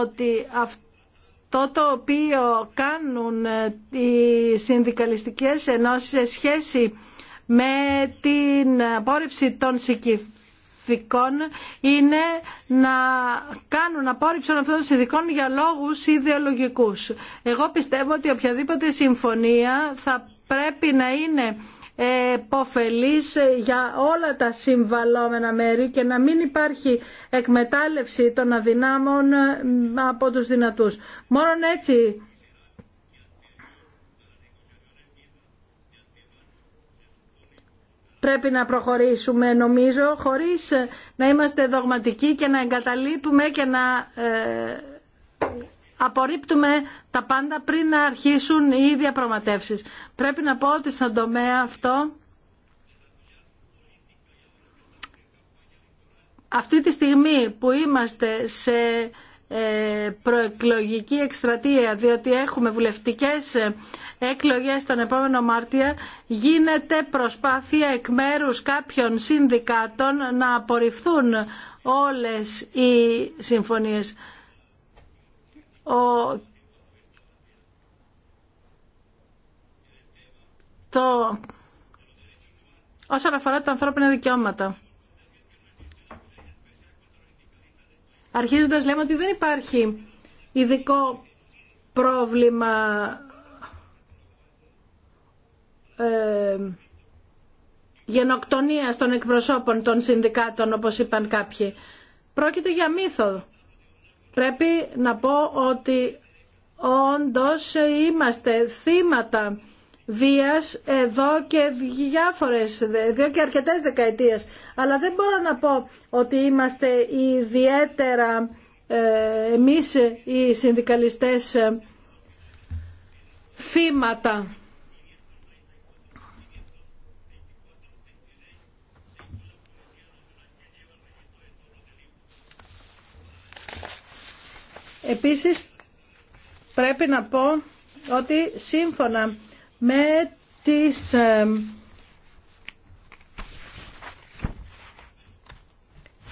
ότι αυτό το οποίο κάνουν ε, οι συνδικαλιστικές ενώσεις σε σχέση με την απόρριψη των συγκηθικών είναι να κάνουν απόρριψη αυτών των συνδικών για λόγους ιδεολογικούς. Εγώ πιστεύω ότι οποιαδήποτε συμφωνία θα πρέπει να είναι εποφελής ε, για όλα τα συμβαλόμενα μέρη και να μην υπάρχει εκμετάλλευση των αδυνάμων ε, από τους δυνατούς. Μόνο έτσι πρέπει να προχωρήσουμε νομίζω χωρίς να είμαστε δογματικοί και να εγκαταλείπουμε και να ε, απορρίπτουμε τα πάντα πριν να αρχίσουν οι διαπραγματεύσεις. Πρέπει να πω ότι στον τομέα αυτό αυτή τη στιγμή που είμαστε σε ε, προεκλογική εκστρατεία διότι έχουμε βουλευτικές ε, εκλογές τον επόμενο μάρτιο, γίνεται προσπάθεια εκ μέρους κάποιων συνδικάτων να απορριφθούν όλες οι συμφωνίες ο το, όσον αφορά τα ανθρώπινα δικαιώματα. Αρχίζοντας λέμε ότι δεν υπάρχει ειδικό πρόβλημα ε, γενοκτονίας των εκπροσώπων των συνδικάτων, όπως είπαν κάποιοι. Πρόκειται για μύθο πρέπει να πω ότι όντως είμαστε θύματα βίας εδώ και διάφορες, εδώ και αρκετές δεκαετίες. Αλλά δεν μπορώ να πω ότι είμαστε ιδιαίτερα ε, εμείς οι συνδικαλιστές ε, θύματα Επίσης πρέπει να πω ότι σύμφωνα με τις ε,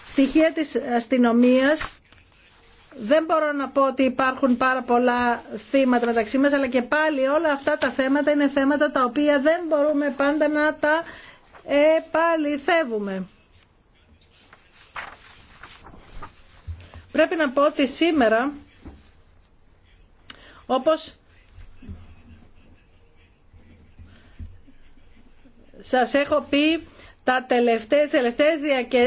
στοιχεία της αστυνομίας δεν μπορώ να πω ότι υπάρχουν πάρα πολλά θύματα μεταξύ μας, αλλά και πάλι όλα αυτά τα θέματα είναι θέματα τα οποία δεν μπορούμε πάντα να τα επαληθεύουμε. Πρέπει να πω ότι σήμερα, όπως σας έχω πει, τα τελευταίες, τελευταίες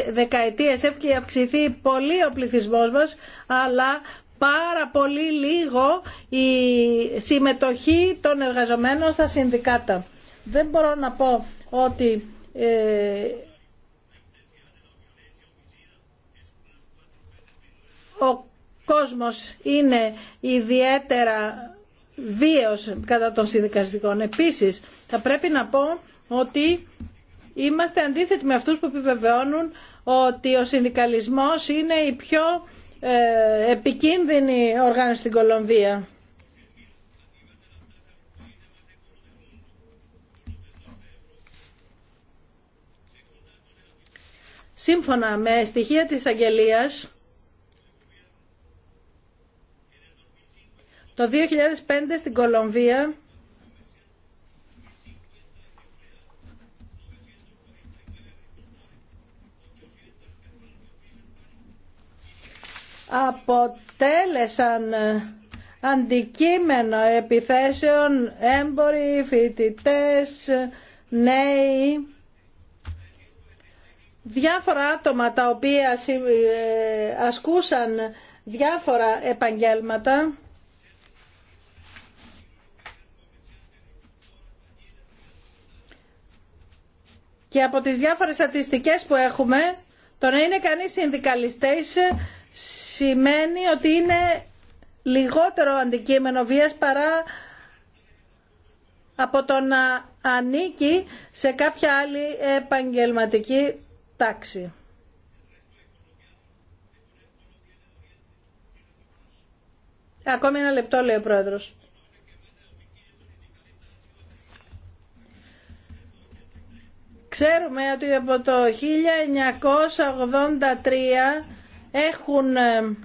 δεκαετίες έχει αυξηθεί πολύ ο πληθυσμός μας, αλλά πάρα πολύ λίγο η συμμετοχή των εργαζομένων στα συνδικάτα. Δεν μπορώ να πω ότι ε, ο κόσμος είναι ιδιαίτερα βίαιος κατά των συνδικαστικών. Επίσης, θα πρέπει να πω ότι είμαστε αντίθετοι με αυτούς που επιβεβαιώνουν ότι ο συνδικαλισμός είναι η πιο ε, επικίνδυνη οργάνωση στην Κολομβία. Σύμφωνα με στοιχεία της αγγελίας, Το 2005 στην Κολομβία αποτέλεσαν αντικείμενο επιθέσεων έμποροι, φοιτητέ, νέοι, διάφορα άτομα τα οποία ε, ασκούσαν διάφορα επαγγέλματα Και από τις διάφορες στατιστικές που έχουμε, το να είναι κανείς συνδικαλιστές σημαίνει ότι είναι λιγότερο αντικείμενο βίας παρά από το να ανήκει σε κάποια άλλη επαγγελματική τάξη. Ακόμη ένα λεπτό λέει ο Πρόεδρος. Ξέρουμε ότι από το 1983 έχουν ε,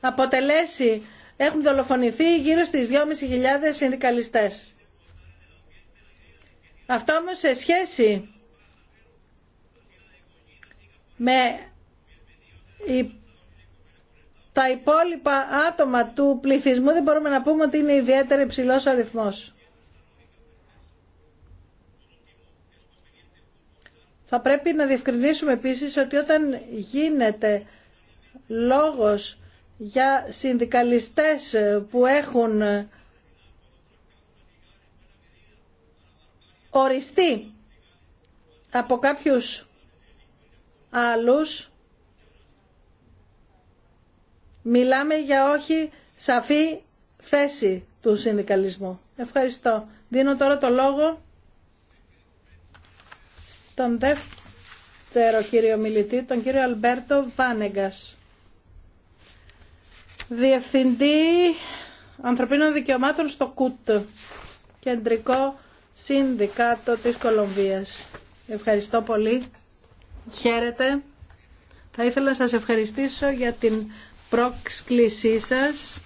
αποτελέσει, έχουν δολοφονηθεί γύρω στις 2.500 συνδικαλιστές. Αυτό όμως σε σχέση με τα υπόλοιπα άτομα του πληθυσμού δεν μπορούμε να πούμε ότι είναι ιδιαίτερα υψηλός ο αριθμός. Θα πρέπει να διευκρινίσουμε επίσης ότι όταν γίνεται λόγος για συνδικαλιστές που έχουν οριστεί από κάποιους άλλους μιλάμε για όχι σαφή θέση του συνδικαλισμού. Ευχαριστώ. Δίνω τώρα το λόγο τον δεύτερο κύριο μιλητή, τον κύριο Αλμπέρτο Βάνεγκας. Διευθυντή Ανθρωπίνων Δικαιωμάτων στο ΚΟΥΤ, Κεντρικό Συνδικάτο της Κολομβίας. Ευχαριστώ πολύ. Χαίρετε. Θα ήθελα να σας ευχαριστήσω για την πρόσκλησή σας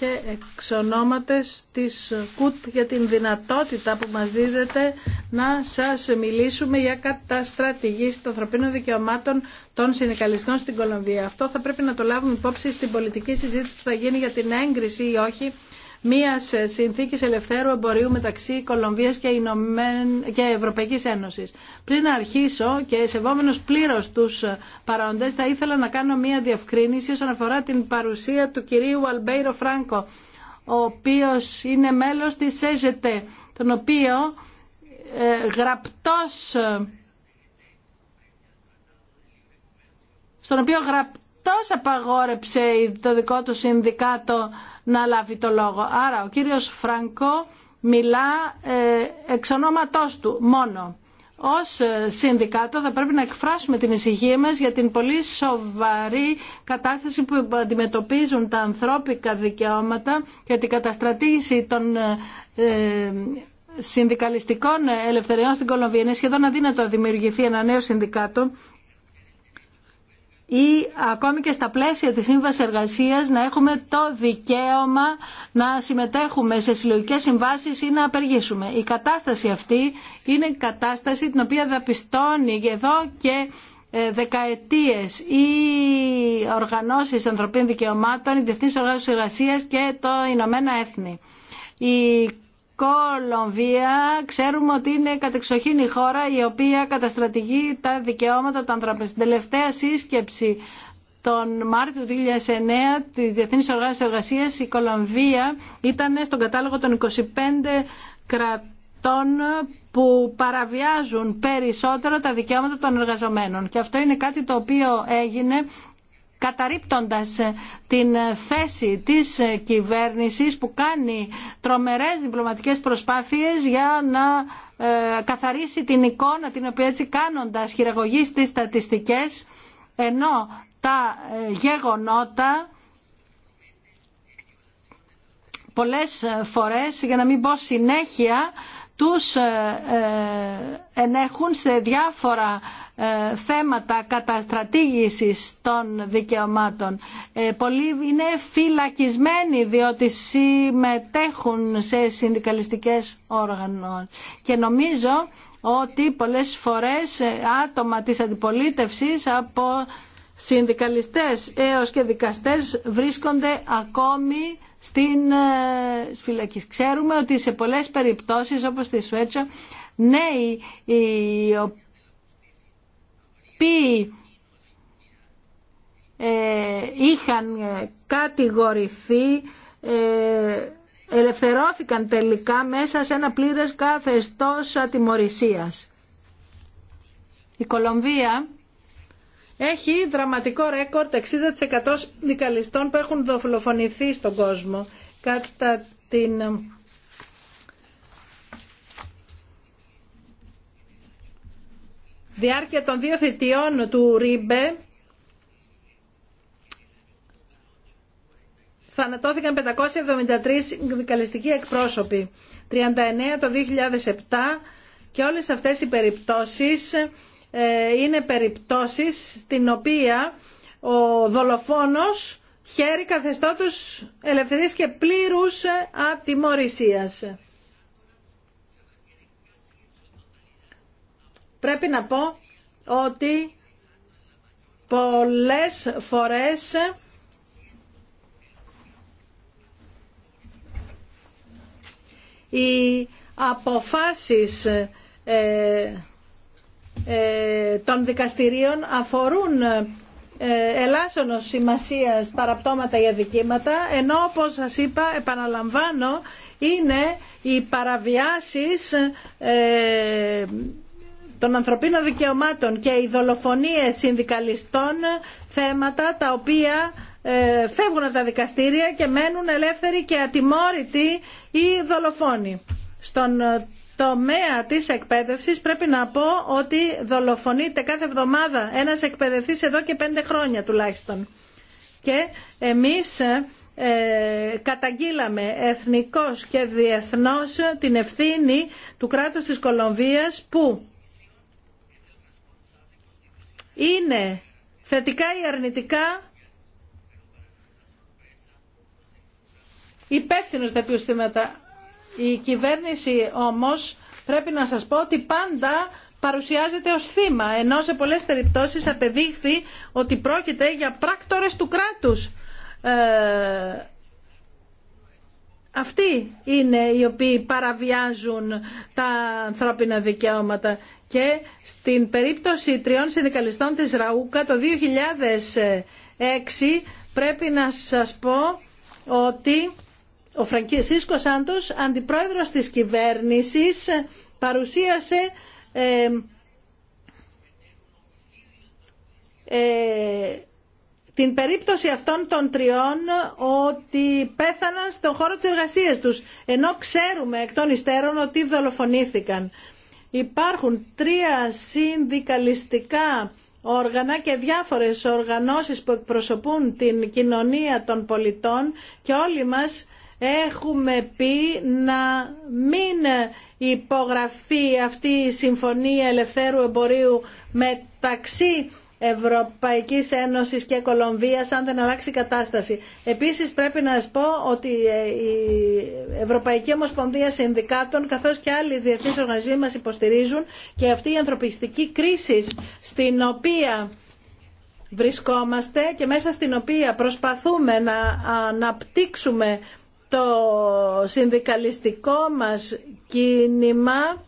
και εξ ονόματες της ΚΟΥΤ για την δυνατότητα που μας δίδεται να σας μιλήσουμε για καταστρατηγή των ανθρωπίνων δικαιωμάτων των συνεκαλιστών στην Κολομβία. Αυτό θα πρέπει να το λάβουμε υπόψη στην πολιτική συζήτηση που θα γίνει για την έγκριση ή όχι Μία ε, συνθήκη ελευθέρου εμπορίου μεταξύ Κολομβίας και, Ηνωμέν... και Ευρωπαϊκής Ένωσης. Πριν αρχίσω και σεβόμενος πλήρως τους ε, παρόντε θα ήθελα να κάνω μία διευκρίνηση όσον αφορά την παρουσία του κυρίου Αλμπέιρο Φράγκο, ο οποίος είναι μέλος της ΣΕΖΕΤΕ, τον οποίο ε, γραπτός στον οποίο αυτός απαγόρεψε το δικό του συνδικάτο να λάβει το λόγο. Άρα ο κύριος Φρανκό μιλά ε, εξ ονόματός του μόνο. Ως ε, συνδικάτο θα πρέπει να εκφράσουμε την ησυχία μας για την πολύ σοβαρή κατάσταση που αντιμετωπίζουν τα ανθρώπικα δικαιώματα και την καταστρατήγηση των ε, συνδικαλιστικών ελευθεριών στην Κολομβία. Είναι σχεδόν αδύνατο να δημιουργηθεί ένα νέο συνδικάτο ή ακόμη και στα πλαίσια της σύμβασης εργασίας να έχουμε το δικαίωμα να συμμετέχουμε σε συλλογικές συμβάσεις ή να απεργήσουμε. Η κατάσταση αυτή είναι η κατασταση αυτη ειναι κατασταση την οποία δαπιστώνει εδώ και ε, δεκαετίες οι οργανώσεις ανθρωπίνων δικαιωμάτων, οι διεθνής οργάνωση εργασίας και το Ηνωμένα Έθνη. Η Κολομβία ξέρουμε ότι είναι κατεξοχήν η χώρα η οποία καταστρατηγεί τα δικαιώματα των ανθρώπων. Στην τελευταία σύσκεψη τον Μάρτιο του 2009 τη Διεθνής οργάνωση Εργασίας η Κολομβία ήταν στον κατάλογο των 25 κρατών που παραβιάζουν περισσότερο τα δικαιώματα των εργαζομένων. Και αυτό είναι κάτι το οποίο έγινε καταρρύπτοντας ε, την ε, θέση της ε, κυβέρνησης που κάνει τρομερές διπλωματικές προσπάθειες για να καθαρίσει την εικόνα την οποία έτσι κάνοντας χειραγωγή στις στατιστικές ενώ τα γεγονότα πολλές φορές για να μην πω συνέχεια τους ενέχουν σε διάφορα ε, θέματα καταστρατήγησης των δικαιωμάτων. Ε, πολλοί είναι φυλακισμένοι διότι συμμετέχουν σε συνδικαλιστικές όργανων. και νομίζω ότι πολλές φορές άτομα της αντιπολίτευσης από συνδικαλιστές έως και δικαστές βρίσκονται ακόμη στην ε, φυλακή. Ξέρουμε ότι σε πολλές περιπτώσεις όπως στη Σουέτσα νέοι οι οποίοι ε, είχαν ε, κατηγορηθεί ε, ελευθερώθηκαν τελικά μέσα σε ένα πλήρες καθεστώς ατιμορρησίας. Η Κολομβία έχει δραματικό ρέκορ 60% δικαλιστών που έχουν δοφλοφονηθεί στον κόσμο. Κατά την διάρκεια των δύο θητιών του ΡΙΜΠΕ θανατώθηκαν 573 δικαλιστικοί εκπρόσωποι, 39 το 2007 και όλες αυτές οι περιπτώσεις ε, είναι περιπτώσεις στην οποία ο δολοφόνος χαίρει καθεστώτος ελευθερίας και πλήρους ατιμορρησίας. πρέπει να πω ότι πολλές φορές οι αποφάσεις ε, ε, των δικαστηρίων αφορούν ε, ελάσσονος σημασίας παραπτώματα ή αδικήματα, ενώ όπως σας είπα, επαναλαμβάνω, είναι οι παραβιάσεις των ανθρωπίνων δικαιωμάτων και οι δολοφονίες συνδικαλιστών θέματα τα οποία ε, φεύγουν από τα δικαστήρια και μένουν ελεύθεροι και ατιμόρυτοι οι δολοφόνοι. Στον ε, τομέα της εκπαίδευσης πρέπει να πω ότι δολοφονείται κάθε εβδομάδα ένας εκπαιδευτής εδώ και πέντε χρόνια τουλάχιστον. Και εμείς ε, καταγγείλαμε εθνικός και διεθνώς την ευθύνη του κράτους της Κολομβίας που είναι θετικά ή αρνητικά υπεύθυνο τα πιστηματα Η κυβέρνηση όμως πρέπει να σας πω ότι πάντα παρουσιάζεται ως θύμα, ενώ σε πολλές περιπτώσεις απεδείχθη ότι πρόκειται για πράκτορες του κράτους. Ε, αυτοί είναι οι οποίοι παραβιάζουν τα ανθρώπινα δικαιώματα και στην περίπτωση τριών συνδικαλιστών της Ραούκα το 2006 πρέπει να σας πω ότι ο Φραγκισίσκο Σάντος, αντιπρόεδρος της κυβέρνησης, παρουσίασε ε, ε, την περίπτωση αυτών των τριών ότι πέθαναν στον χώρο της εργασίας τους, ενώ ξέρουμε εκ των υστέρων ότι δολοφονήθηκαν. Υπάρχουν τρία συνδικαλιστικά όργανα και διάφορες οργανώσεις που εκπροσωπούν την κοινωνία των πολιτών και όλοι μας έχουμε πει να μην υπογραφεί αυτή η Συμφωνία Ελευθέρου Εμπορίου μεταξύ Ευρωπαϊκής Ένωσης και Κολομβίας αν δεν αλλάξει η κατάσταση. Επίσης πρέπει να σας πω ότι ε, η Ευρωπαϊκή Ομοσπονδία Συνδικάτων καθώς και άλλοι διεθνείς οργανισμοί μας υποστηρίζουν και αυτή η ανθρωπιστική κρίση στην οποία βρισκόμαστε και μέσα στην οποία προσπαθούμε να αναπτύξουμε το συνδικαλιστικό μας κίνημα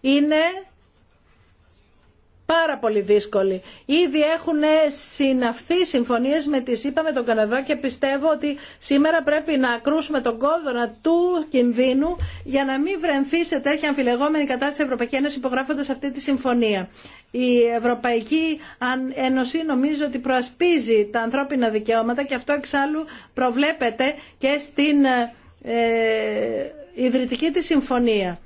είναι πάρα πολύ δύσκολη. Ήδη έχουν συναυθεί συμφωνίες με τις είπαμε με τον Καναδά και πιστεύω ότι σήμερα πρέπει να ακρούσουμε τον κόδωνα του κινδύνου για να μην βρεθεί σε τέτοια αμφιλεγόμενη κατάσταση Ευρωπαϊκή Ένωση υπογράφοντας αυτή τη συμφωνία. Η Ευρωπαϊκή Ένωση νομίζω ότι προασπίζει τα ανθρώπινα δικαιώματα και αυτό εξάλλου προβλέπεται και στην ε, ε ιδρυτική της συμφωνία.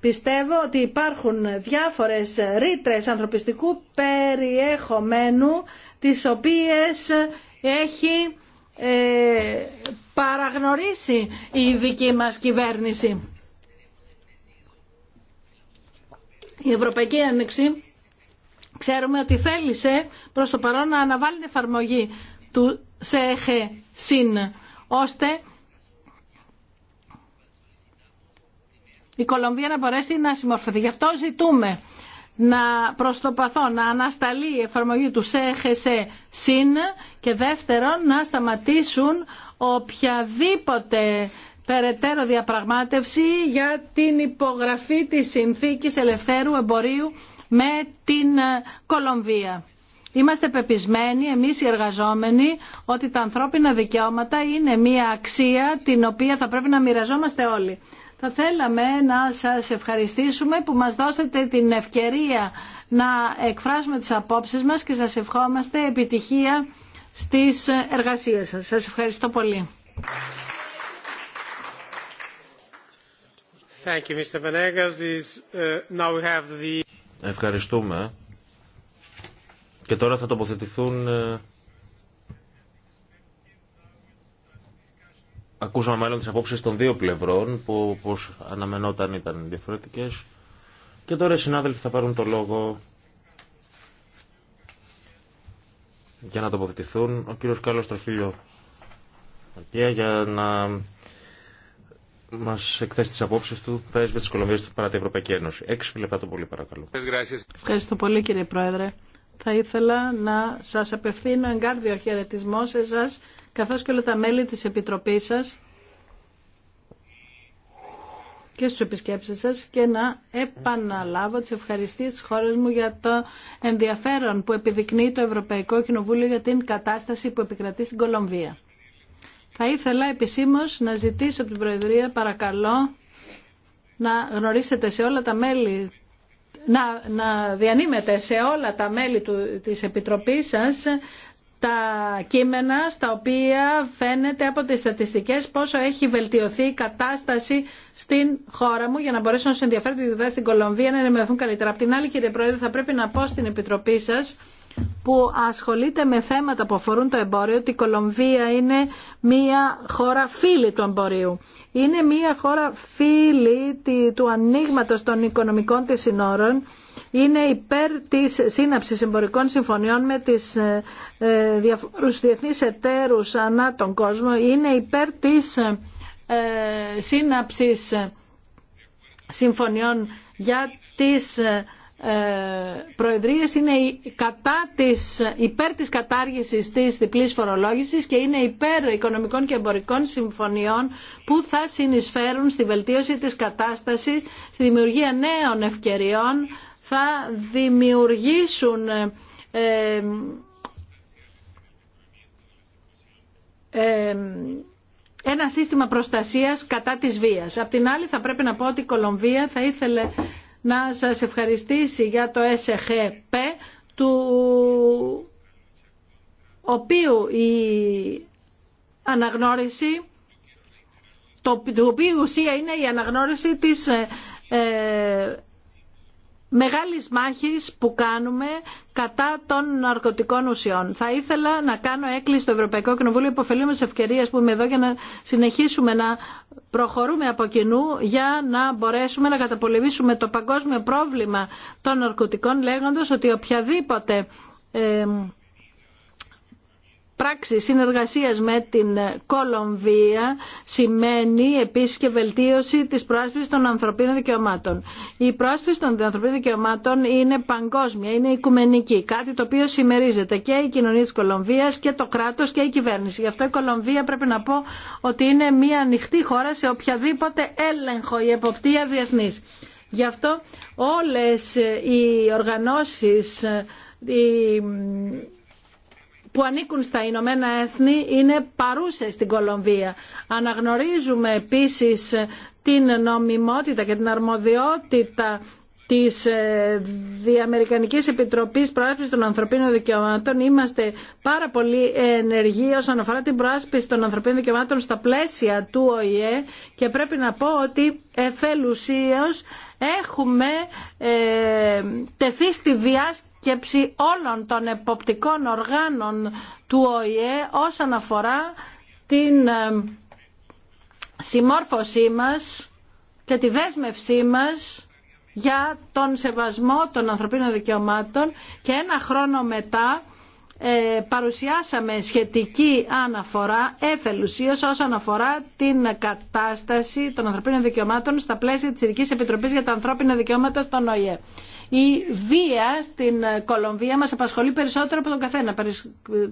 Πιστεύω ότι υπάρχουν διάφορες ρήτρες ανθρωπιστικού περιεχομένου τις οποίες έχει ε, παραγνωρίσει η δική μας κυβέρνηση. Η Ευρωπαϊκή Ένωση ξέρουμε ότι θέλησε προς το παρόν να αναβάλει την εφαρμογή του ΣΕΧΕ ΣΥΝ ώστε η Κολομβία να μπορέσει να συμμορφωθεί. Γι' αυτό ζητούμε να παθό να ανασταλεί η εφαρμογή του ΣΕΧΕΣΕ ΣΥΝ και δεύτερον να σταματήσουν οποιαδήποτε περαιτέρω διαπραγμάτευση για την υπογραφή της συνθήκης ελευθέρου εμπορίου με την Κολομβία. Είμαστε πεπισμένοι, εμείς οι εργαζόμενοι, ότι τα ανθρώπινα δικαιώματα είναι μια αξία την οποία θα πρέπει να μοιραζόμαστε όλοι. Θα θέλαμε να σας ευχαριστήσουμε που μας δώσατε την ευκαιρία να εκφράσουμε τις απόψεις μας και σας ευχόμαστε επιτυχία στις εργασίες σας. Σας ευχαριστώ πολύ. Thank you, Mr. This, uh, now we Ευχαριστούμε. Και τώρα θα τοποθετηθούν ε, Ακούσαμε μάλλον τις απόψεις των δύο πλευρών που όπως αναμενόταν ήταν διαφορετικές. Και τώρα οι συνάδελφοι θα πάρουν το λόγο για να τοποθετηθούν. Ο κύριος Κάλλος Τροχίλιο για να μας εκθέσει τις απόψει του πρέσβη τη Κολομβία παρά την Ευρωπαϊκή Ένωση. Έξι λεπτά το πολύ παρακαλώ. Ευχαριστώ πολύ κύριε Πρόεδρε θα ήθελα να σας απευθύνω εγκάρδιο χαιρετισμό σε εσάς, καθώς και όλα τα μέλη της Επιτροπής σας και στους επισκέψεις σας και να επαναλάβω τις ευχαριστίες της χώρας μου για το ενδιαφέρον που επιδεικνύει το Ευρωπαϊκό Κοινοβούλιο για την κατάσταση που επικρατεί στην Κολομβία. Θα ήθελα επισήμως να ζητήσω από την Προεδρία παρακαλώ να γνωρίσετε σε όλα τα μέλη να, διανύμετε σε όλα τα μέλη του, της Επιτροπής σας τα κείμενα στα οποία φαίνεται από τις στατιστικές πόσο έχει βελτιωθεί η κατάσταση στην χώρα μου για να μπορέσουν να σε ενδιαφέρει τη δουλειά στην Κολομβία να ενημερωθούν καλύτερα. Απ' την άλλη κύριε Πρόεδρε θα πρέπει να πω στην Επιτροπή σας που ασχολείται με θέματα που αφορούν το εμπόριο, ότι η Κολομβία είναι μία χώρα φίλη του εμπορίου. Είναι μία χώρα φίλη του ανοίγματο των οικονομικών της συνόρων. Είναι υπέρ της σύναψης εμπορικών συμφωνιών με τις ε, ε, διαφορούς διεθνείς ανά τον κόσμο. Είναι υπέρ της ε, σύναψης συμφωνιών για τις ε, προεδρίες είναι κατά της, υπέρ της κατάργησης της διπλής φορολόγησης και είναι υπέρ οικονομικών και εμπορικών συμφωνιών που θα συνεισφέρουν στη βελτίωση της κατάστασης, στη δημιουργία νέων ευκαιριών, θα δημιουργήσουν ε, ε, ένα σύστημα προστασίας κατά της βίας. Απ' την άλλη θα πρέπει να πω ότι η Κολομβία θα ήθελε να σας ευχαριστήσει για το SHP του οποίου η αναγνώριση το, οποίο η ουσία είναι η αναγνώριση της ε, ε μεγάλης μάχης που κάνουμε κατά των ναρκωτικών ουσιών. Θα ήθελα να κάνω έκκληση στο Ευρωπαϊκό Κοινοβούλιο, υποφελούμε σε ευκαιρίες που είμαι εδώ για να συνεχίσουμε να προχωρούμε από κοινού για να μπορέσουμε να καταπολεμήσουμε το παγκόσμιο πρόβλημα των ναρκωτικών λέγοντας ότι οποιαδήποτε ε, πράξη συνεργασίας με την Κολομβία σημαίνει επίσης και βελτίωση της προάσπισης των ανθρωπίνων δικαιωμάτων. Η προάσπιση των ανθρωπίνων δικαιωμάτων είναι παγκόσμια, είναι οικουμενική, κάτι το οποίο συμμερίζεται και η κοινωνία της Κολομβίας και το κράτος και η κυβέρνηση. Γι' αυτό η Κολομβία πρέπει να πω ότι είναι μια ανοιχτή χώρα σε οποιαδήποτε έλεγχο ή εποπτεία διεθνής. Γι' αυτό όλες οι οργανώσεις, που ανήκουν στα Ηνωμένα Έθνη είναι παρούσες στην Κολομβία. Αναγνωρίζουμε επίσης την νομιμότητα και την αρμοδιότητα της ε, Διαμερικανικής Επιτροπής Προάσπισης των Ανθρωπίνων Δικαιωμάτων είμαστε πάρα πολύ ενεργοί όσον αφορά την προάσπιση των ανθρωπίνων δικαιωμάτων στα πλαίσια του ΟΗΕ και πρέπει να πω ότι εφελουσίως έχουμε ε, τεθεί στη διάσκεψη και όλων των εποπτικών οργάνων του ΟΗΕ όσον αφορά την ε, συμμόρφωσή μας και τη δέσμευσή μας για τον σεβασμό των ανθρωπίνων δικαιωμάτων και ένα χρόνο μετά ε, παρουσιάσαμε σχετική αναφορά εθελουσίας όσον αφορά την κατάσταση των ανθρωπίνων δικαιωμάτων στα πλαίσια της Ειδικής Επιτροπής για τα Ανθρώπινα Δικαιώματα στον ΟΗΕ. Η βία στην Κολομβία μας απασχολεί περισσότερο από τον καθένα,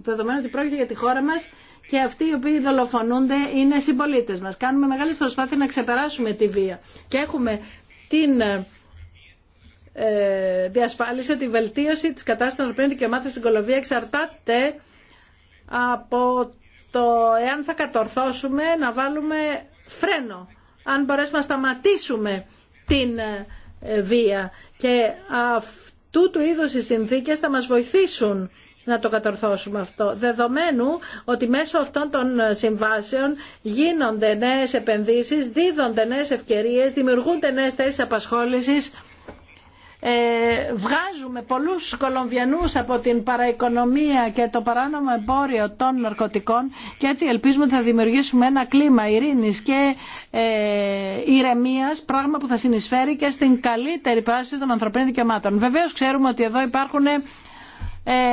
δεδομένου ότι πρόκειται για τη χώρα μας και αυτοί οι οποίοι δολοφονούνται είναι συμπολίτε μας. Κάνουμε μεγάλες προσπάθειες να ξεπεράσουμε τη βία και έχουμε την ε, διασφάλισε ότι η βελτίωση της κατάστασης των ανθρωπίνων δικαιωμάτων στην Κολοβία εξαρτάται από το εάν θα κατορθώσουμε να βάλουμε φρένο, αν μπορέσουμε να σταματήσουμε την ε, βία. Και αυτού του είδους οι συνθήκες θα μας βοηθήσουν να το κατορθώσουμε αυτό. Δεδομένου ότι μέσω αυτών των συμβάσεων γίνονται νέες επενδύσεις, δίδονται νέες ευκαιρίες, δημιουργούνται νέες θέσεις απασχόλησης ε, βγάζουμε πολλούς Κολομβιανούς από την παραοικονομία και το παράνομο εμπόριο των ναρκωτικών και έτσι ελπίζουμε ότι θα δημιουργήσουμε ένα κλίμα ειρήνης και ε, ηρεμίας, πράγμα που θα συνεισφέρει και στην καλύτερη πράξη των ανθρωπίνων δικαιωμάτων. Βεβαίως ξέρουμε ότι εδώ υπάρχουν ε,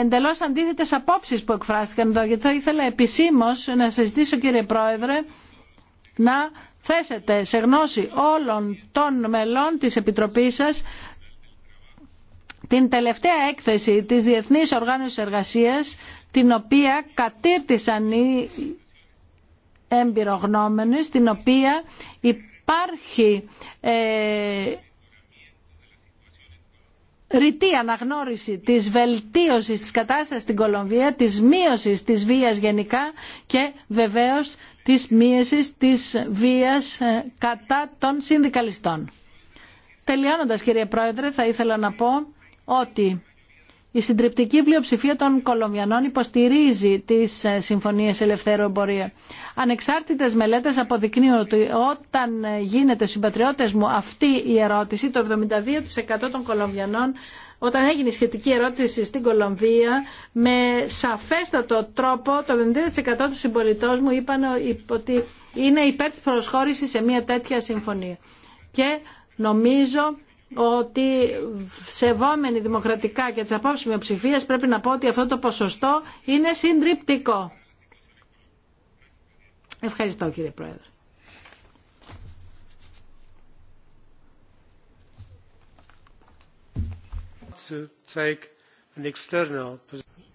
εντελώ αντίθετες απόψει που εκφράστηκαν εδώ, γιατί θα ήθελα επίσημω να σα ζητήσω κύριε Πρόεδρε να θέσετε σε γνώση όλων των μελών τη επιτροπή σα την τελευταία έκθεση της Διεθνής Οργάνωσης Εργασίας την οποία κατήρτισαν οι εμπειρογνώμενες, την οποία υπάρχει ε, ρητή αναγνώριση της βελτίωσης της κατάστασης στην Κολομβία, της μείωσης της βίας γενικά και βεβαίως της μείωσης της βίας ε, κατά των συνδικαλιστών. Τελειώνοντας κύριε Πρόεδρε θα ήθελα να πω ότι η συντριπτική πλειοψηφία των Κολομβιανών υποστηρίζει τις ε, συμφωνίες ελευθέρω εμπορία. Ανεξάρτητες μελέτες αποδεικνύουν ότι όταν ε, γίνεται συμπατριώτες μου αυτή η ερώτηση, το 72% των Κολομβιανών όταν έγινε η σχετική ερώτηση στην Κολομβία, με σαφέστατο τρόπο το 70% του συμπολιτών μου είπαν ότι είναι υπέρ της προσχώρησης σε μια τέτοια συμφωνία. Και νομίζω ότι σεβόμενοι δημοκρατικά και τις απόψεις μειοψηφίας πρέπει να πω ότι αυτό το ποσοστό είναι συντριπτικό. Ευχαριστώ κύριε Πρόεδρε.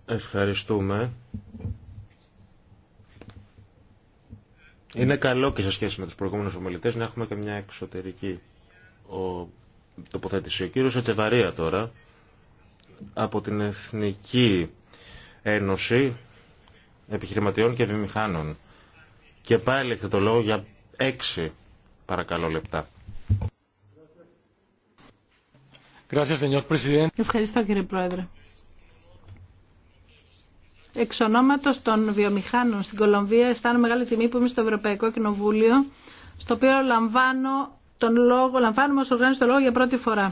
Ευχαριστούμε. Είναι καλό και σε σχέση με τους προηγούμενους ομιλητές να έχουμε και μια εξωτερική τοποθέτηση. Ο κύριος Ατσεβαρία τώρα από την Εθνική Ένωση Επιχειρηματιών και Βιομηχάνων Και πάλι έχετε το λόγο για έξι παρακαλώ λεπτά. Ευχαριστώ κύριε Πρόεδρε. Εξ ονόματος των βιομηχάνων στην Κολομβία αισθάνομαι μεγάλη τιμή που είμαι στο Ευρωπαϊκό Κοινοβούλιο στο οποίο λαμβάνω τον λόγο, λαμβάνουμε ως οργάνωση τον λόγο για πρώτη φορά.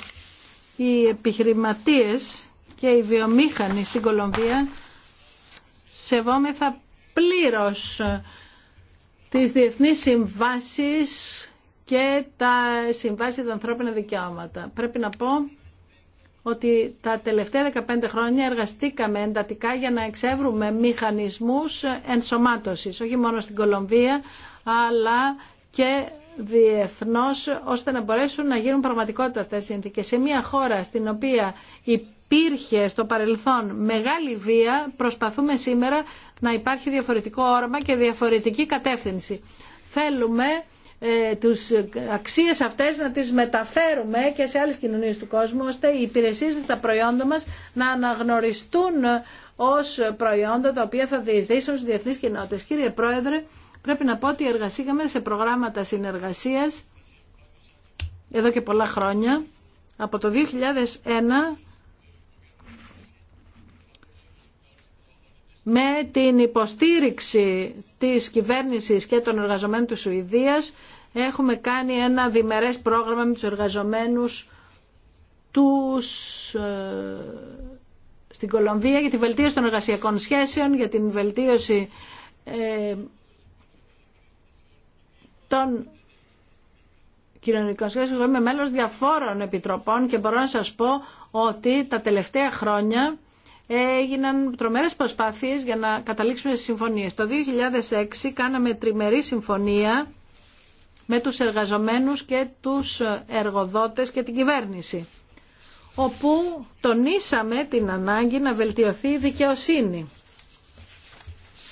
Οι επιχειρηματίες και οι βιομήχανοι στην Κολομβία σεβόμεθα πλήρως τις διεθνείς συμβάσεις και τα συμβάσεις των ανθρώπινων δικαιώματα. Πρέπει να πω ότι τα τελευταία 15 χρόνια εργαστήκαμε εντατικά για να εξεύρουμε μηχανισμούς ενσωμάτωσης, όχι μόνο στην Κολομβία, αλλά και Διεθνώ ώστε να μπορέσουν να γίνουν πραγματικότητα αυτέ οι συνθήκε. Σε μια χώρα στην οποία υπήρχε στο παρελθόν μεγάλη βία, προσπαθούμε σήμερα να υπάρχει διαφορετικό όραμα και διαφορετική κατεύθυνση. Θέλουμε ε, τους αξίες αυτές να τις μεταφέρουμε και σε άλλες κοινωνίες του κόσμου ώστε οι υπηρεσίες μας, τα προϊόντα μας να αναγνωριστούν ως προϊόντα τα οποία θα διεισδύσουν στις διεθνείς κοινότητες. Κύριε Πρόεδρε, πρέπει να πω ότι εργασίκαμε σε προγράμματα συνεργασίας εδώ και πολλά χρόνια. Από το 2001 με την υποστήριξη της κυβέρνησης και των εργαζομένων της Σουηδίας έχουμε κάνει ένα διμερές πρόγραμμα με τους εργαζομένους τους ε, στην Κολομβία για τη βελτίωση των εργασιακών σχέσεων, για την βελτίωση ε, των κοινωνικών σχέσεων. Εγώ είμαι μέλος διαφόρων επιτροπών και μπορώ να σας πω ότι τα τελευταία χρόνια έγιναν τρομερές προσπάθειες για να καταλήξουμε σε συμφωνίες. Το 2006 κάναμε τριμερή συμφωνία με τους εργαζομένους και τους εργοδότες και την κυβέρνηση όπου τονίσαμε την ανάγκη να βελτιωθεί η δικαιοσύνη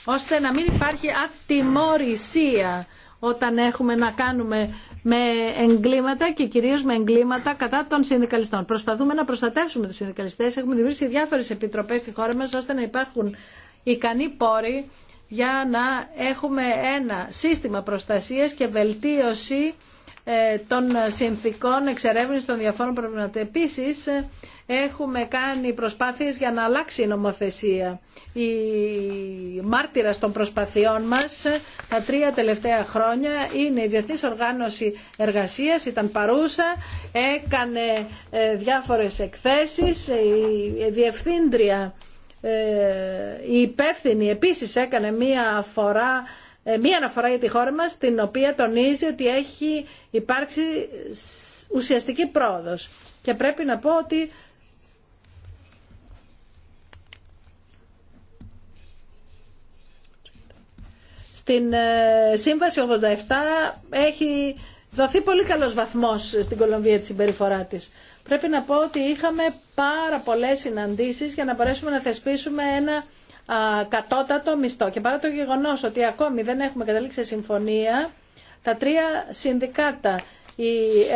ώστε να μην υπάρχει ατιμωρησία όταν έχουμε να κάνουμε με εγκλήματα και κυρίως με εγκλήματα κατά των συνδικαλιστών. Προσπαθούμε να προστατεύσουμε τους συνδικαλιστές. Έχουμε δημιουργήσει διάφορες επιτροπές στη χώρα μας ώστε να υπάρχουν ικανοί πόροι για να έχουμε ένα σύστημα προστασίας και βελτίωση ε, των συνθήκων εξερεύνησης των διαφόρων προβλημάτων. Επίσης, ε, έχουμε κάνει προσπάθειες για να αλλάξει η νομοθεσία. Η μάρτυρα των προσπαθειών μας τα τρία τελευταία χρόνια είναι η Διεθνής Οργάνωση Εργασίας, ήταν παρούσα, έκανε ε, διάφορες εκθέσεις, η Διευθύντρια, ε, η υπεύθυνη επίσης έκανε μία αφορά ε, μία αναφορά για τη χώρα μας, την οποία τονίζει ότι έχει υπάρξει ουσιαστική πρόοδος. Και πρέπει να πω ότι Στην ε, Σύμβαση 87 έχει δοθεί πολύ καλός βαθμός στην Κολομβία τη συμπεριφορά της. Πρέπει να πω ότι είχαμε πάρα πολλές συναντήσεις για να μπορέσουμε να θεσπίσουμε ένα κατώτατο μισθό. Και παρά το γεγονός ότι ακόμη δεν έχουμε καταλήξει σε συμφωνία, τα τρία συνδικάτα, οι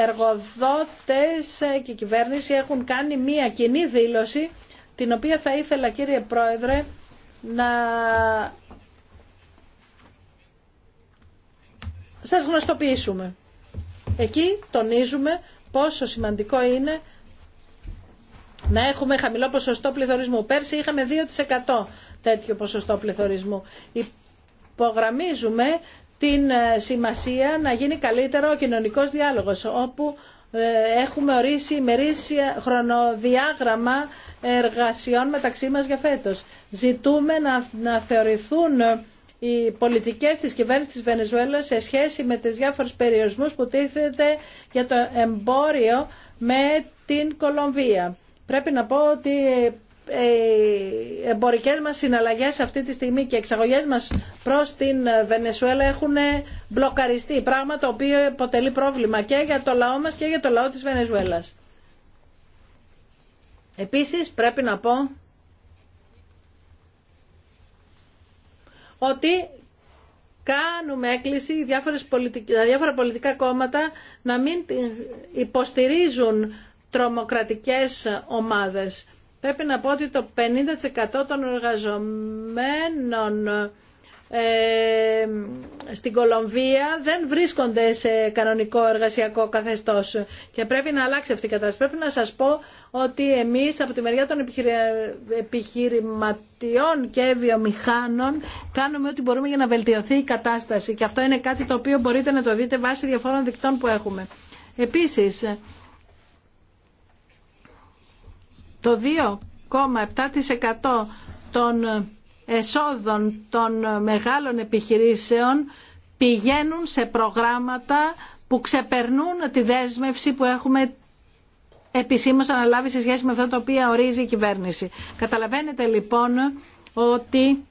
εργοδότες και η κυβέρνηση έχουν κάνει μία κοινή δήλωση, την οποία θα ήθελα κύριε Πρόεδρε να σας γνωστοποιήσουμε. Εκεί τονίζουμε πόσο σημαντικό είναι να έχουμε χαμηλό ποσοστό πληθωρισμού. Πέρσι είχαμε 2% τέτοιο ποσοστό πληθωρισμού. Υπογραμμίζουμε την ε, σημασία να γίνει καλύτερο ο κοινωνικός διάλογος, όπου ε, έχουμε ορίσει ημερήσια χρονοδιάγραμμα εργασιών μεταξύ μας για φέτος. Ζητούμε να θεωρηθούν οι πολιτικές της κυβέρνησης της Βενεζουέλας σε σχέση με τις διάφορους περιορισμούς που τίθεται για το εμπόριο με την Κολομβία. Πρέπει να πω ότι ε, οι εμπορικές μας συναλλαγές αυτή τη στιγμή και οι εξαγωγές μας προς την Βενεσουέλα έχουν μπλοκαριστεί, πράγμα το οποίο αποτελεί πρόβλημα και για το λαό μας και για το λαό της Βενεζουέλας. Επίσης πρέπει να πω ότι κάνουμε έκκληση διάφορες διάφορα πολιτικά κόμματα να μην υποστηρίζουν τρομοκρατικές ομάδες. Πρέπει να πω ότι το 50% των εργαζομένων ε, στην Κολομβία δεν βρίσκονται σε κανονικό εργασιακό καθεστώς και πρέπει να αλλάξει αυτή η κατάσταση. Πρέπει να σας πω ότι εμείς από τη μεριά των επιχειρηματιών και βιομηχάνων κάνουμε ό,τι μπορούμε για να βελτιωθεί η κατάσταση και αυτό είναι κάτι το οποίο μπορείτε να το δείτε βάσει διαφόρων δικτών που έχουμε. Επίσης, το 2,7% των εσόδων των μεγάλων επιχειρήσεων πηγαίνουν σε προγράμματα που ξεπερνούν τη δέσμευση που έχουμε επισήμως αναλάβει σε σχέση με αυτά τα οποία ορίζει η κυβέρνηση. Καταλαβαίνετε λοιπόν ότι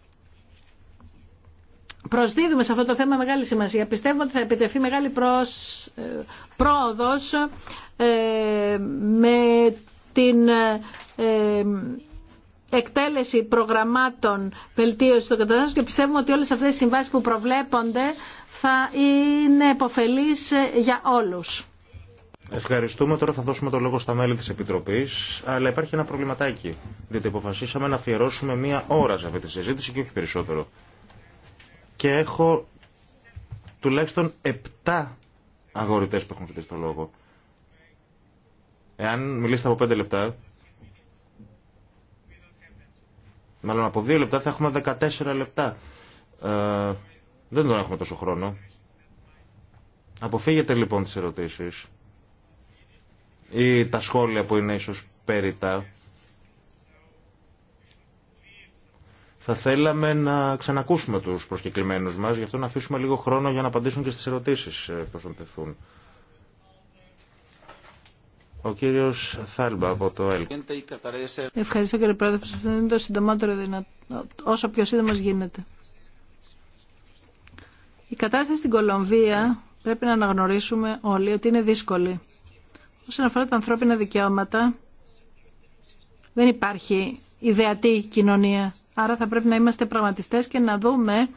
προσδίδουμε σε αυτό το θέμα μεγάλη σημασία. Πιστεύουμε ότι θα επιτευχθεί μεγάλη προς, ε, πρόοδος ε, με την ε, εκτέλεση προγραμμάτων βελτίωση των καταστάσεων και πιστεύουμε ότι όλες αυτές οι συμβάσεις που προβλέπονται θα είναι επωφελείς για όλους. Ευχαριστούμε. Τώρα θα δώσουμε το λόγο στα μέλη της Επιτροπής, αλλά υπάρχει ένα προβληματάκι, διότι αποφασίσαμε να αφιερώσουμε μία ώρα σε αυτή τη συζήτηση και όχι περισσότερο. Και έχω τουλάχιστον 7 αγορητές που έχουν ζητήσει το λόγο. Εάν μιλήσετε από 5 λεπτά, Μάλλον από δύο λεπτά θα έχουμε 14 λεπτά. Ε, δεν τον έχουμε τόσο χρόνο. Αποφύγετε λοιπόν τις ερωτήσεις ή τα σχόλια που είναι ίσως περίτα. Θα θέλαμε να ξανακούσουμε τους προσκεκλημένους μας, γι' αυτό να αφήσουμε λίγο χρόνο για να απαντήσουν και στις ερωτήσεις που ε, ο κύριος Θάλμπα από το ΕΛΚ. Ευχαριστώ κύριε Πρόεδρε. Αυτό είναι το συντομότερο δυνατό. Όσο πιο σύντομο γίνεται. Η κατάσταση στην Κολομβία πρέπει να αναγνωρίσουμε όλοι ότι είναι δύσκολη. Όσον αφορά τα ανθρώπινα δικαιώματα, δεν υπάρχει ιδεατή κοινωνία. Άρα θα πρέπει να είμαστε πραγματιστές και να δούμε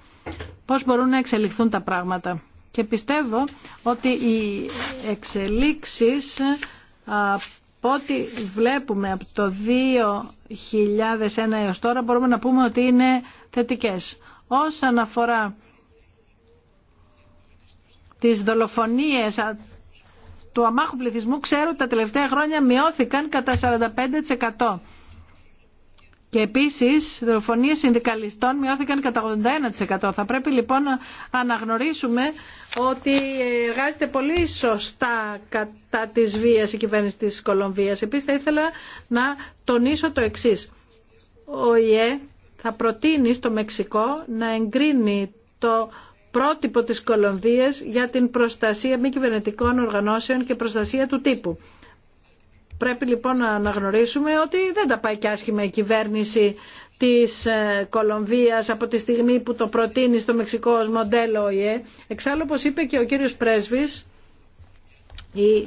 πώς μπορούν να εξελιχθούν τα πράγματα. Και πιστεύω ότι οι εξελίξεις από ό,τι βλέπουμε από το 2001 έως τώρα μπορούμε να πούμε ότι είναι θετικές. Όσον αφορά τις δολοφονίες του αμάχου πληθυσμού, ξέρω ότι τα τελευταία χρόνια μειώθηκαν κατά 45%. Και επίσης, δολοφονίε συνδικαλιστών μειώθηκαν κατά 81%. Θα πρέπει λοιπόν να αναγνωρίσουμε ότι ε, εργάζεται πολύ σωστά κατά της βίας η κυβέρνηση της Κολομβίας. Επίση, θα ήθελα να τονίσω το εξή. Ο ΙΕ θα προτείνει στο Μεξικό να εγκρίνει το πρότυπο της Κολομβίας για την προστασία μη κυβερνητικών οργανώσεων και προστασία του τύπου. Πρέπει λοιπόν να αναγνωρίσουμε ότι δεν τα πάει και άσχημα η κυβέρνηση της ε, Κολομβίας από τη στιγμή που το προτείνει στο μεξικό ως μοντέλο ΟΗΕ. Εξάλλου, όπως είπε και ο κύριος Πρέσβης, η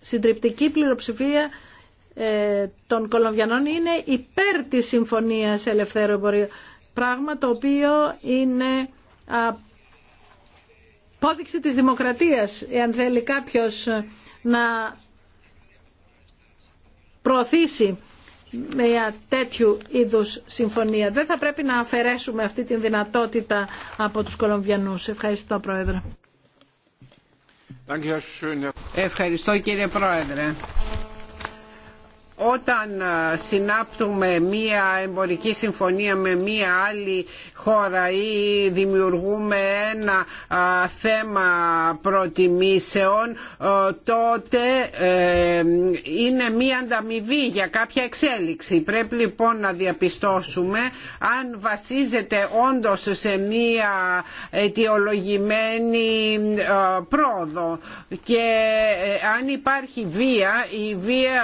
συντριπτική πληροψηφία ε, των Κολομβιανών είναι υπέρ της Συμφωνίας Ελευθέρου Εμπορίου. Πράγμα το οποίο είναι απόδειξη της δημοκρατίας, εάν θέλει κάποιος να προωθήσει μια τέτοιου είδους συμφωνία. Δεν θα πρέπει να αφαιρέσουμε αυτή τη δυνατότητα από τους Κολομβιανούς. Ευχαριστώ Πρόεδρε. Ευχαριστώ κύριε Πρόεδρε όταν ε, συνάπτουμε μία εμπορική συμφωνία με μία άλλη χώρα ή δημιουργούμε ένα θέμα προτιμήσεων ε, τότε ε, είναι μία ανταμοιβή για κάποια εξέλιξη. Πρέπει λοιπόν να διαπιστώσουμε αν βασίζεται όντως σε μία αιτιολογημένη πρόοδο και αν υπάρχει βία η βία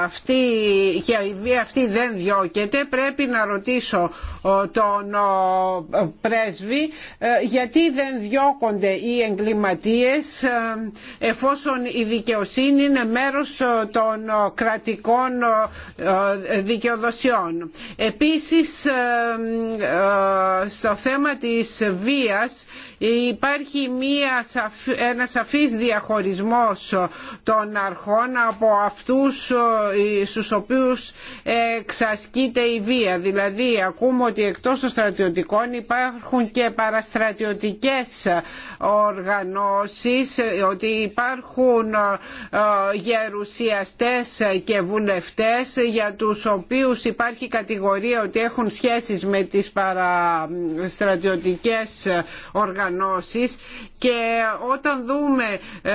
αυτή, και η βία αυτή δεν διώκεται πρέπει να ρωτήσω τον πρέσβη ε, γιατί δεν διώκονται οι εγκληματίες ε, εφόσον η δικαιοσύνη είναι μέρος ε, των κρατικών δικαιοδοσιών. Επίσης στο θέμα της βίας υπάρχει μία, ένα σαφής διαχωρισμός των αρχών από αυτούς ε, στους οποίους εξασκείται η βία. Δηλαδή ακούμε ότι εκτός των στρατιωτικών υπάρχουν και παραστρατιωτικές οργανώσεις, ότι υπάρχουν ε, γερουσιαστές και βουλευτές για τους οποίους υπάρχει κατηγορία ότι έχουν σχέσεις με τις παραστρατιωτικές οργανώσεις και όταν δούμε ε,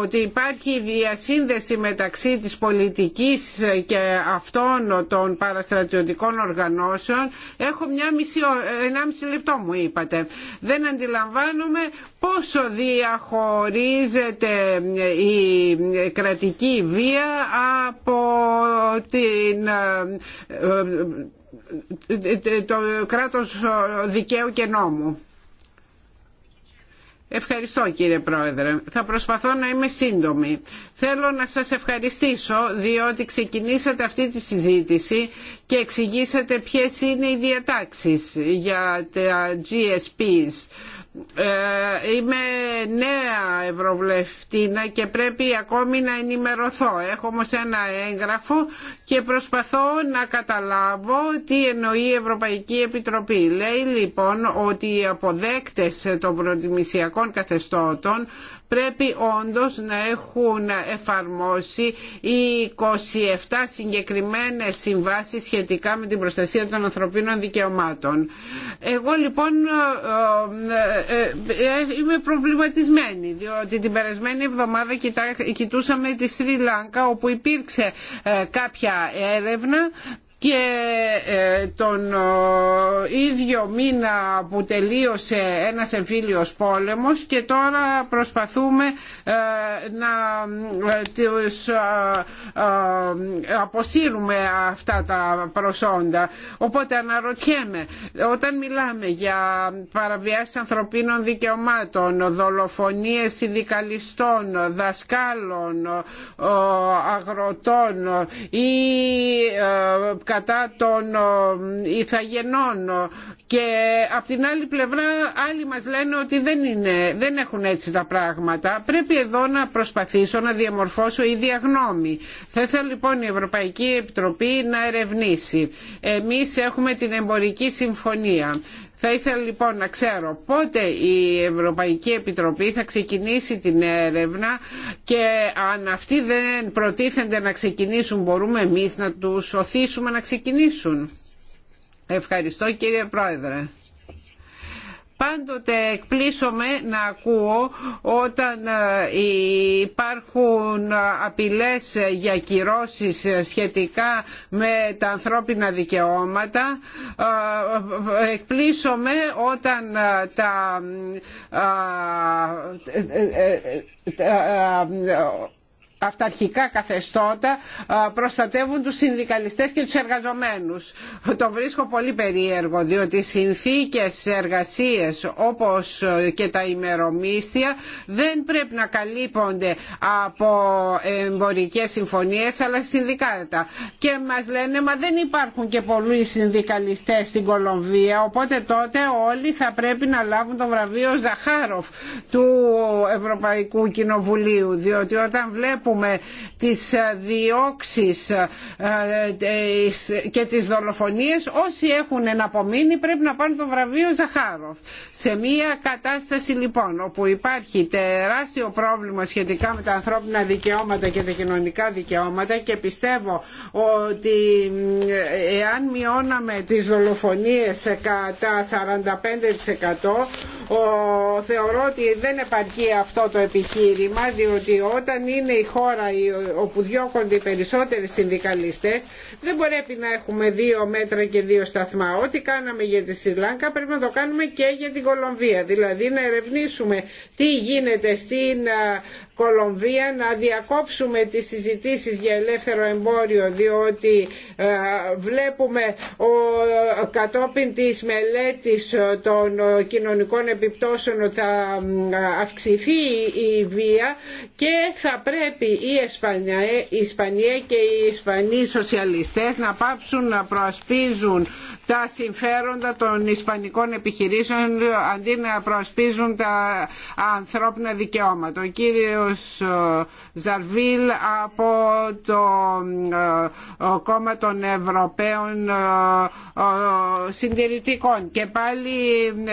ότι υπάρχει διασύνδεση μεταξύ της πολιτικής πολιτικής και αυτών των παραστρατιωτικών οργανώσεων έχω μια μισή, ένα λεπτό μου είπατε. Δεν αντιλαμβάνομαι πόσο διαχωρίζεται η κρατική βία από την ε, ε, ε, το κράτος δικαίου και νόμου. Ευχαριστώ κύριε Πρόεδρε. Θα προσπαθώ να είμαι σύντομη. Θέλω να σας ευχαριστήσω διότι ξεκινήσατε αυτή τη συζήτηση και εξηγήσατε ποιες είναι οι διατάξεις για τα GSPs ε, είμαι νέα ευρωβουλευτήνα και πρέπει ακόμη να ενημερωθώ. Έχω όμως ένα έγγραφο και προσπαθώ να καταλάβω τι εννοεί η Ευρωπαϊκή Επιτροπή. Λέει λοιπόν ότι οι αποδέκτες των προτιμησιακών καθεστώτων πρέπει όντως να έχουν εφαρμόσει οι 27 συγκεκριμένες συμβάσεις σχετικά με την προστασία των ανθρωπίνων δικαιωμάτων. Εγώ λοιπόν ε, ε, ε, είμαι προβληματισμένη διότι την περασμένη εβδομάδα κοιτούσαμε τη Σρι Λάνκα όπου υπήρξε κάποια έρευνα και ε, τον ίδιο μήνα που τελείωσε ένας εμφύλιος πόλεμος και τώρα προσπαθούμε ε, να ε, τους αποσύρουμε αυτά τα προσόντα. Οπότε αναρωτιέμαι, όταν μιλάμε για παραβιάσεις ανθρωπίνων δικαιωμάτων, δολοφονίες συνδικαλιστών, δασκάλων, αγροτών ή κατά των ε, ηθαγενών και από την άλλη πλευρά άλλοι μας λένε ότι δεν, είναι, δεν έχουν έτσι τα πράγματα. Πρέπει εδώ να προσπαθήσω να διαμορφώσω ίδια γνώμη. Θα ήθελα λοιπόν η Ευρωπαϊκή Επιτροπή να ερευνήσει. Εμείς έχουμε την εμπορική συμφωνία θα ήθελα λοιπόν να ξέρω πότε η Ευρωπαϊκή Επιτροπή θα ξεκινήσει την έρευνα και αν αυτοί δεν προτίθενται να ξεκινήσουν μπορούμε εμείς να τους οθήσουμε να ξεκινήσουν. Ευχαριστώ κύριε Πρόεδρε πάντοτε εκπλήσωμαι να ακούω όταν υπάρχουν απειλές για κυρώσεις σχετικά με τα ανθρώπινα δικαιώματα εκπλήσωμαι όταν τα αυταρχικά καθεστώτα προστατεύουν τους συνδικαλιστές και τους εργαζομένους. Το βρίσκω πολύ περίεργο διότι οι συνθήκες εργασίες όπως ε, και τα ημερομίσθια δεν πρέπει να καλύπτονται από εμπορικές συμφωνίες αλλά συνδικάτα. Και μας λένε μα δεν υπάρχουν και πολλοί συνδικαλιστές στην Κολομβία οπότε τότε όλοι θα πρέπει να λάβουν το βραβείο Ζαχάροφ του Ευρωπαϊκού Κοινοβουλίου διότι όταν βλέπουν με τις διώξεις ε, και τις δολοφονίες όσοι έχουν εναπομείνει πρέπει να πάρουν το βραβείο Ζαχάροφ. Σε μια κατάσταση λοιπόν όπου υπάρχει τεράστιο πρόβλημα σχετικά με τα ανθρώπινα δικαιώματα και τα κοινωνικά δικαιώματα και πιστεύω ότι ε, εάν μειώναμε τις δολοφονίες κατά 45% θεωρώ ότι δεν επαρκεί αυτό το επιχείρημα διότι όταν είναι η χώρα χώρα όπου διώκονται οι περισσότεροι συνδικαλιστές δεν μπορεί να έχουμε δύο μέτρα και δύο σταθμά. Ό,τι κάναμε για τη Σιλάνκα πρέπει να το κάνουμε και για την Κολομβία. Δηλαδή να ερευνήσουμε τι γίνεται στην Κολομβία να διακόψουμε τις συζητήσεις για ελεύθερο εμπόριο διότι ε, βλέπουμε ο, κατόπιν της μελέτης ε, των ε, κοινωνικών επιπτώσεων θα αυξηθεί η βία και θα πρέπει η Ισπανία, και οι Ισπανοί σοσιαλιστές να πάψουν να προασπίζουν τα συμφέροντα των Ισπανικών επιχειρήσεων αντί να προασπίζουν τα ανθρώπινα δικαιώματα. Ο κύριο κύριος ε, Ζαρβίλ από το ε, κόμμα των Ευρωπαίων ε, Συντηρητικών και πάλι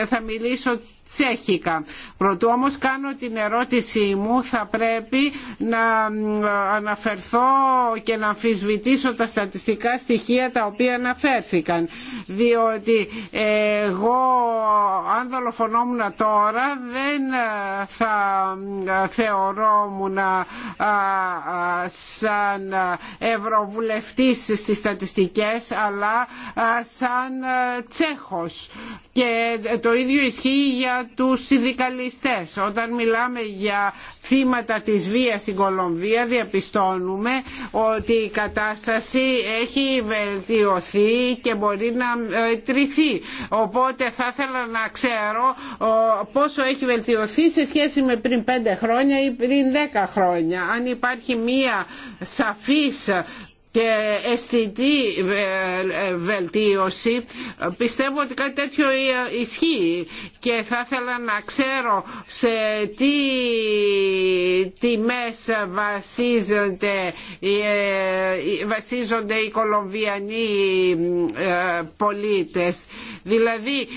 θα μιλήσω τσέχικα. Πρωτού όμως κάνω την ερώτησή μου θα πρέπει να αναφερθώ και να αμφισβητήσω τα στατιστικά στοιχεία τα οποία αναφέρθηκαν. Διότι εγώ αν δολοφονόμουν τώρα δεν θα θεωρώμουν σαν ευρωβουλευτής στις στατιστικές αλλά σαν ε, τσέχος και το ίδιο ισχύει για τους συνδικαλιστές. Όταν μιλάμε για θύματα της βίας στην Κολομβία διαπιστώνουμε ότι η κατάσταση έχει βελτιωθεί και μπορεί να τριθεί. Οπότε θα ήθελα να ξέρω πόσο έχει βελτιωθεί σε σχέση με πριν πέντε χρόνια ή πριν 10 χρόνια. Αν υπάρχει μία σαφής και αισθητή ε, ε, βελτίωση πιστεύω ότι κάτι τέτοιο ε, ισχύει και θα ήθελα να ξέρω σε τι τιμές βασίζονται, βασίζονται οι κολομβιανοί πολίτες δηλαδή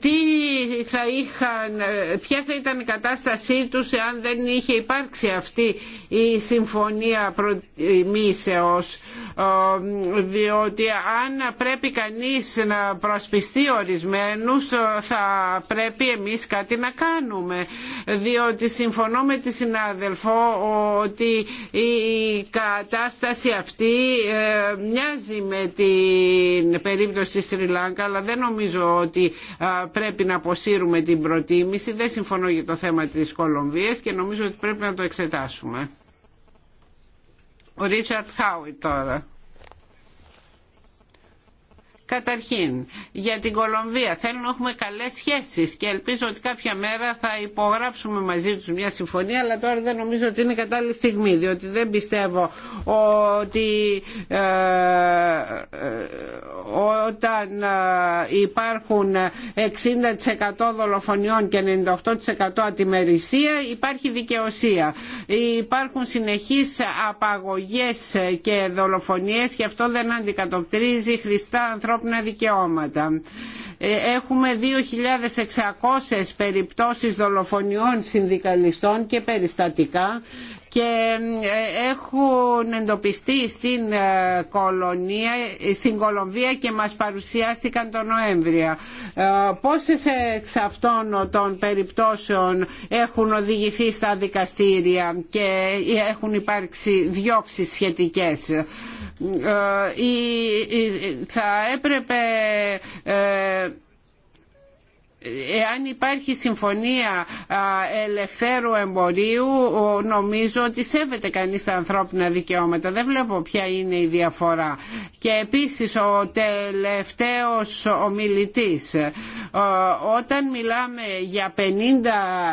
τι θα είχαν, ποια θα ήταν η κατάστασή τους αν δεν είχε υπάρξει αυτή η συμφωνία προτιμήσεως ε, διότι αν πρέπει κανείς να προσπιστεί ορισμένους ε, θα πρέπει εμείς κάτι να κάνουμε διότι συμφωνώ με τη συνάδελφο ότι η κατάσταση αυτή ε, μοιάζει με την περίπτωση της Σρι αλλά δεν νομίζω ότι πρέπει να αποσύρουμε την προτίμηση δεν συμφωνώ για το θέμα της Κολομβίας και νομίζω ότι πρέπει να το εξετάσουμε. Ο Ρίτσαρτ Χάουι τώρα. Καταρχήν, για την Κολομβία θέλω να έχουμε καλές σχέσεις και ελπίζω ότι κάποια μέρα θα υπογράψουμε μαζί τους μια συμφωνία αλλά τώρα δεν νομίζω ότι είναι κατάλληλη στιγμή διότι δεν πιστεύω ότι ε, ε, όταν ε, υπάρχουν 60% δολοφονιών και 98% ατιμερησία υπάρχει δικαιοσία. Υπάρχουν συνεχείς απαγωγές και δολοφονίες και αυτό δεν αντικατοπτρίζει χρηστά ανθρώπινα ανθρώπινα ε, Έχουμε 2.600 περιπτώσεις δολοφονιών συνδικαλιστών και περιστατικά και ε, έχουν εντοπιστεί στην, ε, κολονία, στην Κολομβία και μας παρουσιάστηκαν τον Νοέμβριο. Ε, πόσες εξ αυτών των περιπτώσεων έχουν οδηγηθεί στα δικαστήρια και έχουν υπάρξει διώξεις σχετικές. Θα έπρεπε εάν υπάρχει συμφωνία ελευθέρου εμπορίου νομίζω ότι σέβεται κανείς τα ανθρώπινα δικαιώματα. Δεν βλέπω ποια είναι η διαφορά. Και επίσης ο τελευταίος ομιλητής όταν μιλάμε για 50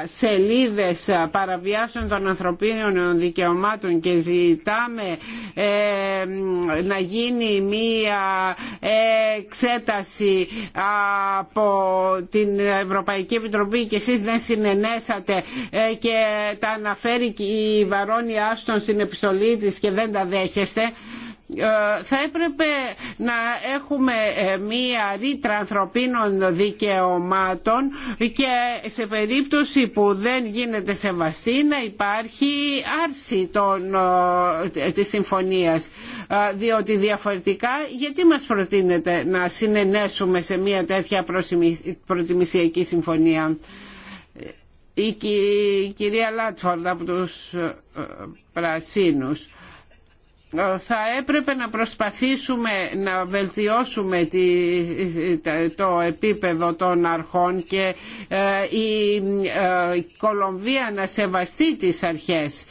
σελίδες παραβιάσεων των ανθρωπίνων δικαιωμάτων και ζητάμε ε, να γίνει μία εξέταση από την Ευρωπαϊκή Επιτροπή και εσείς δεν συνενέσατε ε, και τα αναφέρει η Βαρόνια Άστον στην επιστολή της και δεν τα δέχεστε ε, θα έπρεπε να έχουμε ε, μία ρήτρα ανθρωπίνων δικαιωμάτων και σε περίπτωση που δεν γίνεται σεβαστή να υπάρχει άρση των, ε, της συμφωνίας διότι διαφορετικά γιατί μας προτείνεται να συνενέσουμε σε μία τέτοια προτιμησιακή συμφωνία η κυρία Λάτφορντ από τους Πρασίνους ε, θα έπρεπε να προσπαθήσουμε να βελτιώσουμε το επίπεδο των αρχών και ε, η ε, Κολομβία να σεβαστεί τις αρχές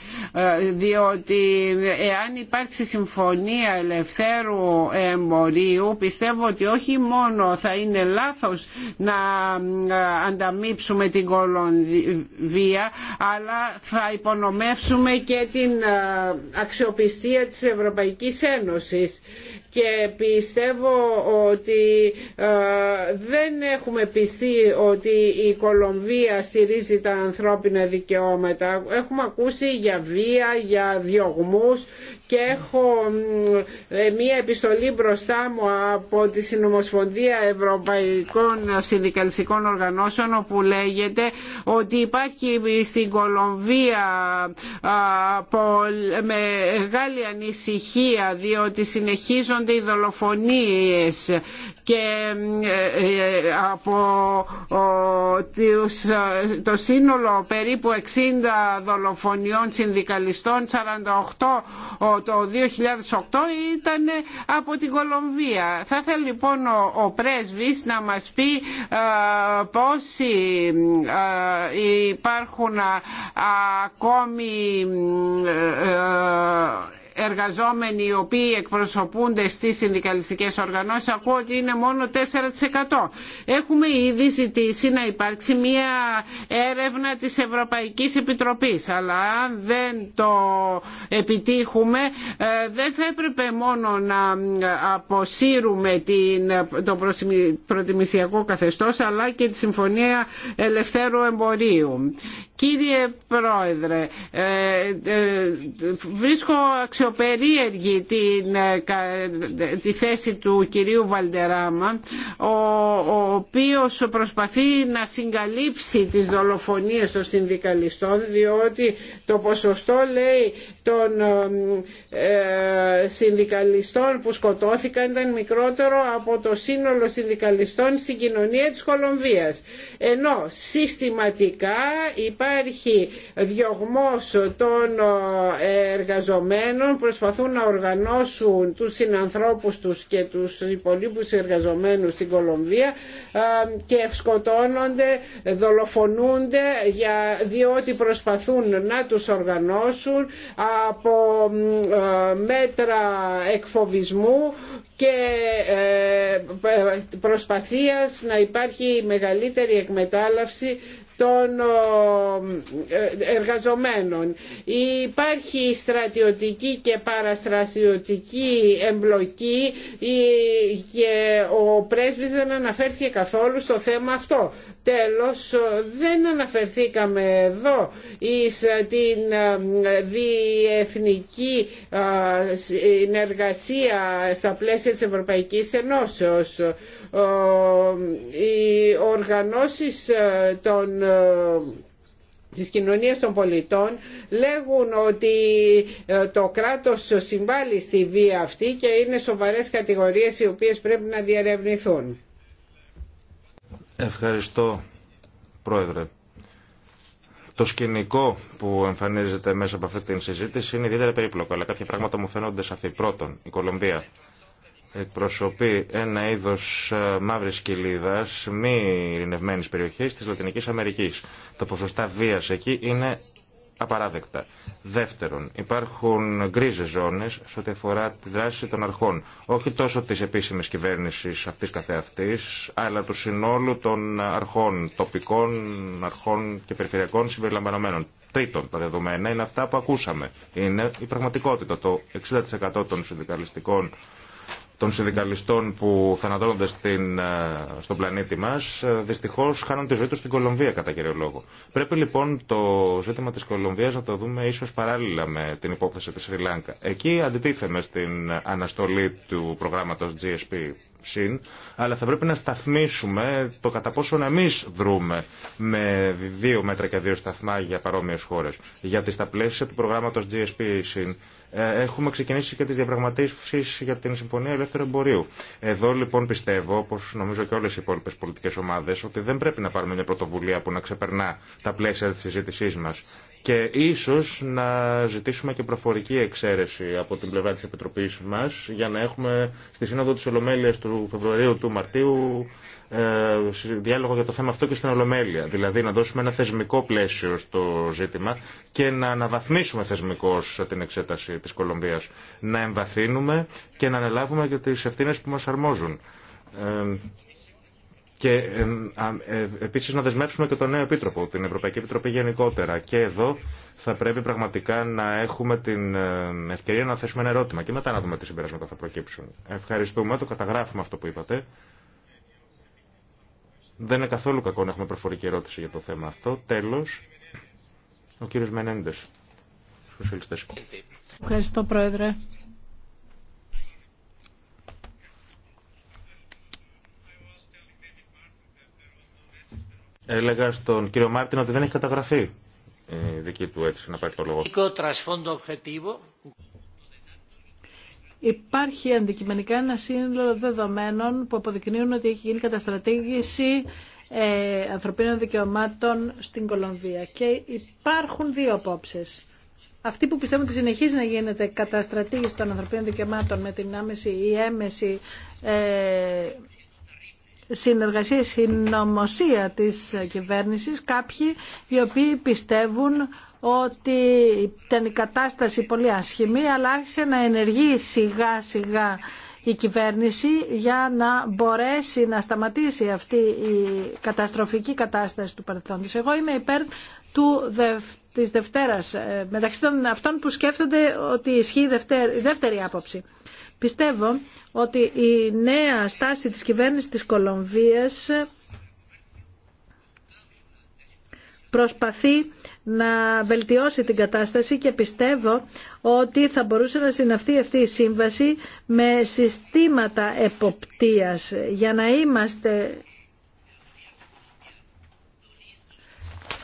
διότι εάν υπάρξει συμφωνία ελευθέρου εμπορίου πιστεύω ότι όχι μόνο θα είναι λάθος να ανταμείψουμε την Κολομβία αλλά θα υπονομεύσουμε και την αξιοπιστία της Ευρωπαϊκής Ένωσης και πιστεύω ότι ε, δεν έχουμε πιστεί ότι η Κολομβία στηρίζει τα ανθρώπινα δικαιώματα. Έχουμε ακούσει για βία, για διωγμούς και έχω ε, μία επιστολή μπροστά μου από τη Συνομοσπονδία Ευρωπαϊκών Συνδικαλιστικών Οργανώσεων όπου λέγεται ότι υπάρχει στην Κολομβία μεγάλη ανησυχία διότι συνεχίζονται οι δολοφονίες και ε, ε, από το σύνολο περίπου 60 δολοφονιών συνδικαλιστών 48 το 2008 ήταν από την Κολομβία. Θα ήθελα λοιπόν ο, ο πρέσβης να μας πει α, ε, πόσοι ε, υπάρχουν ε, ακόμη εργαζόμενοι οι οποίοι εκπροσωπούνται στις συνδικαλιστικές οργανώσεις ακούω ότι είναι μόνο 4%. Έχουμε ήδη ζητήσει να υπάρξει μια έρευνα της Ευρωπαϊκής Επιτροπής αλλά αν δεν το επιτύχουμε ε, δεν θα έπρεπε μόνο να ε, αποσύρουμε το προτιμησιακό καθεστώς αλλά και τη Συμφωνία Ελευθέρου Εμπορίου. Κύριε Πρόεδρε, ε, ε, βρίσκω αξιοπερίεργη την, ε, τη θέση του κυρίου Βαλτεράμα, ο, ο οποίος προσπαθεί να συγκαλύψει τις δολοφονίες των συνδικαλιστών, διότι το ποσοστό λέει των ε, ε, συνδικαλιστών που σκοτώθηκαν ήταν μικρότερο από το σύνολο συνδικαλιστών στην κοινωνία της Κολομβίας. Ενώ συστηματικά υπάρχει διωγμός των ε, εργαζομένων προσπαθούν να οργανώσουν τους συνανθρώπους τους και τους υπολείπους εργαζομένους στην Κολομβία και σκοτώνονται, δολοφονούνται για, διότι προσπαθούν να τους οργανώσουν από ε, μέτρα εκφοβισμού και ε, προσπαθίας να υπάρχει μεγαλύτερη εκμετάλλευση των ε, εργαζομένων. Υπάρχει στρατιωτική και παραστρατιωτική εμπλοκή και ο πρέσβης δεν αναφέρθηκε καθόλου στο θέμα αυτό. Τέλος, ε, δεν αναφερθήκαμε εδώ εις ε, την ε, διεθνική συνεργασία στα πλαίσια της Ευρωπαϊκής Ενώσεως. Οι οργανώσεις των της κοινωνίας των πολιτών λέγουν ότι το κράτος συμβάλλει στη βία αυτή και είναι σοβαρές κατηγορίες οι οποίες πρέπει να διαρευνηθούν. Ευχαριστώ, Πρόεδρε. Το σκηνικό που εμφανίζεται μέσα από αυτή την συζήτηση είναι ιδιαίτερα περίπλοκο, αλλά κάποια πράγματα μου φαίνονται σαφή. Πρώτον, η Κολομβία εκπροσωπεί ένα είδο ε, μαύρη κοιλίδα μη ειρηνευμένη περιοχή τη Λατινική Αμερική. Τα ποσοστά βία εκεί είναι απαράδεκτα. Δεύτερον, υπάρχουν γκρίζε ζώνε σε ό,τι αφορά τη δράση των αρχών. Όχι τόσο τη επίσημη κυβέρνηση αυτή καθεαυτή, αλλά του συνόλου των αρχών, τοπικών αρχών και περιφερειακών συμπεριλαμβανομένων. Τρίτον, τα δεδομένα είναι αυτά που ακούσαμε. Είναι η πραγματικότητα. Το 60% των συνδικαλιστικών των συνδικαλιστών που θανατώνονται στην, ε, στον πλανήτη μα, ε, δυστυχώ χάνουν τη ζωή του στην Κολομβία κατά κύριο λόγο. Πρέπει λοιπόν το ζήτημα τη Κολομβία να το δούμε ίσω παράλληλα με την υπόθεση τη Σρι Εκεί αντιτίθεμε στην αναστολή του προγράμματο GSP Συν, αλλά θα πρέπει να σταθμίσουμε το κατά πόσο να εμεί δρούμε με δύο μέτρα και δύο σταθμά για παρόμοιε χώρε. Γιατί στα πλαίσια του προγράμματο GSP Συν ε, έχουμε ξεκινήσει και τις διαπραγματεύσει για την Συμφωνία Ελεύθερου Εμπορίου. Εδώ λοιπόν πιστεύω, όπω νομίζω και όλε οι υπόλοιπε πολιτικές ομάδες, ότι δεν πρέπει να πάρουμε μια πρωτοβουλία που να ξεπερνά τα πλαίσια της συζήτησή μα. Και ίσως να ζητήσουμε και προφορική εξαίρεση από την πλευρά τη Επιτροπή μα για να έχουμε στη Σύνοδο τη Ολομέλεια του Φεβρουαρίου του Μαρτίου ε, διάλογο για το θέμα αυτό και στην Ολομέλεια. Δηλαδή να δώσουμε ένα θεσμικό πλαίσιο στο ζήτημα και να αναβαθμίσουμε θεσμικώ την εξέταση τη Κολομβία. Να εμβαθύνουμε και να αναλάβουμε και τι ευθύνε που μα αρμόζουν. Ε, και ε, επίσης να δεσμεύσουμε και τον νέο επίτροπο, την Ευρωπαϊκή Επιτροπή γενικότερα. Και εδώ θα πρέπει πραγματικά να έχουμε την ευκαιρία να θέσουμε ένα ερώτημα και μετά να δούμε τι συμπεράσματα θα προκύψουν. Ευχαριστούμε, το καταγράφουμε αυτό που είπατε. Δεν είναι καθόλου κακό να έχουμε προφορική ερώτηση για το θέμα αυτό. Τέλο, ο κύριο Μενέντε. σοσιαλιστές. Ευχαριστώ, Πρόεδρε. Έλεγα στον κύριο Μάρτιν ότι δεν έχει καταγραφεί η ε, δική του έτσι να πάρει το λόγο. Υπάρχει αντικειμενικά ένα σύνολο δεδομένων που αποδεικνύουν ότι έχει γίνει καταστρατήγηση ε, ανθρωπίνων δικαιωμάτων στην Κολομβία. Και υπάρχουν δύο απόψεις. Αυτοί που πιστεύουν ότι συνεχίζει να γίνεται καταστρατήγηση των ανθρωπίνων δικαιωμάτων με την άμεση ή έμεση ε, συνεργασία, συνωμοσία της κυβέρνησης, κάποιοι οι οποίοι πιστεύουν ότι ήταν η κατάσταση πολύ άσχημη, αλλά άρχισε να ενεργεί σιγά σιγά η κυβέρνηση για να μπορέσει να σταματήσει αυτή η καταστροφική κατάσταση του παρελθόντος. Εγώ είμαι υπέρ του της Δευτέρας, ε, μεταξύ των αυτών που σκέφτονται ότι ισχύει η δεύτερη, δεύτερη άποψη. Πιστεύω ότι η νέα στάση της κυβέρνησης της Κολομβίας προσπαθεί να βελτιώσει την κατάσταση και πιστεύω ότι θα μπορούσε να συναυθεί αυτή η σύμβαση με συστήματα εποπτείας για να είμαστε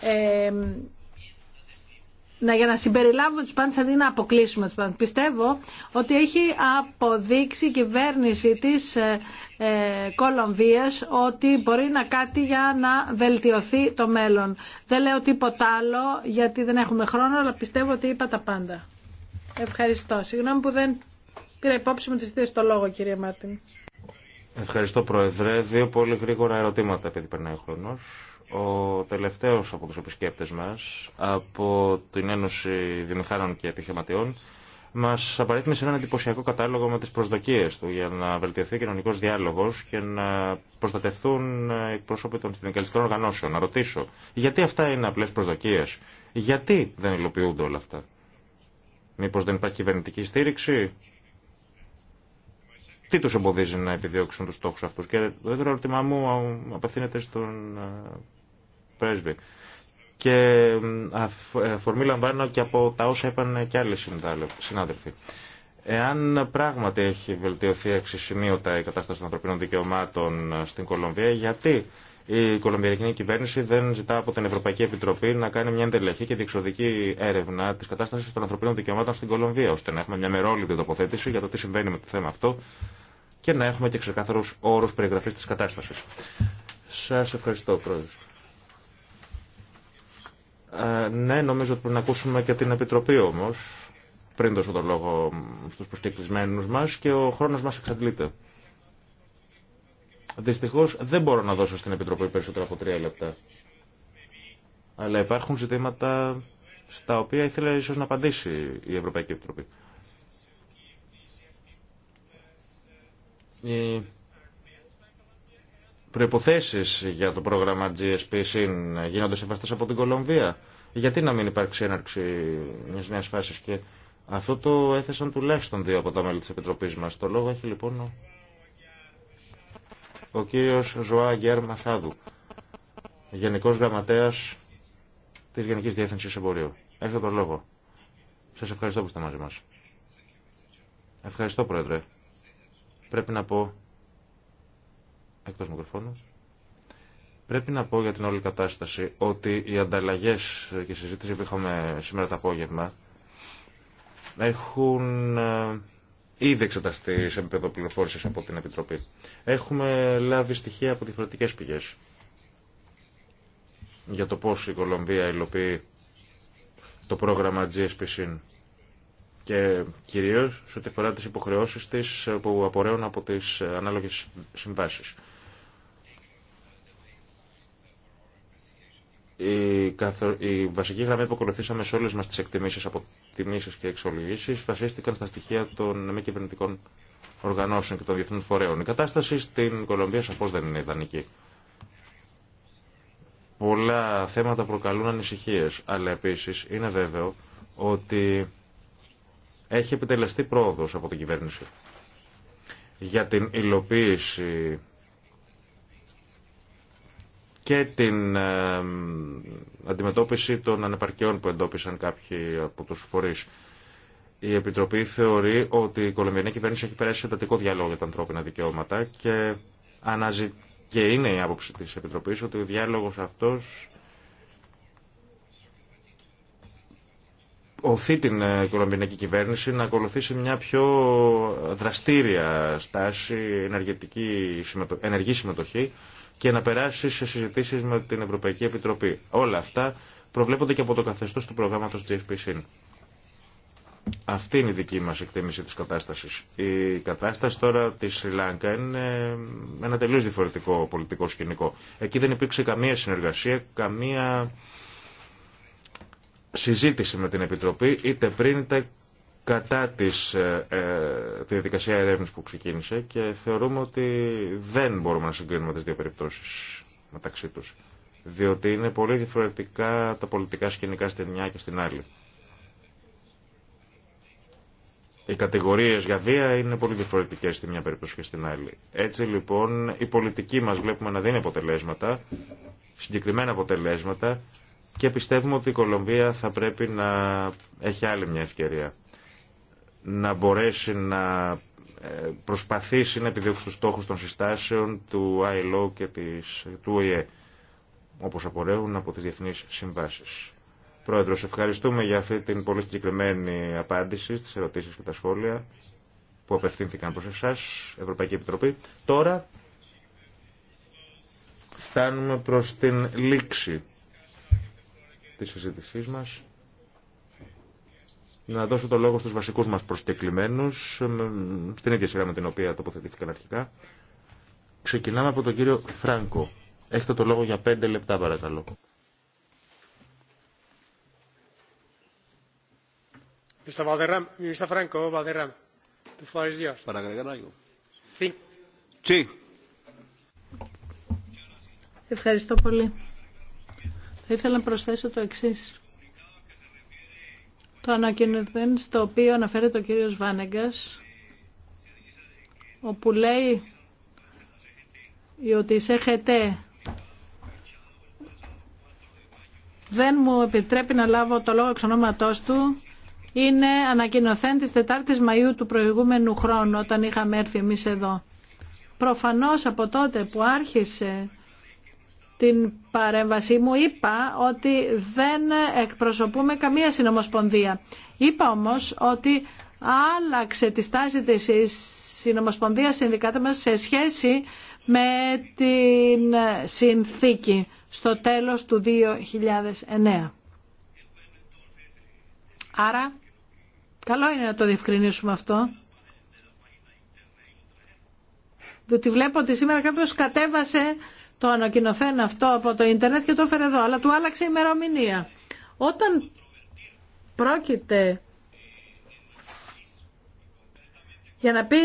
ε, να, για να συμπεριλάβουμε τους πάντες αντί να αποκλείσουμε τους πάντες. Πιστεύω ότι έχει αποδείξει η κυβέρνηση της ε, ε, Κολομβίας ότι μπορεί να κάτι για να βελτιωθεί το μέλλον. Δεν λέω τίποτα άλλο γιατί δεν έχουμε χρόνο, αλλά πιστεύω ότι είπα τα πάντα. Ευχαριστώ. Συγγνώμη που δεν πήρα υπόψη μου τη ζητήση το λόγο, κύριε Μάρτιν. Ευχαριστώ, Πρόεδρε. Δύο πολύ γρήγορα ερωτήματα, επειδή περνάει ο χρόνος. Ο τελευταίος από τους επισκέπτες μας, από την Ένωση Δημηχάνων και Επιχειρηματιών, μας απαρίθμησε έναν εντυπωσιακό κατάλογο με τις προσδοκίες του για να βελτιωθεί ο κοινωνικός διάλογος και να προστατευτούν οι πρόσωποι των συνδικαλιστικών οργανώσεων. Να ρωτήσω, γιατί αυτά είναι απλές προσδοκίες, γιατί δεν υλοποιούνται όλα αυτά. Μήπως δεν υπάρχει κυβερνητική στήριξη, τι τους εμποδίζει να επιδιώξουν τους στόχους αυτούς. Και το δεύτερο ερώτημά μου απευθύνεται στον ε, πρέσβη. Και αφορμή λαμβάνω και από τα όσα είπαν και άλλοι συνάδελφοι. Εάν πράγματι έχει βελτιωθεί αξιοσημείωτα η κατάσταση των ανθρωπίνων δικαιωμάτων στην Κολομβία, γιατί η κολομβιακή κυβέρνηση δεν ζητά από την Ευρωπαϊκή Επιτροπή να κάνει μια εντελεχή και διεξοδική έρευνα τη κατάσταση των ανθρωπίνων δικαιωμάτων στην Κολομβία, ώστε να έχουμε μια μερόληπτη τοποθέτηση για το τι συμβαίνει με το θέμα αυτό και να έχουμε και ξεκάθαρου όρου περιγραφή τη κατάσταση. Σα ευχαριστώ, Πρόεδρε. Ε, ναι, νομίζω ότι πρέπει να ακούσουμε και την Επιτροπή όμως, πριν δώσω τον λόγο στους προσκεκλισμένους μας και ο χρόνος μας εξαντλείται. Δυστυχώς δεν μπορώ να δώσω στην Επιτροπή περισσότερα από τρία λεπτά. Αλλά υπάρχουν ζητήματα στα οποία ήθελα ίσως να απαντήσει η Ευρωπαϊκή Επιτροπή προϋποθέσεις για το πρόγραμμα GSP συν γίνονται σεβαστέ από την Κολομβία. Γιατί να μην υπάρξει έναρξη μια νέα φάση. και αυτό το έθεσαν τουλάχιστον δύο από τα μέλη της Επιτροπής μας. Το λόγο έχει λοιπόν ο κύριο Ζωά Γκέρ Μαχάδου, Γενικός Γραμματέα της Γενικής Διεύθυνσης Εμπορίου. Έχετε το λόγο. Σα ευχαριστώ που είστε μαζί μα. Ευχαριστώ, Πρόεδρε. Πρέπει να πω εκτός μικροφώνου. Πρέπει να πω για την όλη κατάσταση ότι οι ανταλλαγές και η συζήτηση που είχαμε σήμερα το απόγευμα έχουν ε, ήδη εξεταστεί σε επίπεδο πληροφόρηση από την Επιτροπή. Έχουμε λάβει στοιχεία από διαφορετικέ πηγέ για το πώ η Κολομβία υλοποιεί το πρόγραμμα GSPC και κυρίως σε ό,τι αφορά τι υποχρεώσει της ε, που απορρέουν από τι ε, ανάλογε συμβάσει. Η, καθο... η βασική γραμμή που ακολουθήσαμε σε όλες μας τις εκτιμήσεις, αποτιμήσεις και εξολογήσεις βασίστηκαν στα στοιχεία των μη κυβερνητικών οργανώσεων και των διεθνών φορέων. Η κατάσταση στην Κολομβία σαφώ δεν είναι ιδανική. Πολλά θέματα προκαλούν ανησυχίες, αλλά επίσης είναι βέβαιο ότι έχει επιτελεστεί πρόοδο από την κυβέρνηση για την υλοποίηση και την αντιμετώπιση των ανεπαρκειών που εντόπισαν κάποιοι από τους φορείς. Η Επιτροπή θεωρεί ότι η Κολομβιανή κυβέρνηση έχει περάσει εντατικό διάλογο για τα ανθρώπινα δικαιώματα και, αναζη... και είναι η άποψη της Επιτροπής ότι ο διάλογος αυτός οθεί την ε, Κολομβιανή κυβέρνηση να ακολουθήσει μια πιο δραστήρια στάση, ενεργή συμμετοχή και να περάσει σε συζητήσεις με την Ευρωπαϊκή Επιτροπή. Όλα αυτά προβλέπονται και από το καθεστώ του προγράμματος GFPC. Αυτή είναι η δική μας εκτίμηση της κατάστασης. Η κατάσταση τώρα της Σρι Λάγκα είναι ένα τελείως διαφορετικό πολιτικό σκηνικό. Εκεί δεν υπήρξε καμία συνεργασία, καμία συζήτηση με την Επιτροπή, είτε πριν είτε κατά της, ε, ε, τη διαδικασία ερεύνης που ξεκίνησε και θεωρούμε ότι δεν μπορούμε να συγκρίνουμε τις δύο περιπτώσεις μεταξύ τους. Διότι είναι πολύ διαφορετικά τα πολιτικά σκηνικά στην μια και στην άλλη. Οι κατηγορίες για βία είναι πολύ διαφορετικές στη μια περίπτωση και στην άλλη. Έτσι λοιπόν η πολιτική μας βλέπουμε να δίνει αποτελέσματα, συγκεκριμένα αποτελέσματα και πιστεύουμε ότι η Κολομβία θα πρέπει να έχει άλλη μια ευκαιρία να μπορέσει να ε, προσπαθήσει να επιδιώξει τους στόχους των συστάσεων του ILO και της, του ΟΗΕ, e, όπως απορρέουν από τις διεθνείς συμβάσεις. Πρόεδρος, ευχαριστούμε για αυτή την πολύ συγκεκριμένη απάντηση στις ερωτήσεις και τα σχόλια που απευθύνθηκαν προς εσάς, Ευρωπαϊκή Επιτροπή. Τώρα φτάνουμε προς την λήξη της συζήτησής μας να δώσω το λόγο στους βασικούς μας προσκεκλημένους, στην ίδια σειρά με την οποία τοποθετήθηκαν αρχικά. Ξεκινάμε από τον κύριο Φράνκο. Έχετε το λόγο για πέντε λεπτά παρακαλώ. Ευχαριστώ πολύ. Θα ήθελα να προσθέσω το εξής το ανακοινωθέν στο οποίο αναφέρεται ο κύριος Βάνεγκας όπου λέει ότι σε δεν μου επιτρέπει να λάβω το λόγο εξ ονόματός του είναι ανακοινωθέν της 4ης Μαΐου του προηγούμενου χρόνου όταν είχαμε έρθει εμείς εδώ. Προφανώς από τότε που άρχισε την παρέμβασή μου είπα ότι δεν εκπροσωπούμε καμία συνομοσπονδία. Είπα όμως ότι άλλαξε τη στάση της συνομοσπονδίας συνδικάτα μας σε σχέση με την συνθήκη στο τέλος του 2009. Άρα, καλό είναι να το διευκρινίσουμε αυτό. Διότι βλέπω ότι σήμερα κάποιος κατέβασε το ανακοινοφέν αυτό από το ίντερνετ και το έφερε εδώ, αλλά του άλλαξε η ημερομηνία. Όταν πρόκειται για να πει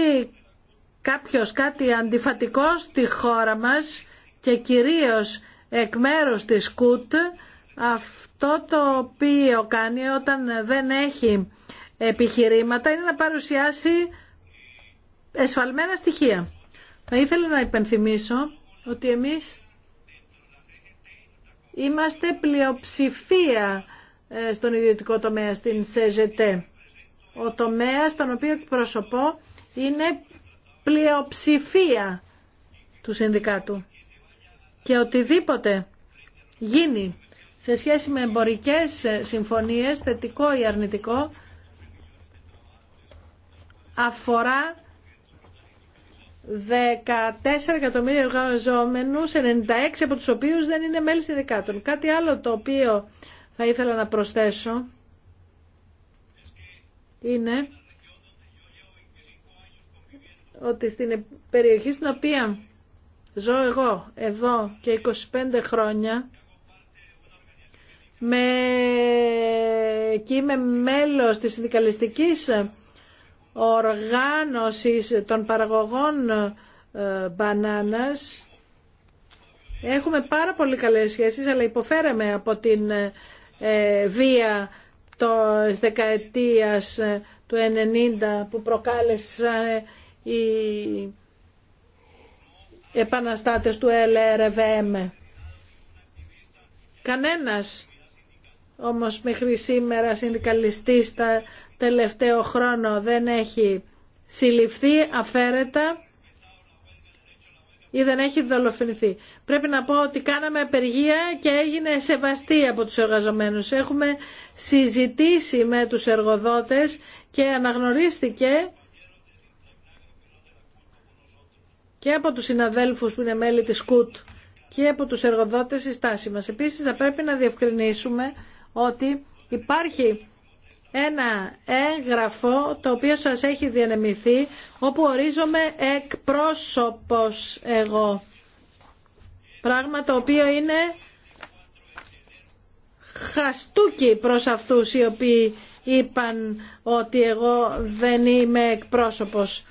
κάποιος κάτι αντιφατικό στη χώρα μας και κυρίως εκ μέρους της ΚΟΥΤ, αυτό το οποίο κάνει όταν δεν έχει επιχειρήματα είναι να παρουσιάσει εσφαλμένα στοιχεία. Θα ήθελα να υπενθυμίσω ότι εμείς είμαστε πλειοψηφία ε, στον ιδιωτικό τομέα, στην ΣΕΖΕΤΕ. Ο τομέας τον οποίο εκπροσωπώ είναι πλειοψηφία του συνδικάτου. Και οτιδήποτε γίνει σε σχέση με εμπορικές ε, συμφωνίες, θετικό ή αρνητικό, αφορά 14 εκατομμύρια εργαζόμενου, 96 από τους οποίους δεν είναι μέλη συνδικάτων. Κάτι άλλο το οποίο θα ήθελα να προσθέσω είναι ότι στην περιοχή στην οποία ζω εγώ εδώ και 25 χρόνια με... και είμαι μέλος της συνδικαλιστικής οργάνωσης των παραγωγών ε, μπανάνας έχουμε πάρα πολύ καλές σχέσεις αλλά υποφέραμε από την ε, ε, βία το δεκαετίας του 90 που προκάλεσαν οι επαναστάτες του LRVM. Κανένας όμως μέχρι σήμερα συνδικαλιστής τα τελευταίο χρόνο δεν έχει συλληφθεί αφαίρετα ή δεν έχει δολοφονηθεί. Πρέπει να πω ότι κάναμε απεργία και έγινε σεβαστή από τους εργαζομένους. Έχουμε συζητήσει με τους εργοδότες και αναγνωρίστηκε και από τους συναδέλφους που είναι μέλη της ΚΟΥΤ και από τους εργοδότες η στάση μας. Επίσης θα πρέπει να διευκρινίσουμε ότι υπάρχει ένα έγγραφο το οποίο σας έχει διανεμηθεί όπου ορίζομαι εκπρόσωπος εγώ. Πράγμα το οποίο είναι χαστούκι προς αυτούς οι οποίοι είπαν ότι εγώ δεν είμαι εκπρόσωπος.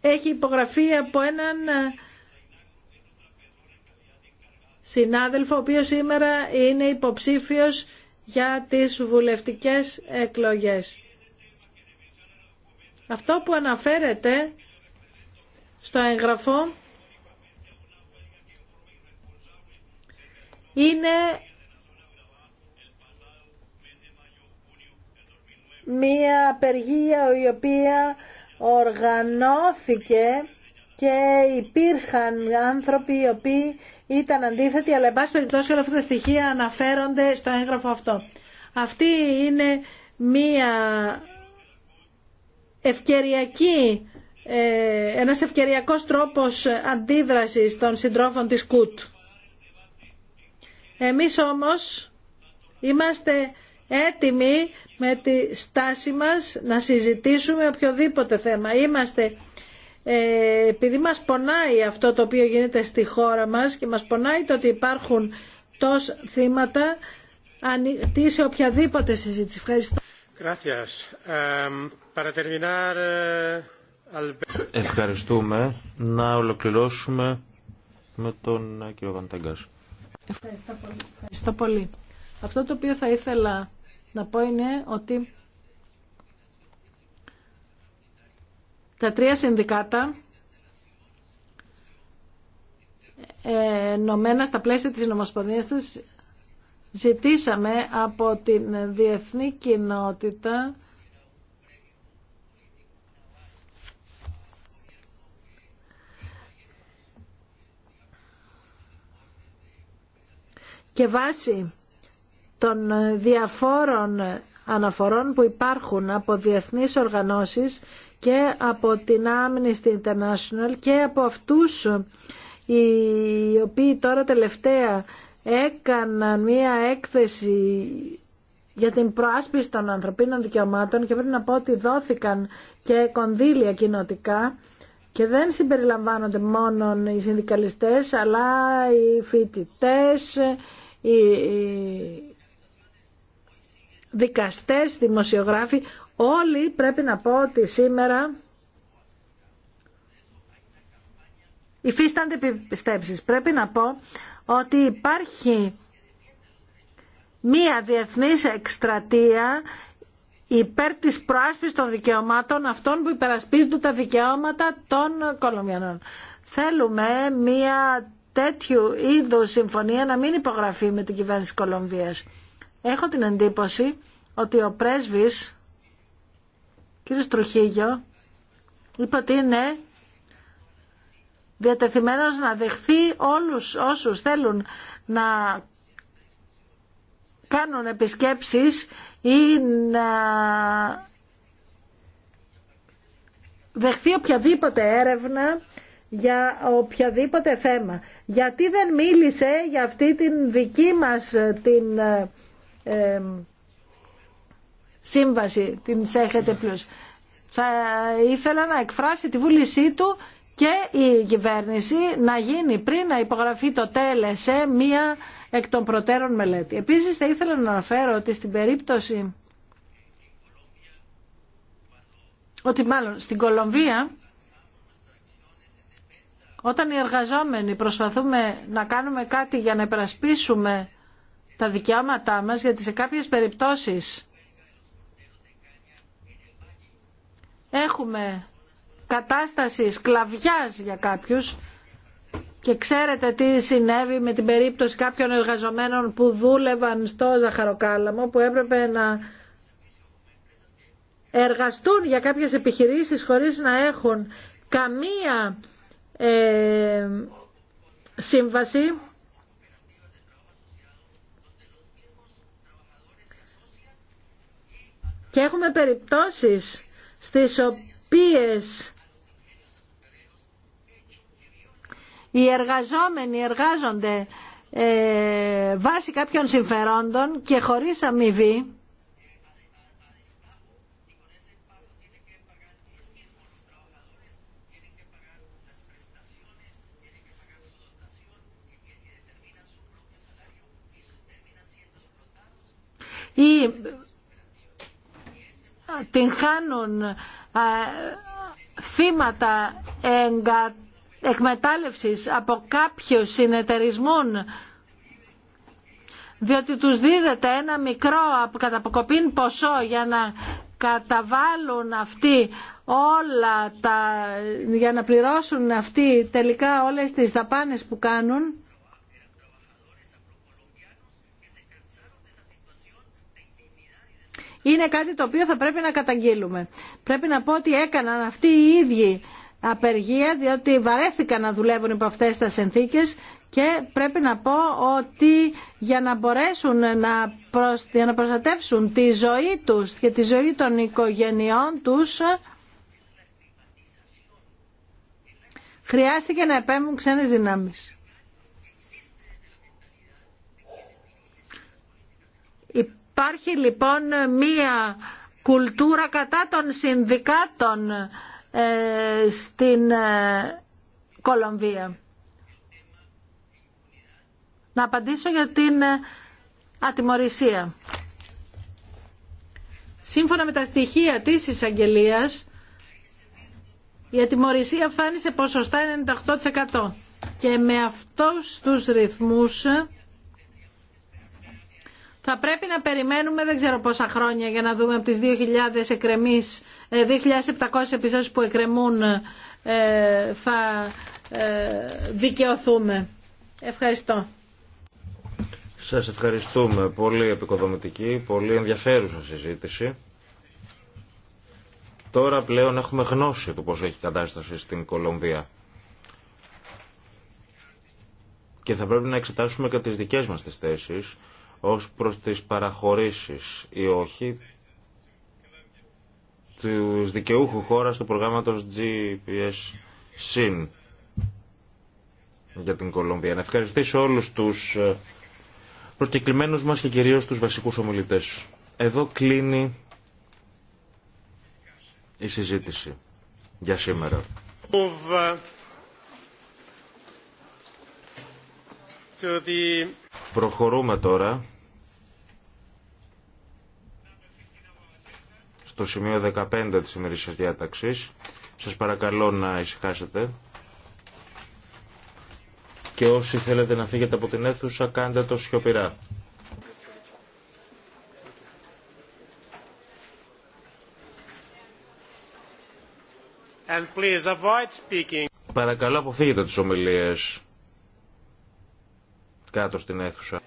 Έχει υπογραφεί από έναν συνάδελφο, ο οποίος σήμερα είναι υποψήφιος για τις βουλευτικές εκλογές. Αυτό που αναφέρεται στο εγγραφό είναι μία απεργία η οποία οργανώθηκε και υπήρχαν άνθρωποι οι οποίοι ήταν αντίθετοι, αλλά εν πάση περιπτώσει όλα αυτά τα στοιχεία αναφέρονται στο έγγραφο αυτό. Αυτή είναι μία ευκαιριακή, ε, ένας ευκαιριακός τρόπος αντίδρασης των συντρόφων της ΚΟΥΤ. Εμείς όμως είμαστε έτοιμοι με τη στάση μας να συζητήσουμε οποιοδήποτε θέμα. Είμαστε ε, επειδή μας πονάει αυτό το οποίο γίνεται στη χώρα μας και μας πονάει το ότι υπάρχουν τόσ θύματα ανοιχτή σε οποιαδήποτε συζήτηση. Ευχαριστώ. Ε, Ευχαριστούμε. Να ολοκληρώσουμε με τον κύριο Βανταγκάς. Ευχαριστώ πολύ. Ευχαριστώ πολύ. Αυτό το οποίο θα ήθελα να πω είναι ότι Τα τρία συνδικάτα ε, ενωμένα στα πλαίσια της νομοσπονδίας ζητήσαμε από την διεθνή κοινότητα και βάσει των διαφόρων αναφορών που υπάρχουν από διεθνείς οργανώσεις και από την Amnesty International και από αυτούς οι οποίοι τώρα τελευταία έκαναν μία έκθεση για την προάσπιση των ανθρωπίνων δικαιωμάτων και πρέπει να πω ότι δόθηκαν και κονδύλια κοινοτικά και δεν συμπεριλαμβάνονται μόνο οι συνδικαλιστές αλλά οι φοιτητές, οι δικαστές, δημοσιογράφοι, Όλοι πρέπει να πω ότι σήμερα υφίστανται πιστέψεις. Πρέπει να πω ότι υπάρχει μία διεθνής εκστρατεία υπέρ της προάσπισης των δικαιωμάτων αυτών που υπερασπίζονται τα δικαιώματα των Κολομβιανών. Θέλουμε μία τέτοιου είδους συμφωνία να μην υπογραφεί με την κυβέρνηση της Κολομβίας. Έχω την εντύπωση ότι ο πρέσβης Κύριε Στροχίγιο, είπα ότι είναι διατεθειμένος να δεχθεί όλους όσους θέλουν να κάνουν επισκέψεις ή να δεχθεί οποιαδήποτε έρευνα για οποιαδήποτε θέμα. Γιατί δεν μίλησε για αυτή την δική μας την ε, ε, σύμβαση, την ΣΕΧΕΤΕ πλούς. Θα ήθελα να εκφράσει τη βούλησή του και η κυβέρνηση να γίνει πριν να υπογραφεί το τέλε μία εκ των προτέρων μελέτη. Επίσης θα ήθελα να αναφέρω ότι στην περίπτωση ότι μάλλον στην Κολομβία όταν οι εργαζόμενοι προσπαθούμε να κάνουμε κάτι για να υπερασπίσουμε τα δικαιώματά μας, γιατί σε κάποιες περιπτώσεις έχουμε κατάσταση σκλαβιάς για κάποιους και ξέρετε τι συνέβη με την περίπτωση κάποιων εργαζομένων που δούλευαν στο ζαχαροκάλαμο που έπρεπε να εργαστούν για κάποιες επιχειρήσεις χωρίς να έχουν καμία ε, σύμβαση και έχουμε περιπτώσεις στις οποίες οι εργαζόμενοι εργάζονται ε, βάσει κάποιων συμφερόντων και χωρίς αμοιβή ή την χάνουν θύματα εγκα... εκμετάλλευσης από κάποιους συνεταιρισμού, διότι τους δίδεται ένα μικρό καταποκοπήν ποσό για να καταβάλουν αυτοί όλα τα, για να πληρώσουν αυτοί τελικά όλες τις δαπάνες που κάνουν είναι κάτι το οποίο θα πρέπει να καταγγείλουμε. Πρέπει να πω ότι έκαναν αυτοί οι ίδιοι απεργία διότι βαρέθηκαν να δουλεύουν υπό αυτές τις συνθήκες και πρέπει να πω ότι για να μπορέσουν να, για να προστατεύσουν τη ζωή τους και τη ζωή των οικογενειών τους χρειάστηκε να επέμβουν ξένες δυνάμεις. Υπάρχει λοιπόν μία κουλτούρα κατά των συνδικάτων ε, στην ε, Κολομβία. Να απαντήσω για την ε, ατιμορρησία. Σύμφωνα με τα στοιχεία της εισαγγελία, η ατιμορρησία φτάνει σε ποσοστά 98% και με αυτός τους ρυθμούς θα πρέπει να περιμένουμε δεν ξέρω πόσα χρόνια για να δούμε από τις 2.000 2.700 επιστάσεις που εκκρεμούν ε, θα ε, δικαιωθούμε. Ευχαριστώ. Σας ευχαριστούμε. Πολύ επικοδομητική, πολύ ενδιαφέρουσα συζήτηση. Τώρα πλέον έχουμε γνώση του πώς έχει κατάσταση στην Κολομβία. Και θα πρέπει να εξετάσουμε και τις δικές μας τις θέσεις ως προς τις παραχωρήσεις ή όχι του δικαιούχου χώρας του προγράμματος GPS SIN για την Κολομβία. Να ευχαριστήσω όλους τους ε, προσκεκλημένους μας και κυρίως τους βασικούς ομιλητές. Εδώ κλείνει η συζήτηση για σήμερα. Ε, Προχωρούμε τώρα στο σημείο 15 της ημερήσιας διάταξης. Σας παρακαλώ να ησυχάσετε. Και όσοι θέλετε να φύγετε από την αίθουσα, κάντε το σιωπηρά. And please avoid speaking. Παρακαλώ αποφύγετε τις ομιλίες κάτω στην αίθουσα.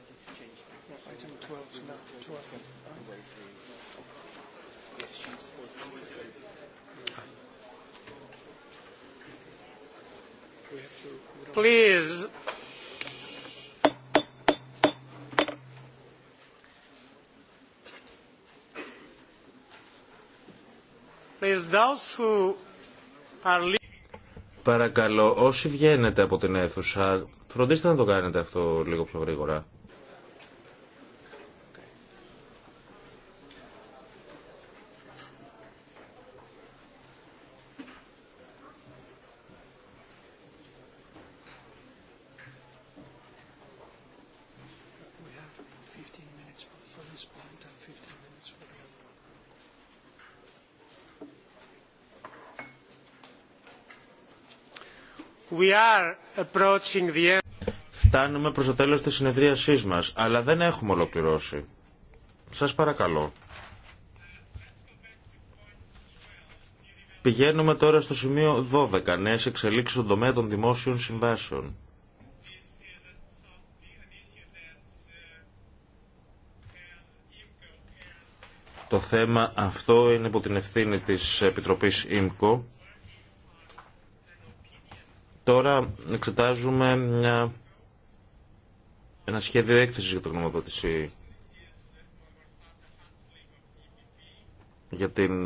Please. Please, those who are Παρακαλώ, όσοι βγαίνετε από την αίθουσα, φροντίστε να το κάνετε αυτό λίγο πιο γρήγορα. Φτάνουμε προς το τέλος της συνεδρίασής μας, αλλά δεν έχουμε ολοκληρώσει. Σας παρακαλώ. Πηγαίνουμε τώρα στο σημείο 12, νέες εξελίξεις στον τομέα των δημόσιων συμβάσεων. Το θέμα αυτό είναι από την ευθύνη της Επιτροπής ΙΜΚΟ Τώρα εξετάζουμε ένα σχέδιο έκθεσης για το γνωμοδότηση για, την...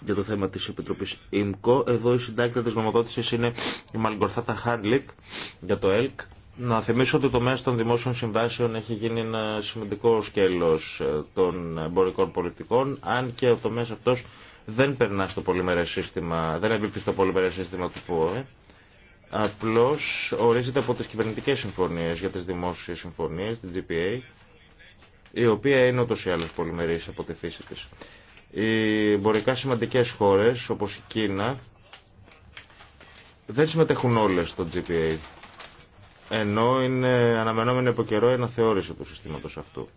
για το θέμα της Επιτροπής ΙΜΚΟ. Εδώ η συντάκτη της γνωμοδότησης είναι η Μαλγκορθάτα Χάντλικ για το ΕΛΚ. Να θυμίσω ότι το μέσο των δημόσιων συμβάσεων έχει γίνει ένα σημαντικό σκέλος ε, των εμπορικών πολιτικών, αν και ο τομέας αυτός δεν περνά στο πολυμερέ σύστημα, δεν εμπίπτει στο πολυμερέ σύστημα του ΠΟΕ. Απλώ ορίζεται από τι κυβερνητικέ συμφωνίε για τι δημόσιε συμφωνίε, την GPA, η οποία είναι ούτω ή άλλω πολυμερή από τη φύση τη. Οι εμπορικά σημαντικέ χώρε, όπω η Κίνα, δεν συμμετέχουν όλε στο GPA. Ενώ είναι αναμενόμενο από καιρό η αναθεώρηση του συστήματο αυτού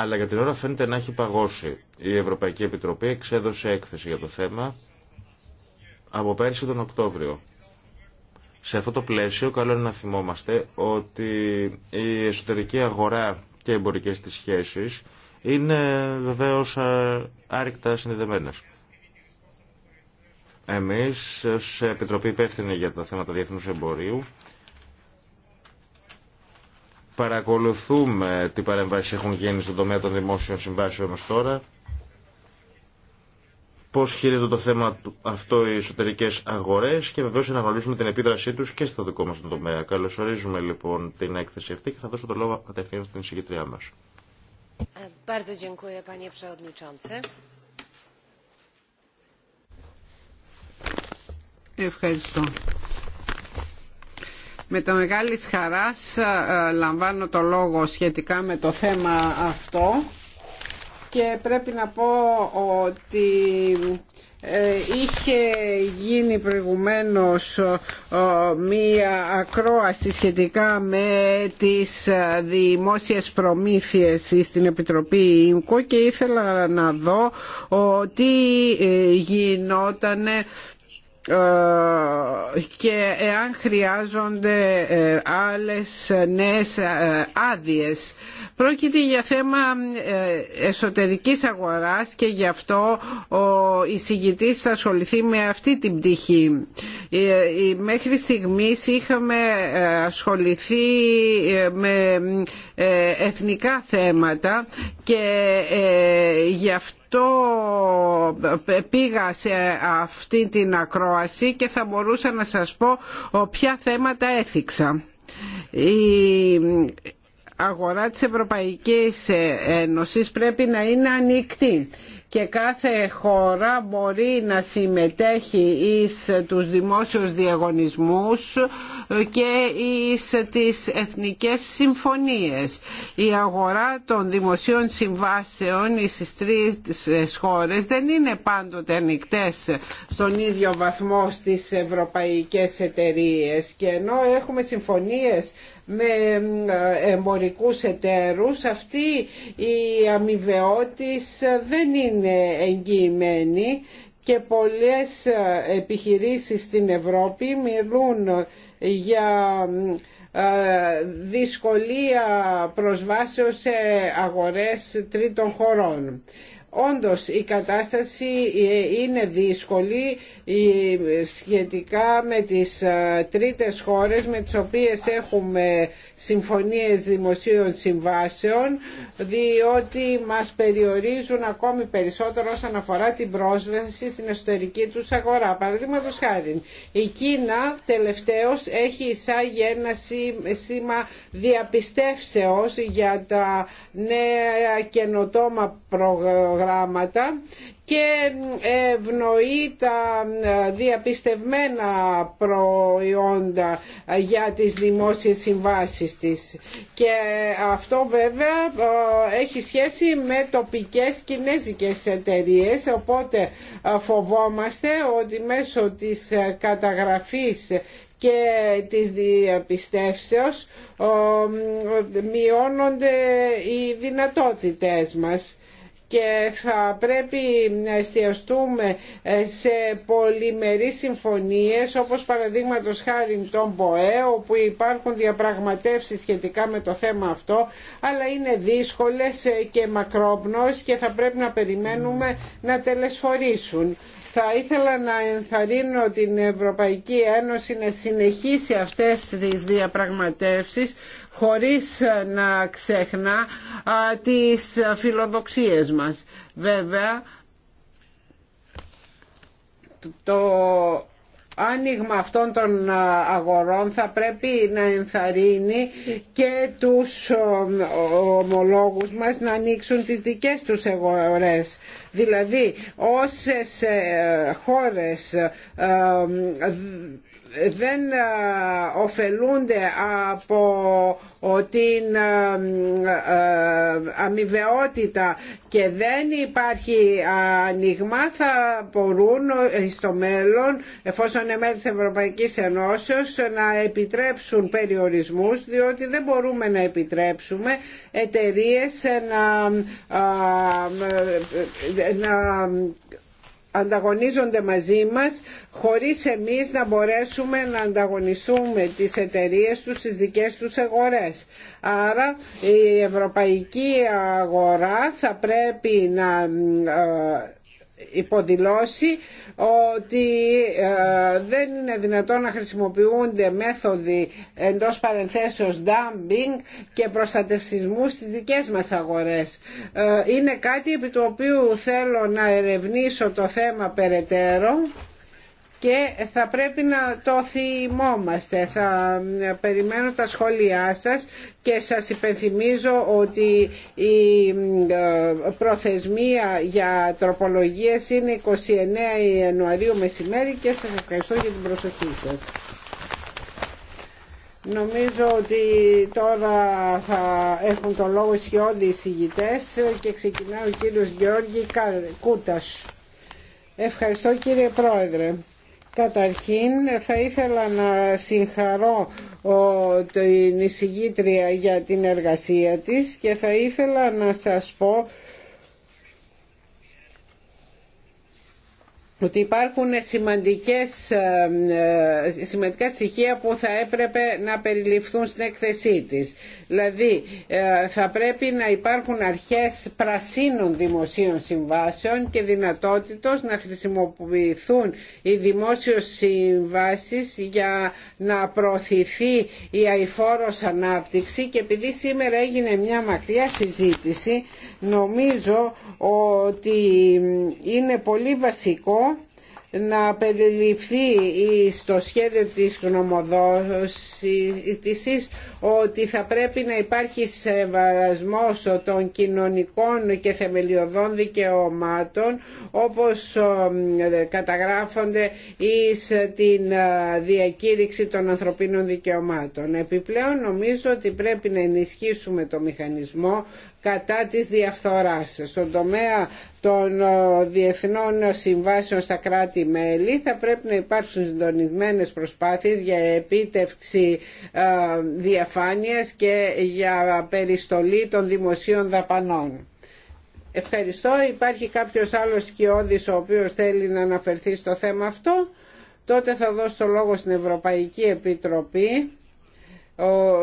αλλά για την ώρα φαίνεται να έχει παγώσει. Η Ευρωπαϊκή Επιτροπή εξέδωσε έκθεση για το θέμα από πέρσι τον Οκτώβριο. Σε αυτό το πλαίσιο καλό είναι να θυμόμαστε ότι η εσωτερική αγορά και οι εμπορικές της σχέσεις είναι βεβαίως άρρηκτα συνδεδεμένες. Εμείς, ως Επιτροπή Υπεύθυνη για τα θέματα διεθνούς εμπορίου, Παρακολουθούμε τι παρέμβαση έχουν γίνει στον τομέα των δημόσιων συμβάσεων ως τώρα. Πώς χειρίζονται το θέμα αυτό οι εσωτερικές αγορές και βεβαίως αναγνωρίζουμε την επίδρασή τους και στο δικό μας τομέα. Καλωσορίζουμε λοιπόν την έκθεση αυτή και θα δώσω το λόγο κατευθείαν στην εισηγητριά μας. Ε, Ευχαριστώ. Με τα μεγάλη χαρά ε, ε, λαμβάνω το λόγο σχετικά με το θέμα αυτό και πρέπει να πω ότι ε, είχε γίνει προηγουμένως μία ακρόαση σχετικά με τις δημόσιες προμήθειες στην Επιτροπή ΙΜΚΟ και ήθελα να δω τι γινόταν ε, και εάν χρειάζονται ε, άλλες νέες ε, άδειες. Πρόκειται για θέμα εσωτερικής αγοράς και γι' αυτό ο εισηγητής θα ασχοληθεί με αυτή την πτυχή. Μέχρι στιγμής είχαμε ασχοληθεί με εθνικά θέματα και γι' αυτό αυτό πήγα σε αυτή την ακρόαση και θα μπορούσα να σας πω ποια θέματα έθιξα. Η αγορά της Ευρωπαϊκής Ένωσης πρέπει να είναι ανοιχτή και κάθε χώρα μπορεί να συμμετέχει εις τους δημόσιους διαγωνισμούς και εις τις εθνικές συμφωνίες. Η αγορά των δημοσίων συμβάσεων τις τρεις χώρες δεν είναι πάντοτε ανοιχτέ στον ίδιο βαθμό στις ευρωπαϊκές εταιρείες και ενώ έχουμε συμφωνίες με ε, εμπορικούς εταίρους αυτή η αμοιβαιότης δεν είναι εγγυημένη και πολλές ε, επιχειρήσεις στην Ευρώπη μιλούν για ε, δυσκολία προσβάσεως σε αγορές τρίτων χωρών. Όντως η κατάσταση ε, είναι δύσκολη ε, σχετικά με τις ε, τρίτες χώρες με τις οποίες έχουμε συμφωνίες δημοσίων συμβάσεων διότι μας περιορίζουν ακόμη περισσότερο όσον αφορά την πρόσβαση στην εσωτερική τους αγορά. Παραδείγματος χάρη, η Κίνα τελευταίως έχει εισάγει ένα σήμα διαπιστεύσεως για τα νέα καινοτόμα προγράμματα προγράμματα και ε, ευνοεί τα ε, διαπιστευμένα προϊόντα ε, για τις δημόσιες συμβάσεις της. Και αυτό βέβαια έχει σχέση με τοπικές κινέζικες εταιρείες, οπότε φοβόμαστε ότι μέσω της καταγραφής και της διαπιστεύσεως μειώνονται οι δυνατότητες μας και θα πρέπει να εστιαστούμε ε, σε πολυμερείς συμφωνίες όπως παραδείγματος χάρη τον ΠΟΕ όπου υπάρχουν διαπραγματεύσεις σχετικά με το θέμα αυτό αλλά είναι δύσκολες ε, και μακρόπνος και θα πρέπει να περιμένουμε να τελεσφορήσουν. Θα ήθελα να ενθαρρύνω την Ευρωπαϊκή Ένωση να συνεχίσει αυτές τις διαπραγματεύσεις χωρίς να ξεχνά τις φιλοδοξίες μας. Βέβαια, το άνοιγμα αυτών των αγορών θα πρέπει να ενθαρρύνει και τους ομολόγους μας να ανοίξουν τις δικές τους αγορές. Δηλαδή, όσες ε, χώρες ε, δεν ωφελούνται από την αμοιβαιότητα και δεν υπάρχει ανοιγμά θα μπορούν ε, στο μέλλον εφόσον είναι μέλη της Ευρωπαϊκής Ενώσεως να επιτρέψουν περιορισμούς διότι δεν μπορούμε να επιτρέψουμε εταιρείες να, ε, να ανταγωνίζονται μαζί μας χωρίς εμείς να μπορέσουμε να ανταγωνιστούμε τις εταιρείες τους στις δικές τους αγορές. Άρα η ευρωπαϊκή αγορά θα πρέπει να ε, υποδηλώσει ότι ε, δεν είναι δυνατόν να χρησιμοποιούνται μέθοδοι εντός παρενθέσεως dumping και προστατευσισμού στις δικές μας αγορές. Ε, είναι κάτι επί του οποίου θέλω να ερευνήσω το θέμα περαιτέρω και θα πρέπει να το θυμόμαστε. Θα ε, περιμένω τα σχόλιά σας και σας υπενθυμίζω ότι η ε, προθεσμία για τροπολογίες είναι 29 Ιανουαρίου μεσημέρι και σας ευχαριστώ για την προσοχή σας. Νομίζω ότι τώρα θα έχουν τον λόγο οι εισηγητές και ξεκινάει ο κύριος Γιώργη Κούτας. Ευχαριστώ κύριε Πρόεδρε. Καταρχήν θα ήθελα να συγχαρώ την εισηγήτρια για την εργασία της και θα ήθελα να σας πω ότι υπάρχουν σημαντικές, ε, σημαντικά στοιχεία που θα έπρεπε να περιληφθούν στην έκθεσή της. Δηλαδή ε, θα πρέπει να υπάρχουν αρχές πρασίνων δημοσίων συμβάσεων και δυνατότητος να χρησιμοποιηθούν οι δημόσιες συμβάσεις για να προωθηθεί η αηφόρος ανάπτυξη και επειδή σήμερα έγινε μια μακριά συζήτηση νομίζω ότι είναι πολύ βασικό να περιληφθεί στο σχέδιο της γνωμοδότησης ότι θα πρέπει να υπάρχει σεβασμός των κοινωνικών και θεμελιωδών δικαιωμάτων όπως καταγράφονται εις την διακήρυξη των ανθρωπίνων δικαιωμάτων. Επιπλέον νομίζω ότι πρέπει να ενισχύσουμε το μηχανισμό κατά της διαφθοράς. Στον τομέα των διεθνών συμβάσεων στα κράτη-μέλη θα πρέπει να υπάρξουν συντονισμένες προσπάθειες για επίτευξη διαφθοράς και για περιστολή των δημοσίων δαπανών. Ευχαριστώ. Υπάρχει κάποιος άλλος σκιώδης ο οποίος θέλει να αναφερθεί στο θέμα αυτό. Τότε θα δώσω το λόγο στην Ευρωπαϊκή Επιτροπή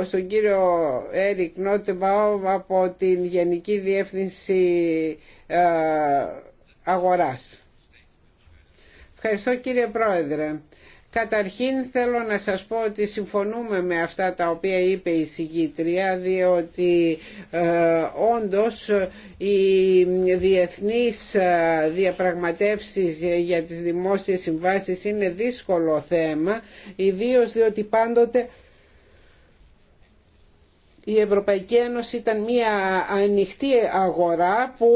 στον κύριο Έρικ Νότεμπαου από την Γενική Διεύθυνση ε, Αγοράς. Ευχαριστώ κύριε Πρόεδρε. Καταρχήν θέλω να σας πω ότι συμφωνούμε με αυτά τα οποία είπε η συγκήτρια διότι ε, όντως οι διεθνείς ε, διαπραγματεύσεις για τις δημόσιες συμβάσεις είναι δύσκολο θέμα ιδίως διότι πάντοτε η Ευρωπαϊκή Ένωση ήταν μια ανοιχτή αγορά που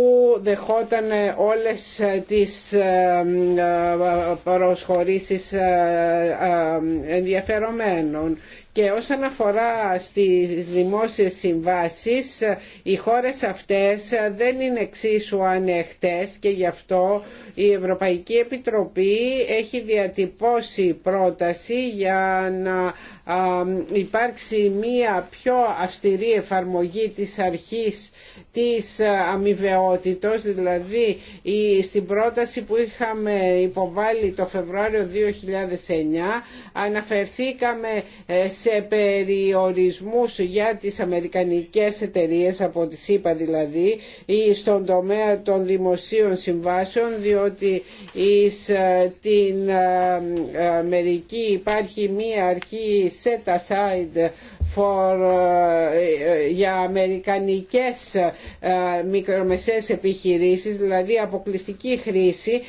δεχόταν όλες τις ε, ε, προσχωρήσεις ε, ενδιαφερομένων. Και όσον αφορά στις δημόσιες συμβάσεις, οι χώρες αυτές δεν είναι εξίσου ανεχτές και γι' αυτό η Ευρωπαϊκή Επιτροπή έχει διατυπώσει πρόταση για να υπάρξει μία πιο αυστηρή εφαρμογή της αρχής της ε, αμοιβαιότητος, δηλαδή στην πρόταση που είχαμε υποβάλει το Φεβρουάριο 2009 αναφερθήκαμε ε, σε περιορισμούς για τις αμερικανικές εταιρείες από τις είπα δηλαδή ή στον τομέα των δημοσίων συμβάσεων διότι εις ε, την Αμερική υπάρχει μία αρχή set aside for, ε, ε, για αμερικανικές ε, μικρομεσαίες επιχειρήσεις, δηλαδή αποκλειστική χρήση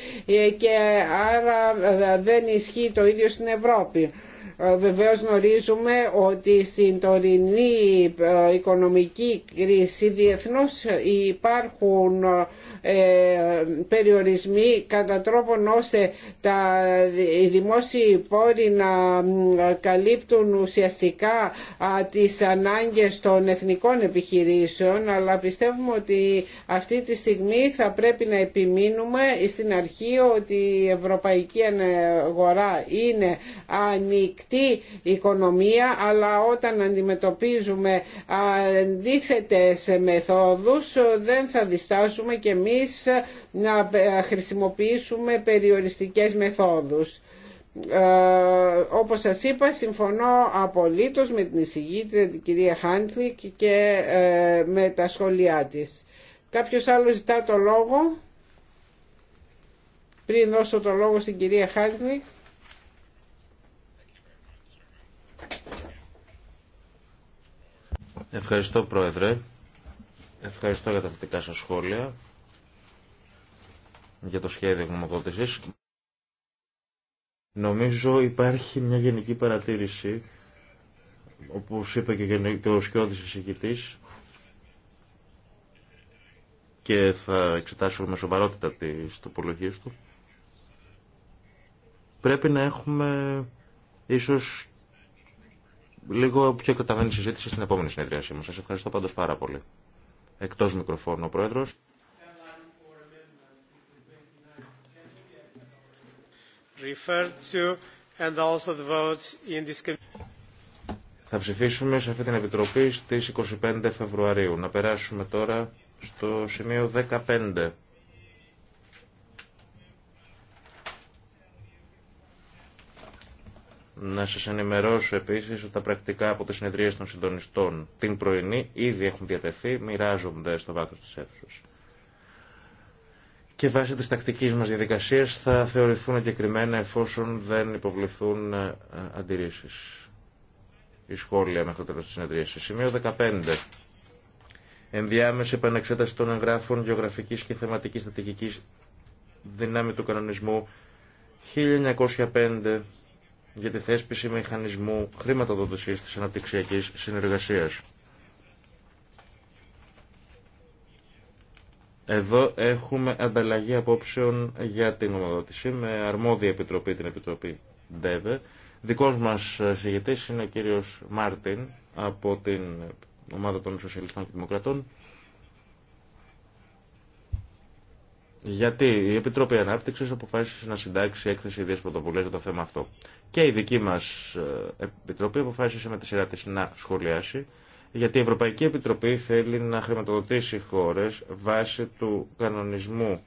και άρα δεν ισχύει το ίδιο στην Ευρώπη. Βεβαίως γνωρίζουμε ότι στην τωρινή οικονομική κρίση διεθνώς υπάρχουν ε, περιορισμοί κατά τρόπον ώστε τα, οι δημόσιοι πόροι να καλύπτουν ουσιαστικά τις ανάγκες των εθνικών επιχειρήσεων αλλά πιστεύουμε ότι αυτή τη στιγμή θα πρέπει να επιμείνουμε στην αρχή ότι η ευρωπαϊκή αγορά είναι ανοιχτή οικονομία αλλά όταν αντιμετωπίζουμε αντίθετες μεθόδους δεν θα διστάσουμε και εμεί να χρησιμοποιήσουμε περιοριστικές μεθόδους. Ε, όπως σας είπα συμφωνώ απολύτως με την εισηγήτρια την κυρία Χάντλικ και ε, με τα σχόλιά της. Κάποιος άλλος ζητά το λόγο πριν δώσω το λόγο στην κυρία Χάντλικ. Ευχαριστώ Πρόεδρε. Ευχαριστώ για τα θετικά σας σχόλια για το σχέδιο γνωμοδότηση. Νομίζω υπάρχει μια γενική παρατήρηση, όπω είπε και ο σκιώδη εισηγητή, και θα εξετάσουμε με σοβαρότητα τι τοπολογίε του. Πρέπει να έχουμε ίσως λίγο πιο καταμένη συζήτηση στην επόμενη συνεδρίασή μα. Σας ευχαριστώ πάντω πάρα πολύ. Εκτός μικροφώνου ο Πρόεδρος. referred to and also the votes in this Θα ψηφίσουμε σε αυτή την Επιτροπή στις 25 Φεβρουαρίου. Να περάσουμε τώρα στο σημείο 15. Να σας ενημερώσω επίσης ότι τα πρακτικά από τις συνεδρίες των συντονιστών την πρωινή ήδη έχουν διατεθεί, μοιράζονται στο βάθος της αίθουσας και βάσει της τακτικής μας διαδικασίας θα θεωρηθούν εγκεκριμένα εφόσον δεν υποβληθούν ε, αντιρρήσεις ή σχόλια μέχρι το τέλος της συνεδρίασης. Σημείο 15. Ενδιάμεση επανεξέταση των εγγράφων γεωγραφικής και θεματικής στρατηγική δύναμη του κανονισμού 1905 για τη θέσπιση μηχανισμού χρηματοδότησης της αναπτυξιακής συνεργασίας. Εδώ έχουμε ανταλλαγή απόψεων για την ομοδότηση με αρμόδια επιτροπή, την Επιτροπή ΔΕΒΕ. Δικός μας συγγετή είναι ο κύριος Μάρτιν από την ομάδα των Σοσιαλιστών και Δημοκρατών. Γιατί η Επιτροπή Ανάπτυξη αποφάσισε να συντάξει έκθεση ιδέε πρωτοβουλία για το θέμα αυτό. Και η δική μα ε, Επιτροπή αποφάσισε με τη σειρά τη να σχολιάσει γιατί η Ευρωπαϊκή Επιτροπή θέλει να χρηματοδοτήσει χώρες βάσει του κανονισμού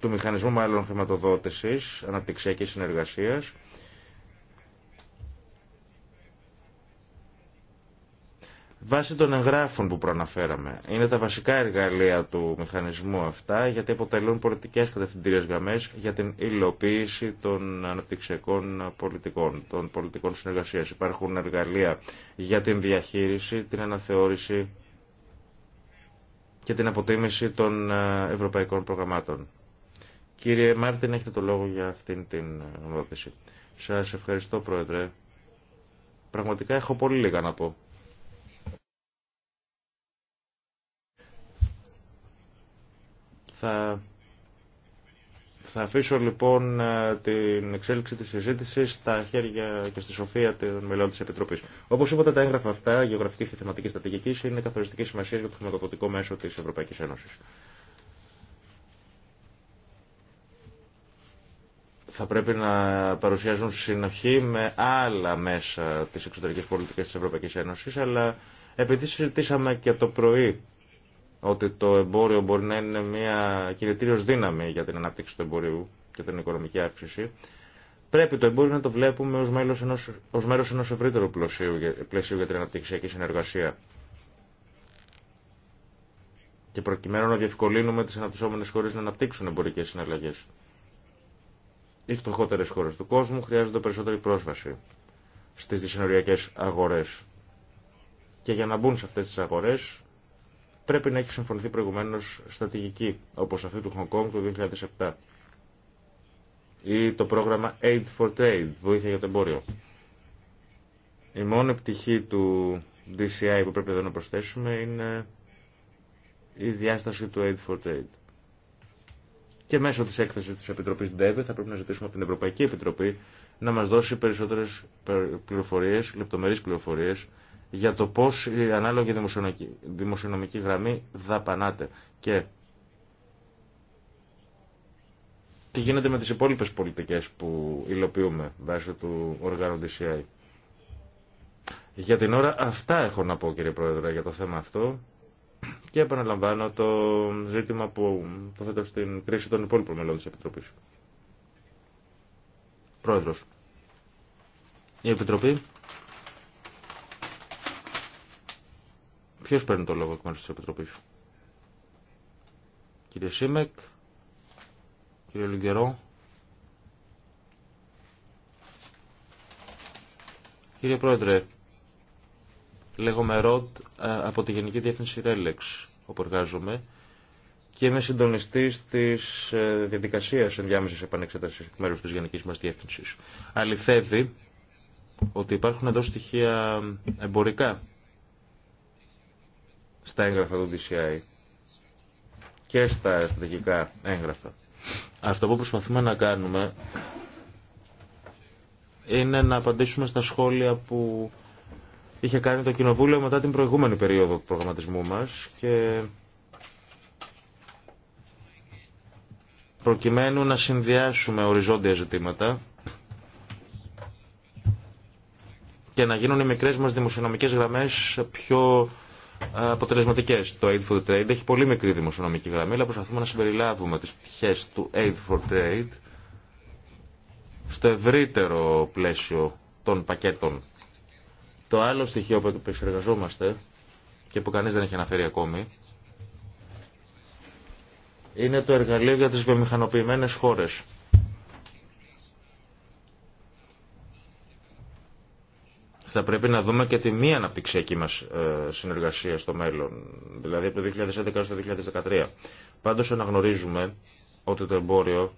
του μηχανισμού μάλλον χρηματοδότησης, αναπτυξιακής συνεργασίας Βάσει των εγγράφων που προαναφέραμε, είναι τα βασικά εργαλεία του μηχανισμού αυτά γιατί αποτελούν πολιτικές κατευθυντήριες γραμμές για την υλοποίηση των αναπτυξιακών πολιτικών, των πολιτικών συνεργασίας. Υπάρχουν εργαλεία για την διαχείριση, την αναθεώρηση και την αποτίμηση των ε, ευρωπαϊκών προγραμμάτων. Κύριε Μάρτιν, έχετε το λόγο για αυτήν την ομοδότηση. Ε, Σας ευχαριστώ, Πρόεδρε. Πραγματικά έχω πολύ λίγα να πω. Θα, θα αφήσω λοιπόν ε, την εξέλιξη της συζήτηση στα χέρια και στη σοφία των μελών της Επιτροπής. Όπως είπατε τα έγγραφα αυτά γεωγραφικής και θεματικής στρατηγικής είναι καθοριστική σημασία για το χρηματοδοτικό μέσο της Ευρωπαϊκής Ένωσης. θα πρέπει να παρουσιάζουν συνοχή με άλλα μέσα της εξωτερικής πολιτικής της Ευρωπαϊκής Ένωσης, αλλά επειδή συζητήσαμε και το πρωί ότι το εμπόριο μπορεί να είναι μια κινητήριος δύναμη για την ανάπτυξη του εμπορίου και την οικονομική αύξηση, πρέπει το εμπόριο να το βλέπουμε ως, μέρο ενός, μέρος ενός ευρύτερου πλαισίου, για την αναπτυξιακή συνεργασία. Και προκειμένου να διευκολύνουμε τις αναπτυσσόμενες χώρες να αναπτύξουν εμπορικές συναλλαγές. Οι φτωχότερες χώρες του κόσμου χρειάζονται περισσότερη πρόσβαση στις δυσυνοριακές αγορές. Και για να μπουν σε αυτές τις αγορές πρέπει να έχει συμφωνηθεί προηγουμένω στρατηγική, όπω αυτή του Hong Kong το 2007 ή το πρόγραμμα Aid for Trade, βοήθεια για το εμπόριο. Η μόνη πτυχή του DCI που πρέπει εδώ να προσθέσουμε είναι η διάσταση του Aid for Trade. Και μέσω της έκθεσης της Επιτροπής ΔΕΒΕ θα πρέπει να ζητήσουμε από την Ευρωπαϊκή Επιτροπή να μας δώσει περισσότερες πληροφορίες, λεπτομερείς πληροφορίες για το πώ η ανάλογη δημοσιονομική γραμμή δαπανάται και τι γίνεται με τις υπόλοιπες πολιτικές που υλοποιούμε βάσει του οργάνου DCI. Για την ώρα αυτά έχω να πω κύριε Πρόεδρε για το θέμα αυτό και επαναλαμβάνω το ζήτημα που το θέτω στην κρίση των υπόλοιπων μελών της Επιτροπής. Πρόεδρος, η Επιτροπή Ποιο παίρνει το λόγο εκ μέρου τη Επιτροπής. Κύριε Σίμεκ, κύριε Λουγκερό, κύριε Πρόεδρε, λέγομαι Ροτ ε, από τη Γενική Διεύθυνση Ρέλεξ, όπου εργάζομαι, και είμαι συντονιστή τη ε, διαδικασία ενδιάμεση επανεξέταση εκ μέρου τη Γενική μα Διεύθυνση. Αληθεύει ότι υπάρχουν εδώ στοιχεία εμπορικά στα έγγραφα του DCI και στα στρατηγικά έγγραφα. Αυτό που προσπαθούμε να κάνουμε είναι να απαντήσουμε στα σχόλια που είχε κάνει το Κοινοβούλιο μετά την προηγούμενη περίοδο του προγραμματισμού μας και προκειμένου να συνδυάσουμε οριζόντια ζητήματα και να γίνουν οι μικρές μας δημοσιονομικές γραμμές πιο αποτελεσματικέ. Το Aid for Trade έχει πολύ μικρή δημοσιονομική γραμμή, αλλά προσπαθούμε να συμπεριλάβουμε τι πτυχέ του Aid for Trade στο ευρύτερο πλαίσιο των πακέτων. Το άλλο στοιχείο που επεξεργαζόμαστε και που κανείς δεν έχει αναφέρει ακόμη είναι το εργαλείο για τις βιομηχανοποιημένες χώρες. θα πρέπει να δούμε και τη μη αναπτυξιακή μας ε, συνεργασία στο μέλλον, δηλαδή από το 2011 στο 2013. Πάντως αναγνωρίζουμε ότι το εμπόριο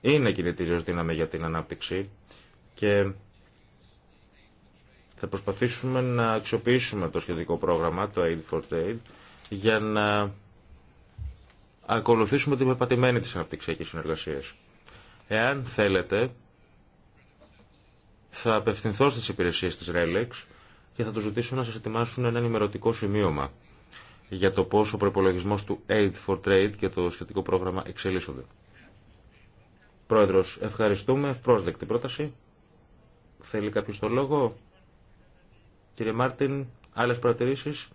είναι κινητήριος δύναμη για την ανάπτυξη και θα προσπαθήσουμε να αξιοποιήσουμε το σχετικό πρόγραμμα, το Aid for Trade, για να ακολουθήσουμε την πεπατημένη της αναπτυξιακής συνεργασίας. Εάν θέλετε, θα απευθυνθώ στις υπηρεσίες της RELEX και θα τους ζητήσω να σας ετοιμάσουν ένα ενημερωτικό σημείωμα για το πώς ο προπολογισμό του Aid for Trade και το σχετικό πρόγραμμα εξελίσσονται. Πρόεδρος, ευχαριστούμε. Ευπρόσδεκτη πρόταση. Θέλει κάποιο το λόγο. Κύριε Μάρτιν, άλλες παρατηρήσεις.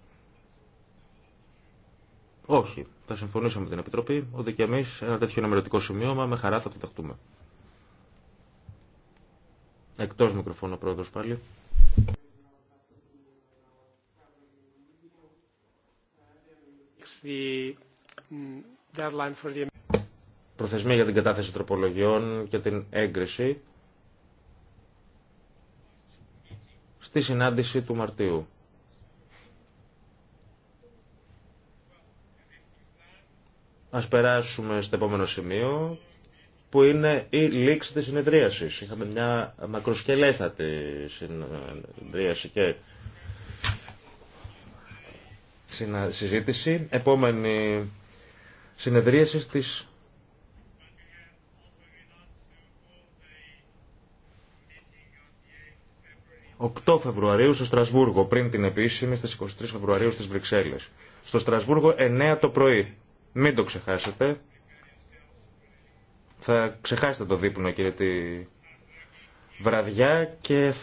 Όχι. Θα συμφωνήσω με την Επιτροπή ότι και εμεί ένα τέτοιο ενημερωτικό σημείωμα με χαρά θα το δεχτούμε. Εκτός μικροφώνου πρόεδρος πάλι. Προθεσμία για την κατάθεση τροπολογιών και την έγκριση στη συνάντηση του Μαρτίου. Ας περάσουμε στο επόμενο σημείο που είναι η λήξη της συνεδρίασης. Είχαμε μια μακροσκελέστατη συνεδρίαση και συζήτηση. Επόμενη συνεδρίαση στις 8 Φεβρουαρίου στο Στρασβούργο, πριν την επίσημη στις 23 Φεβρουαρίου στις Βρυξέλλες. Στο Στρασβούργο 9 το πρωί. Μην το ξεχάσετε. Θα ξεχάσετε το δείπνο, κύριε, τη βραδιά και θα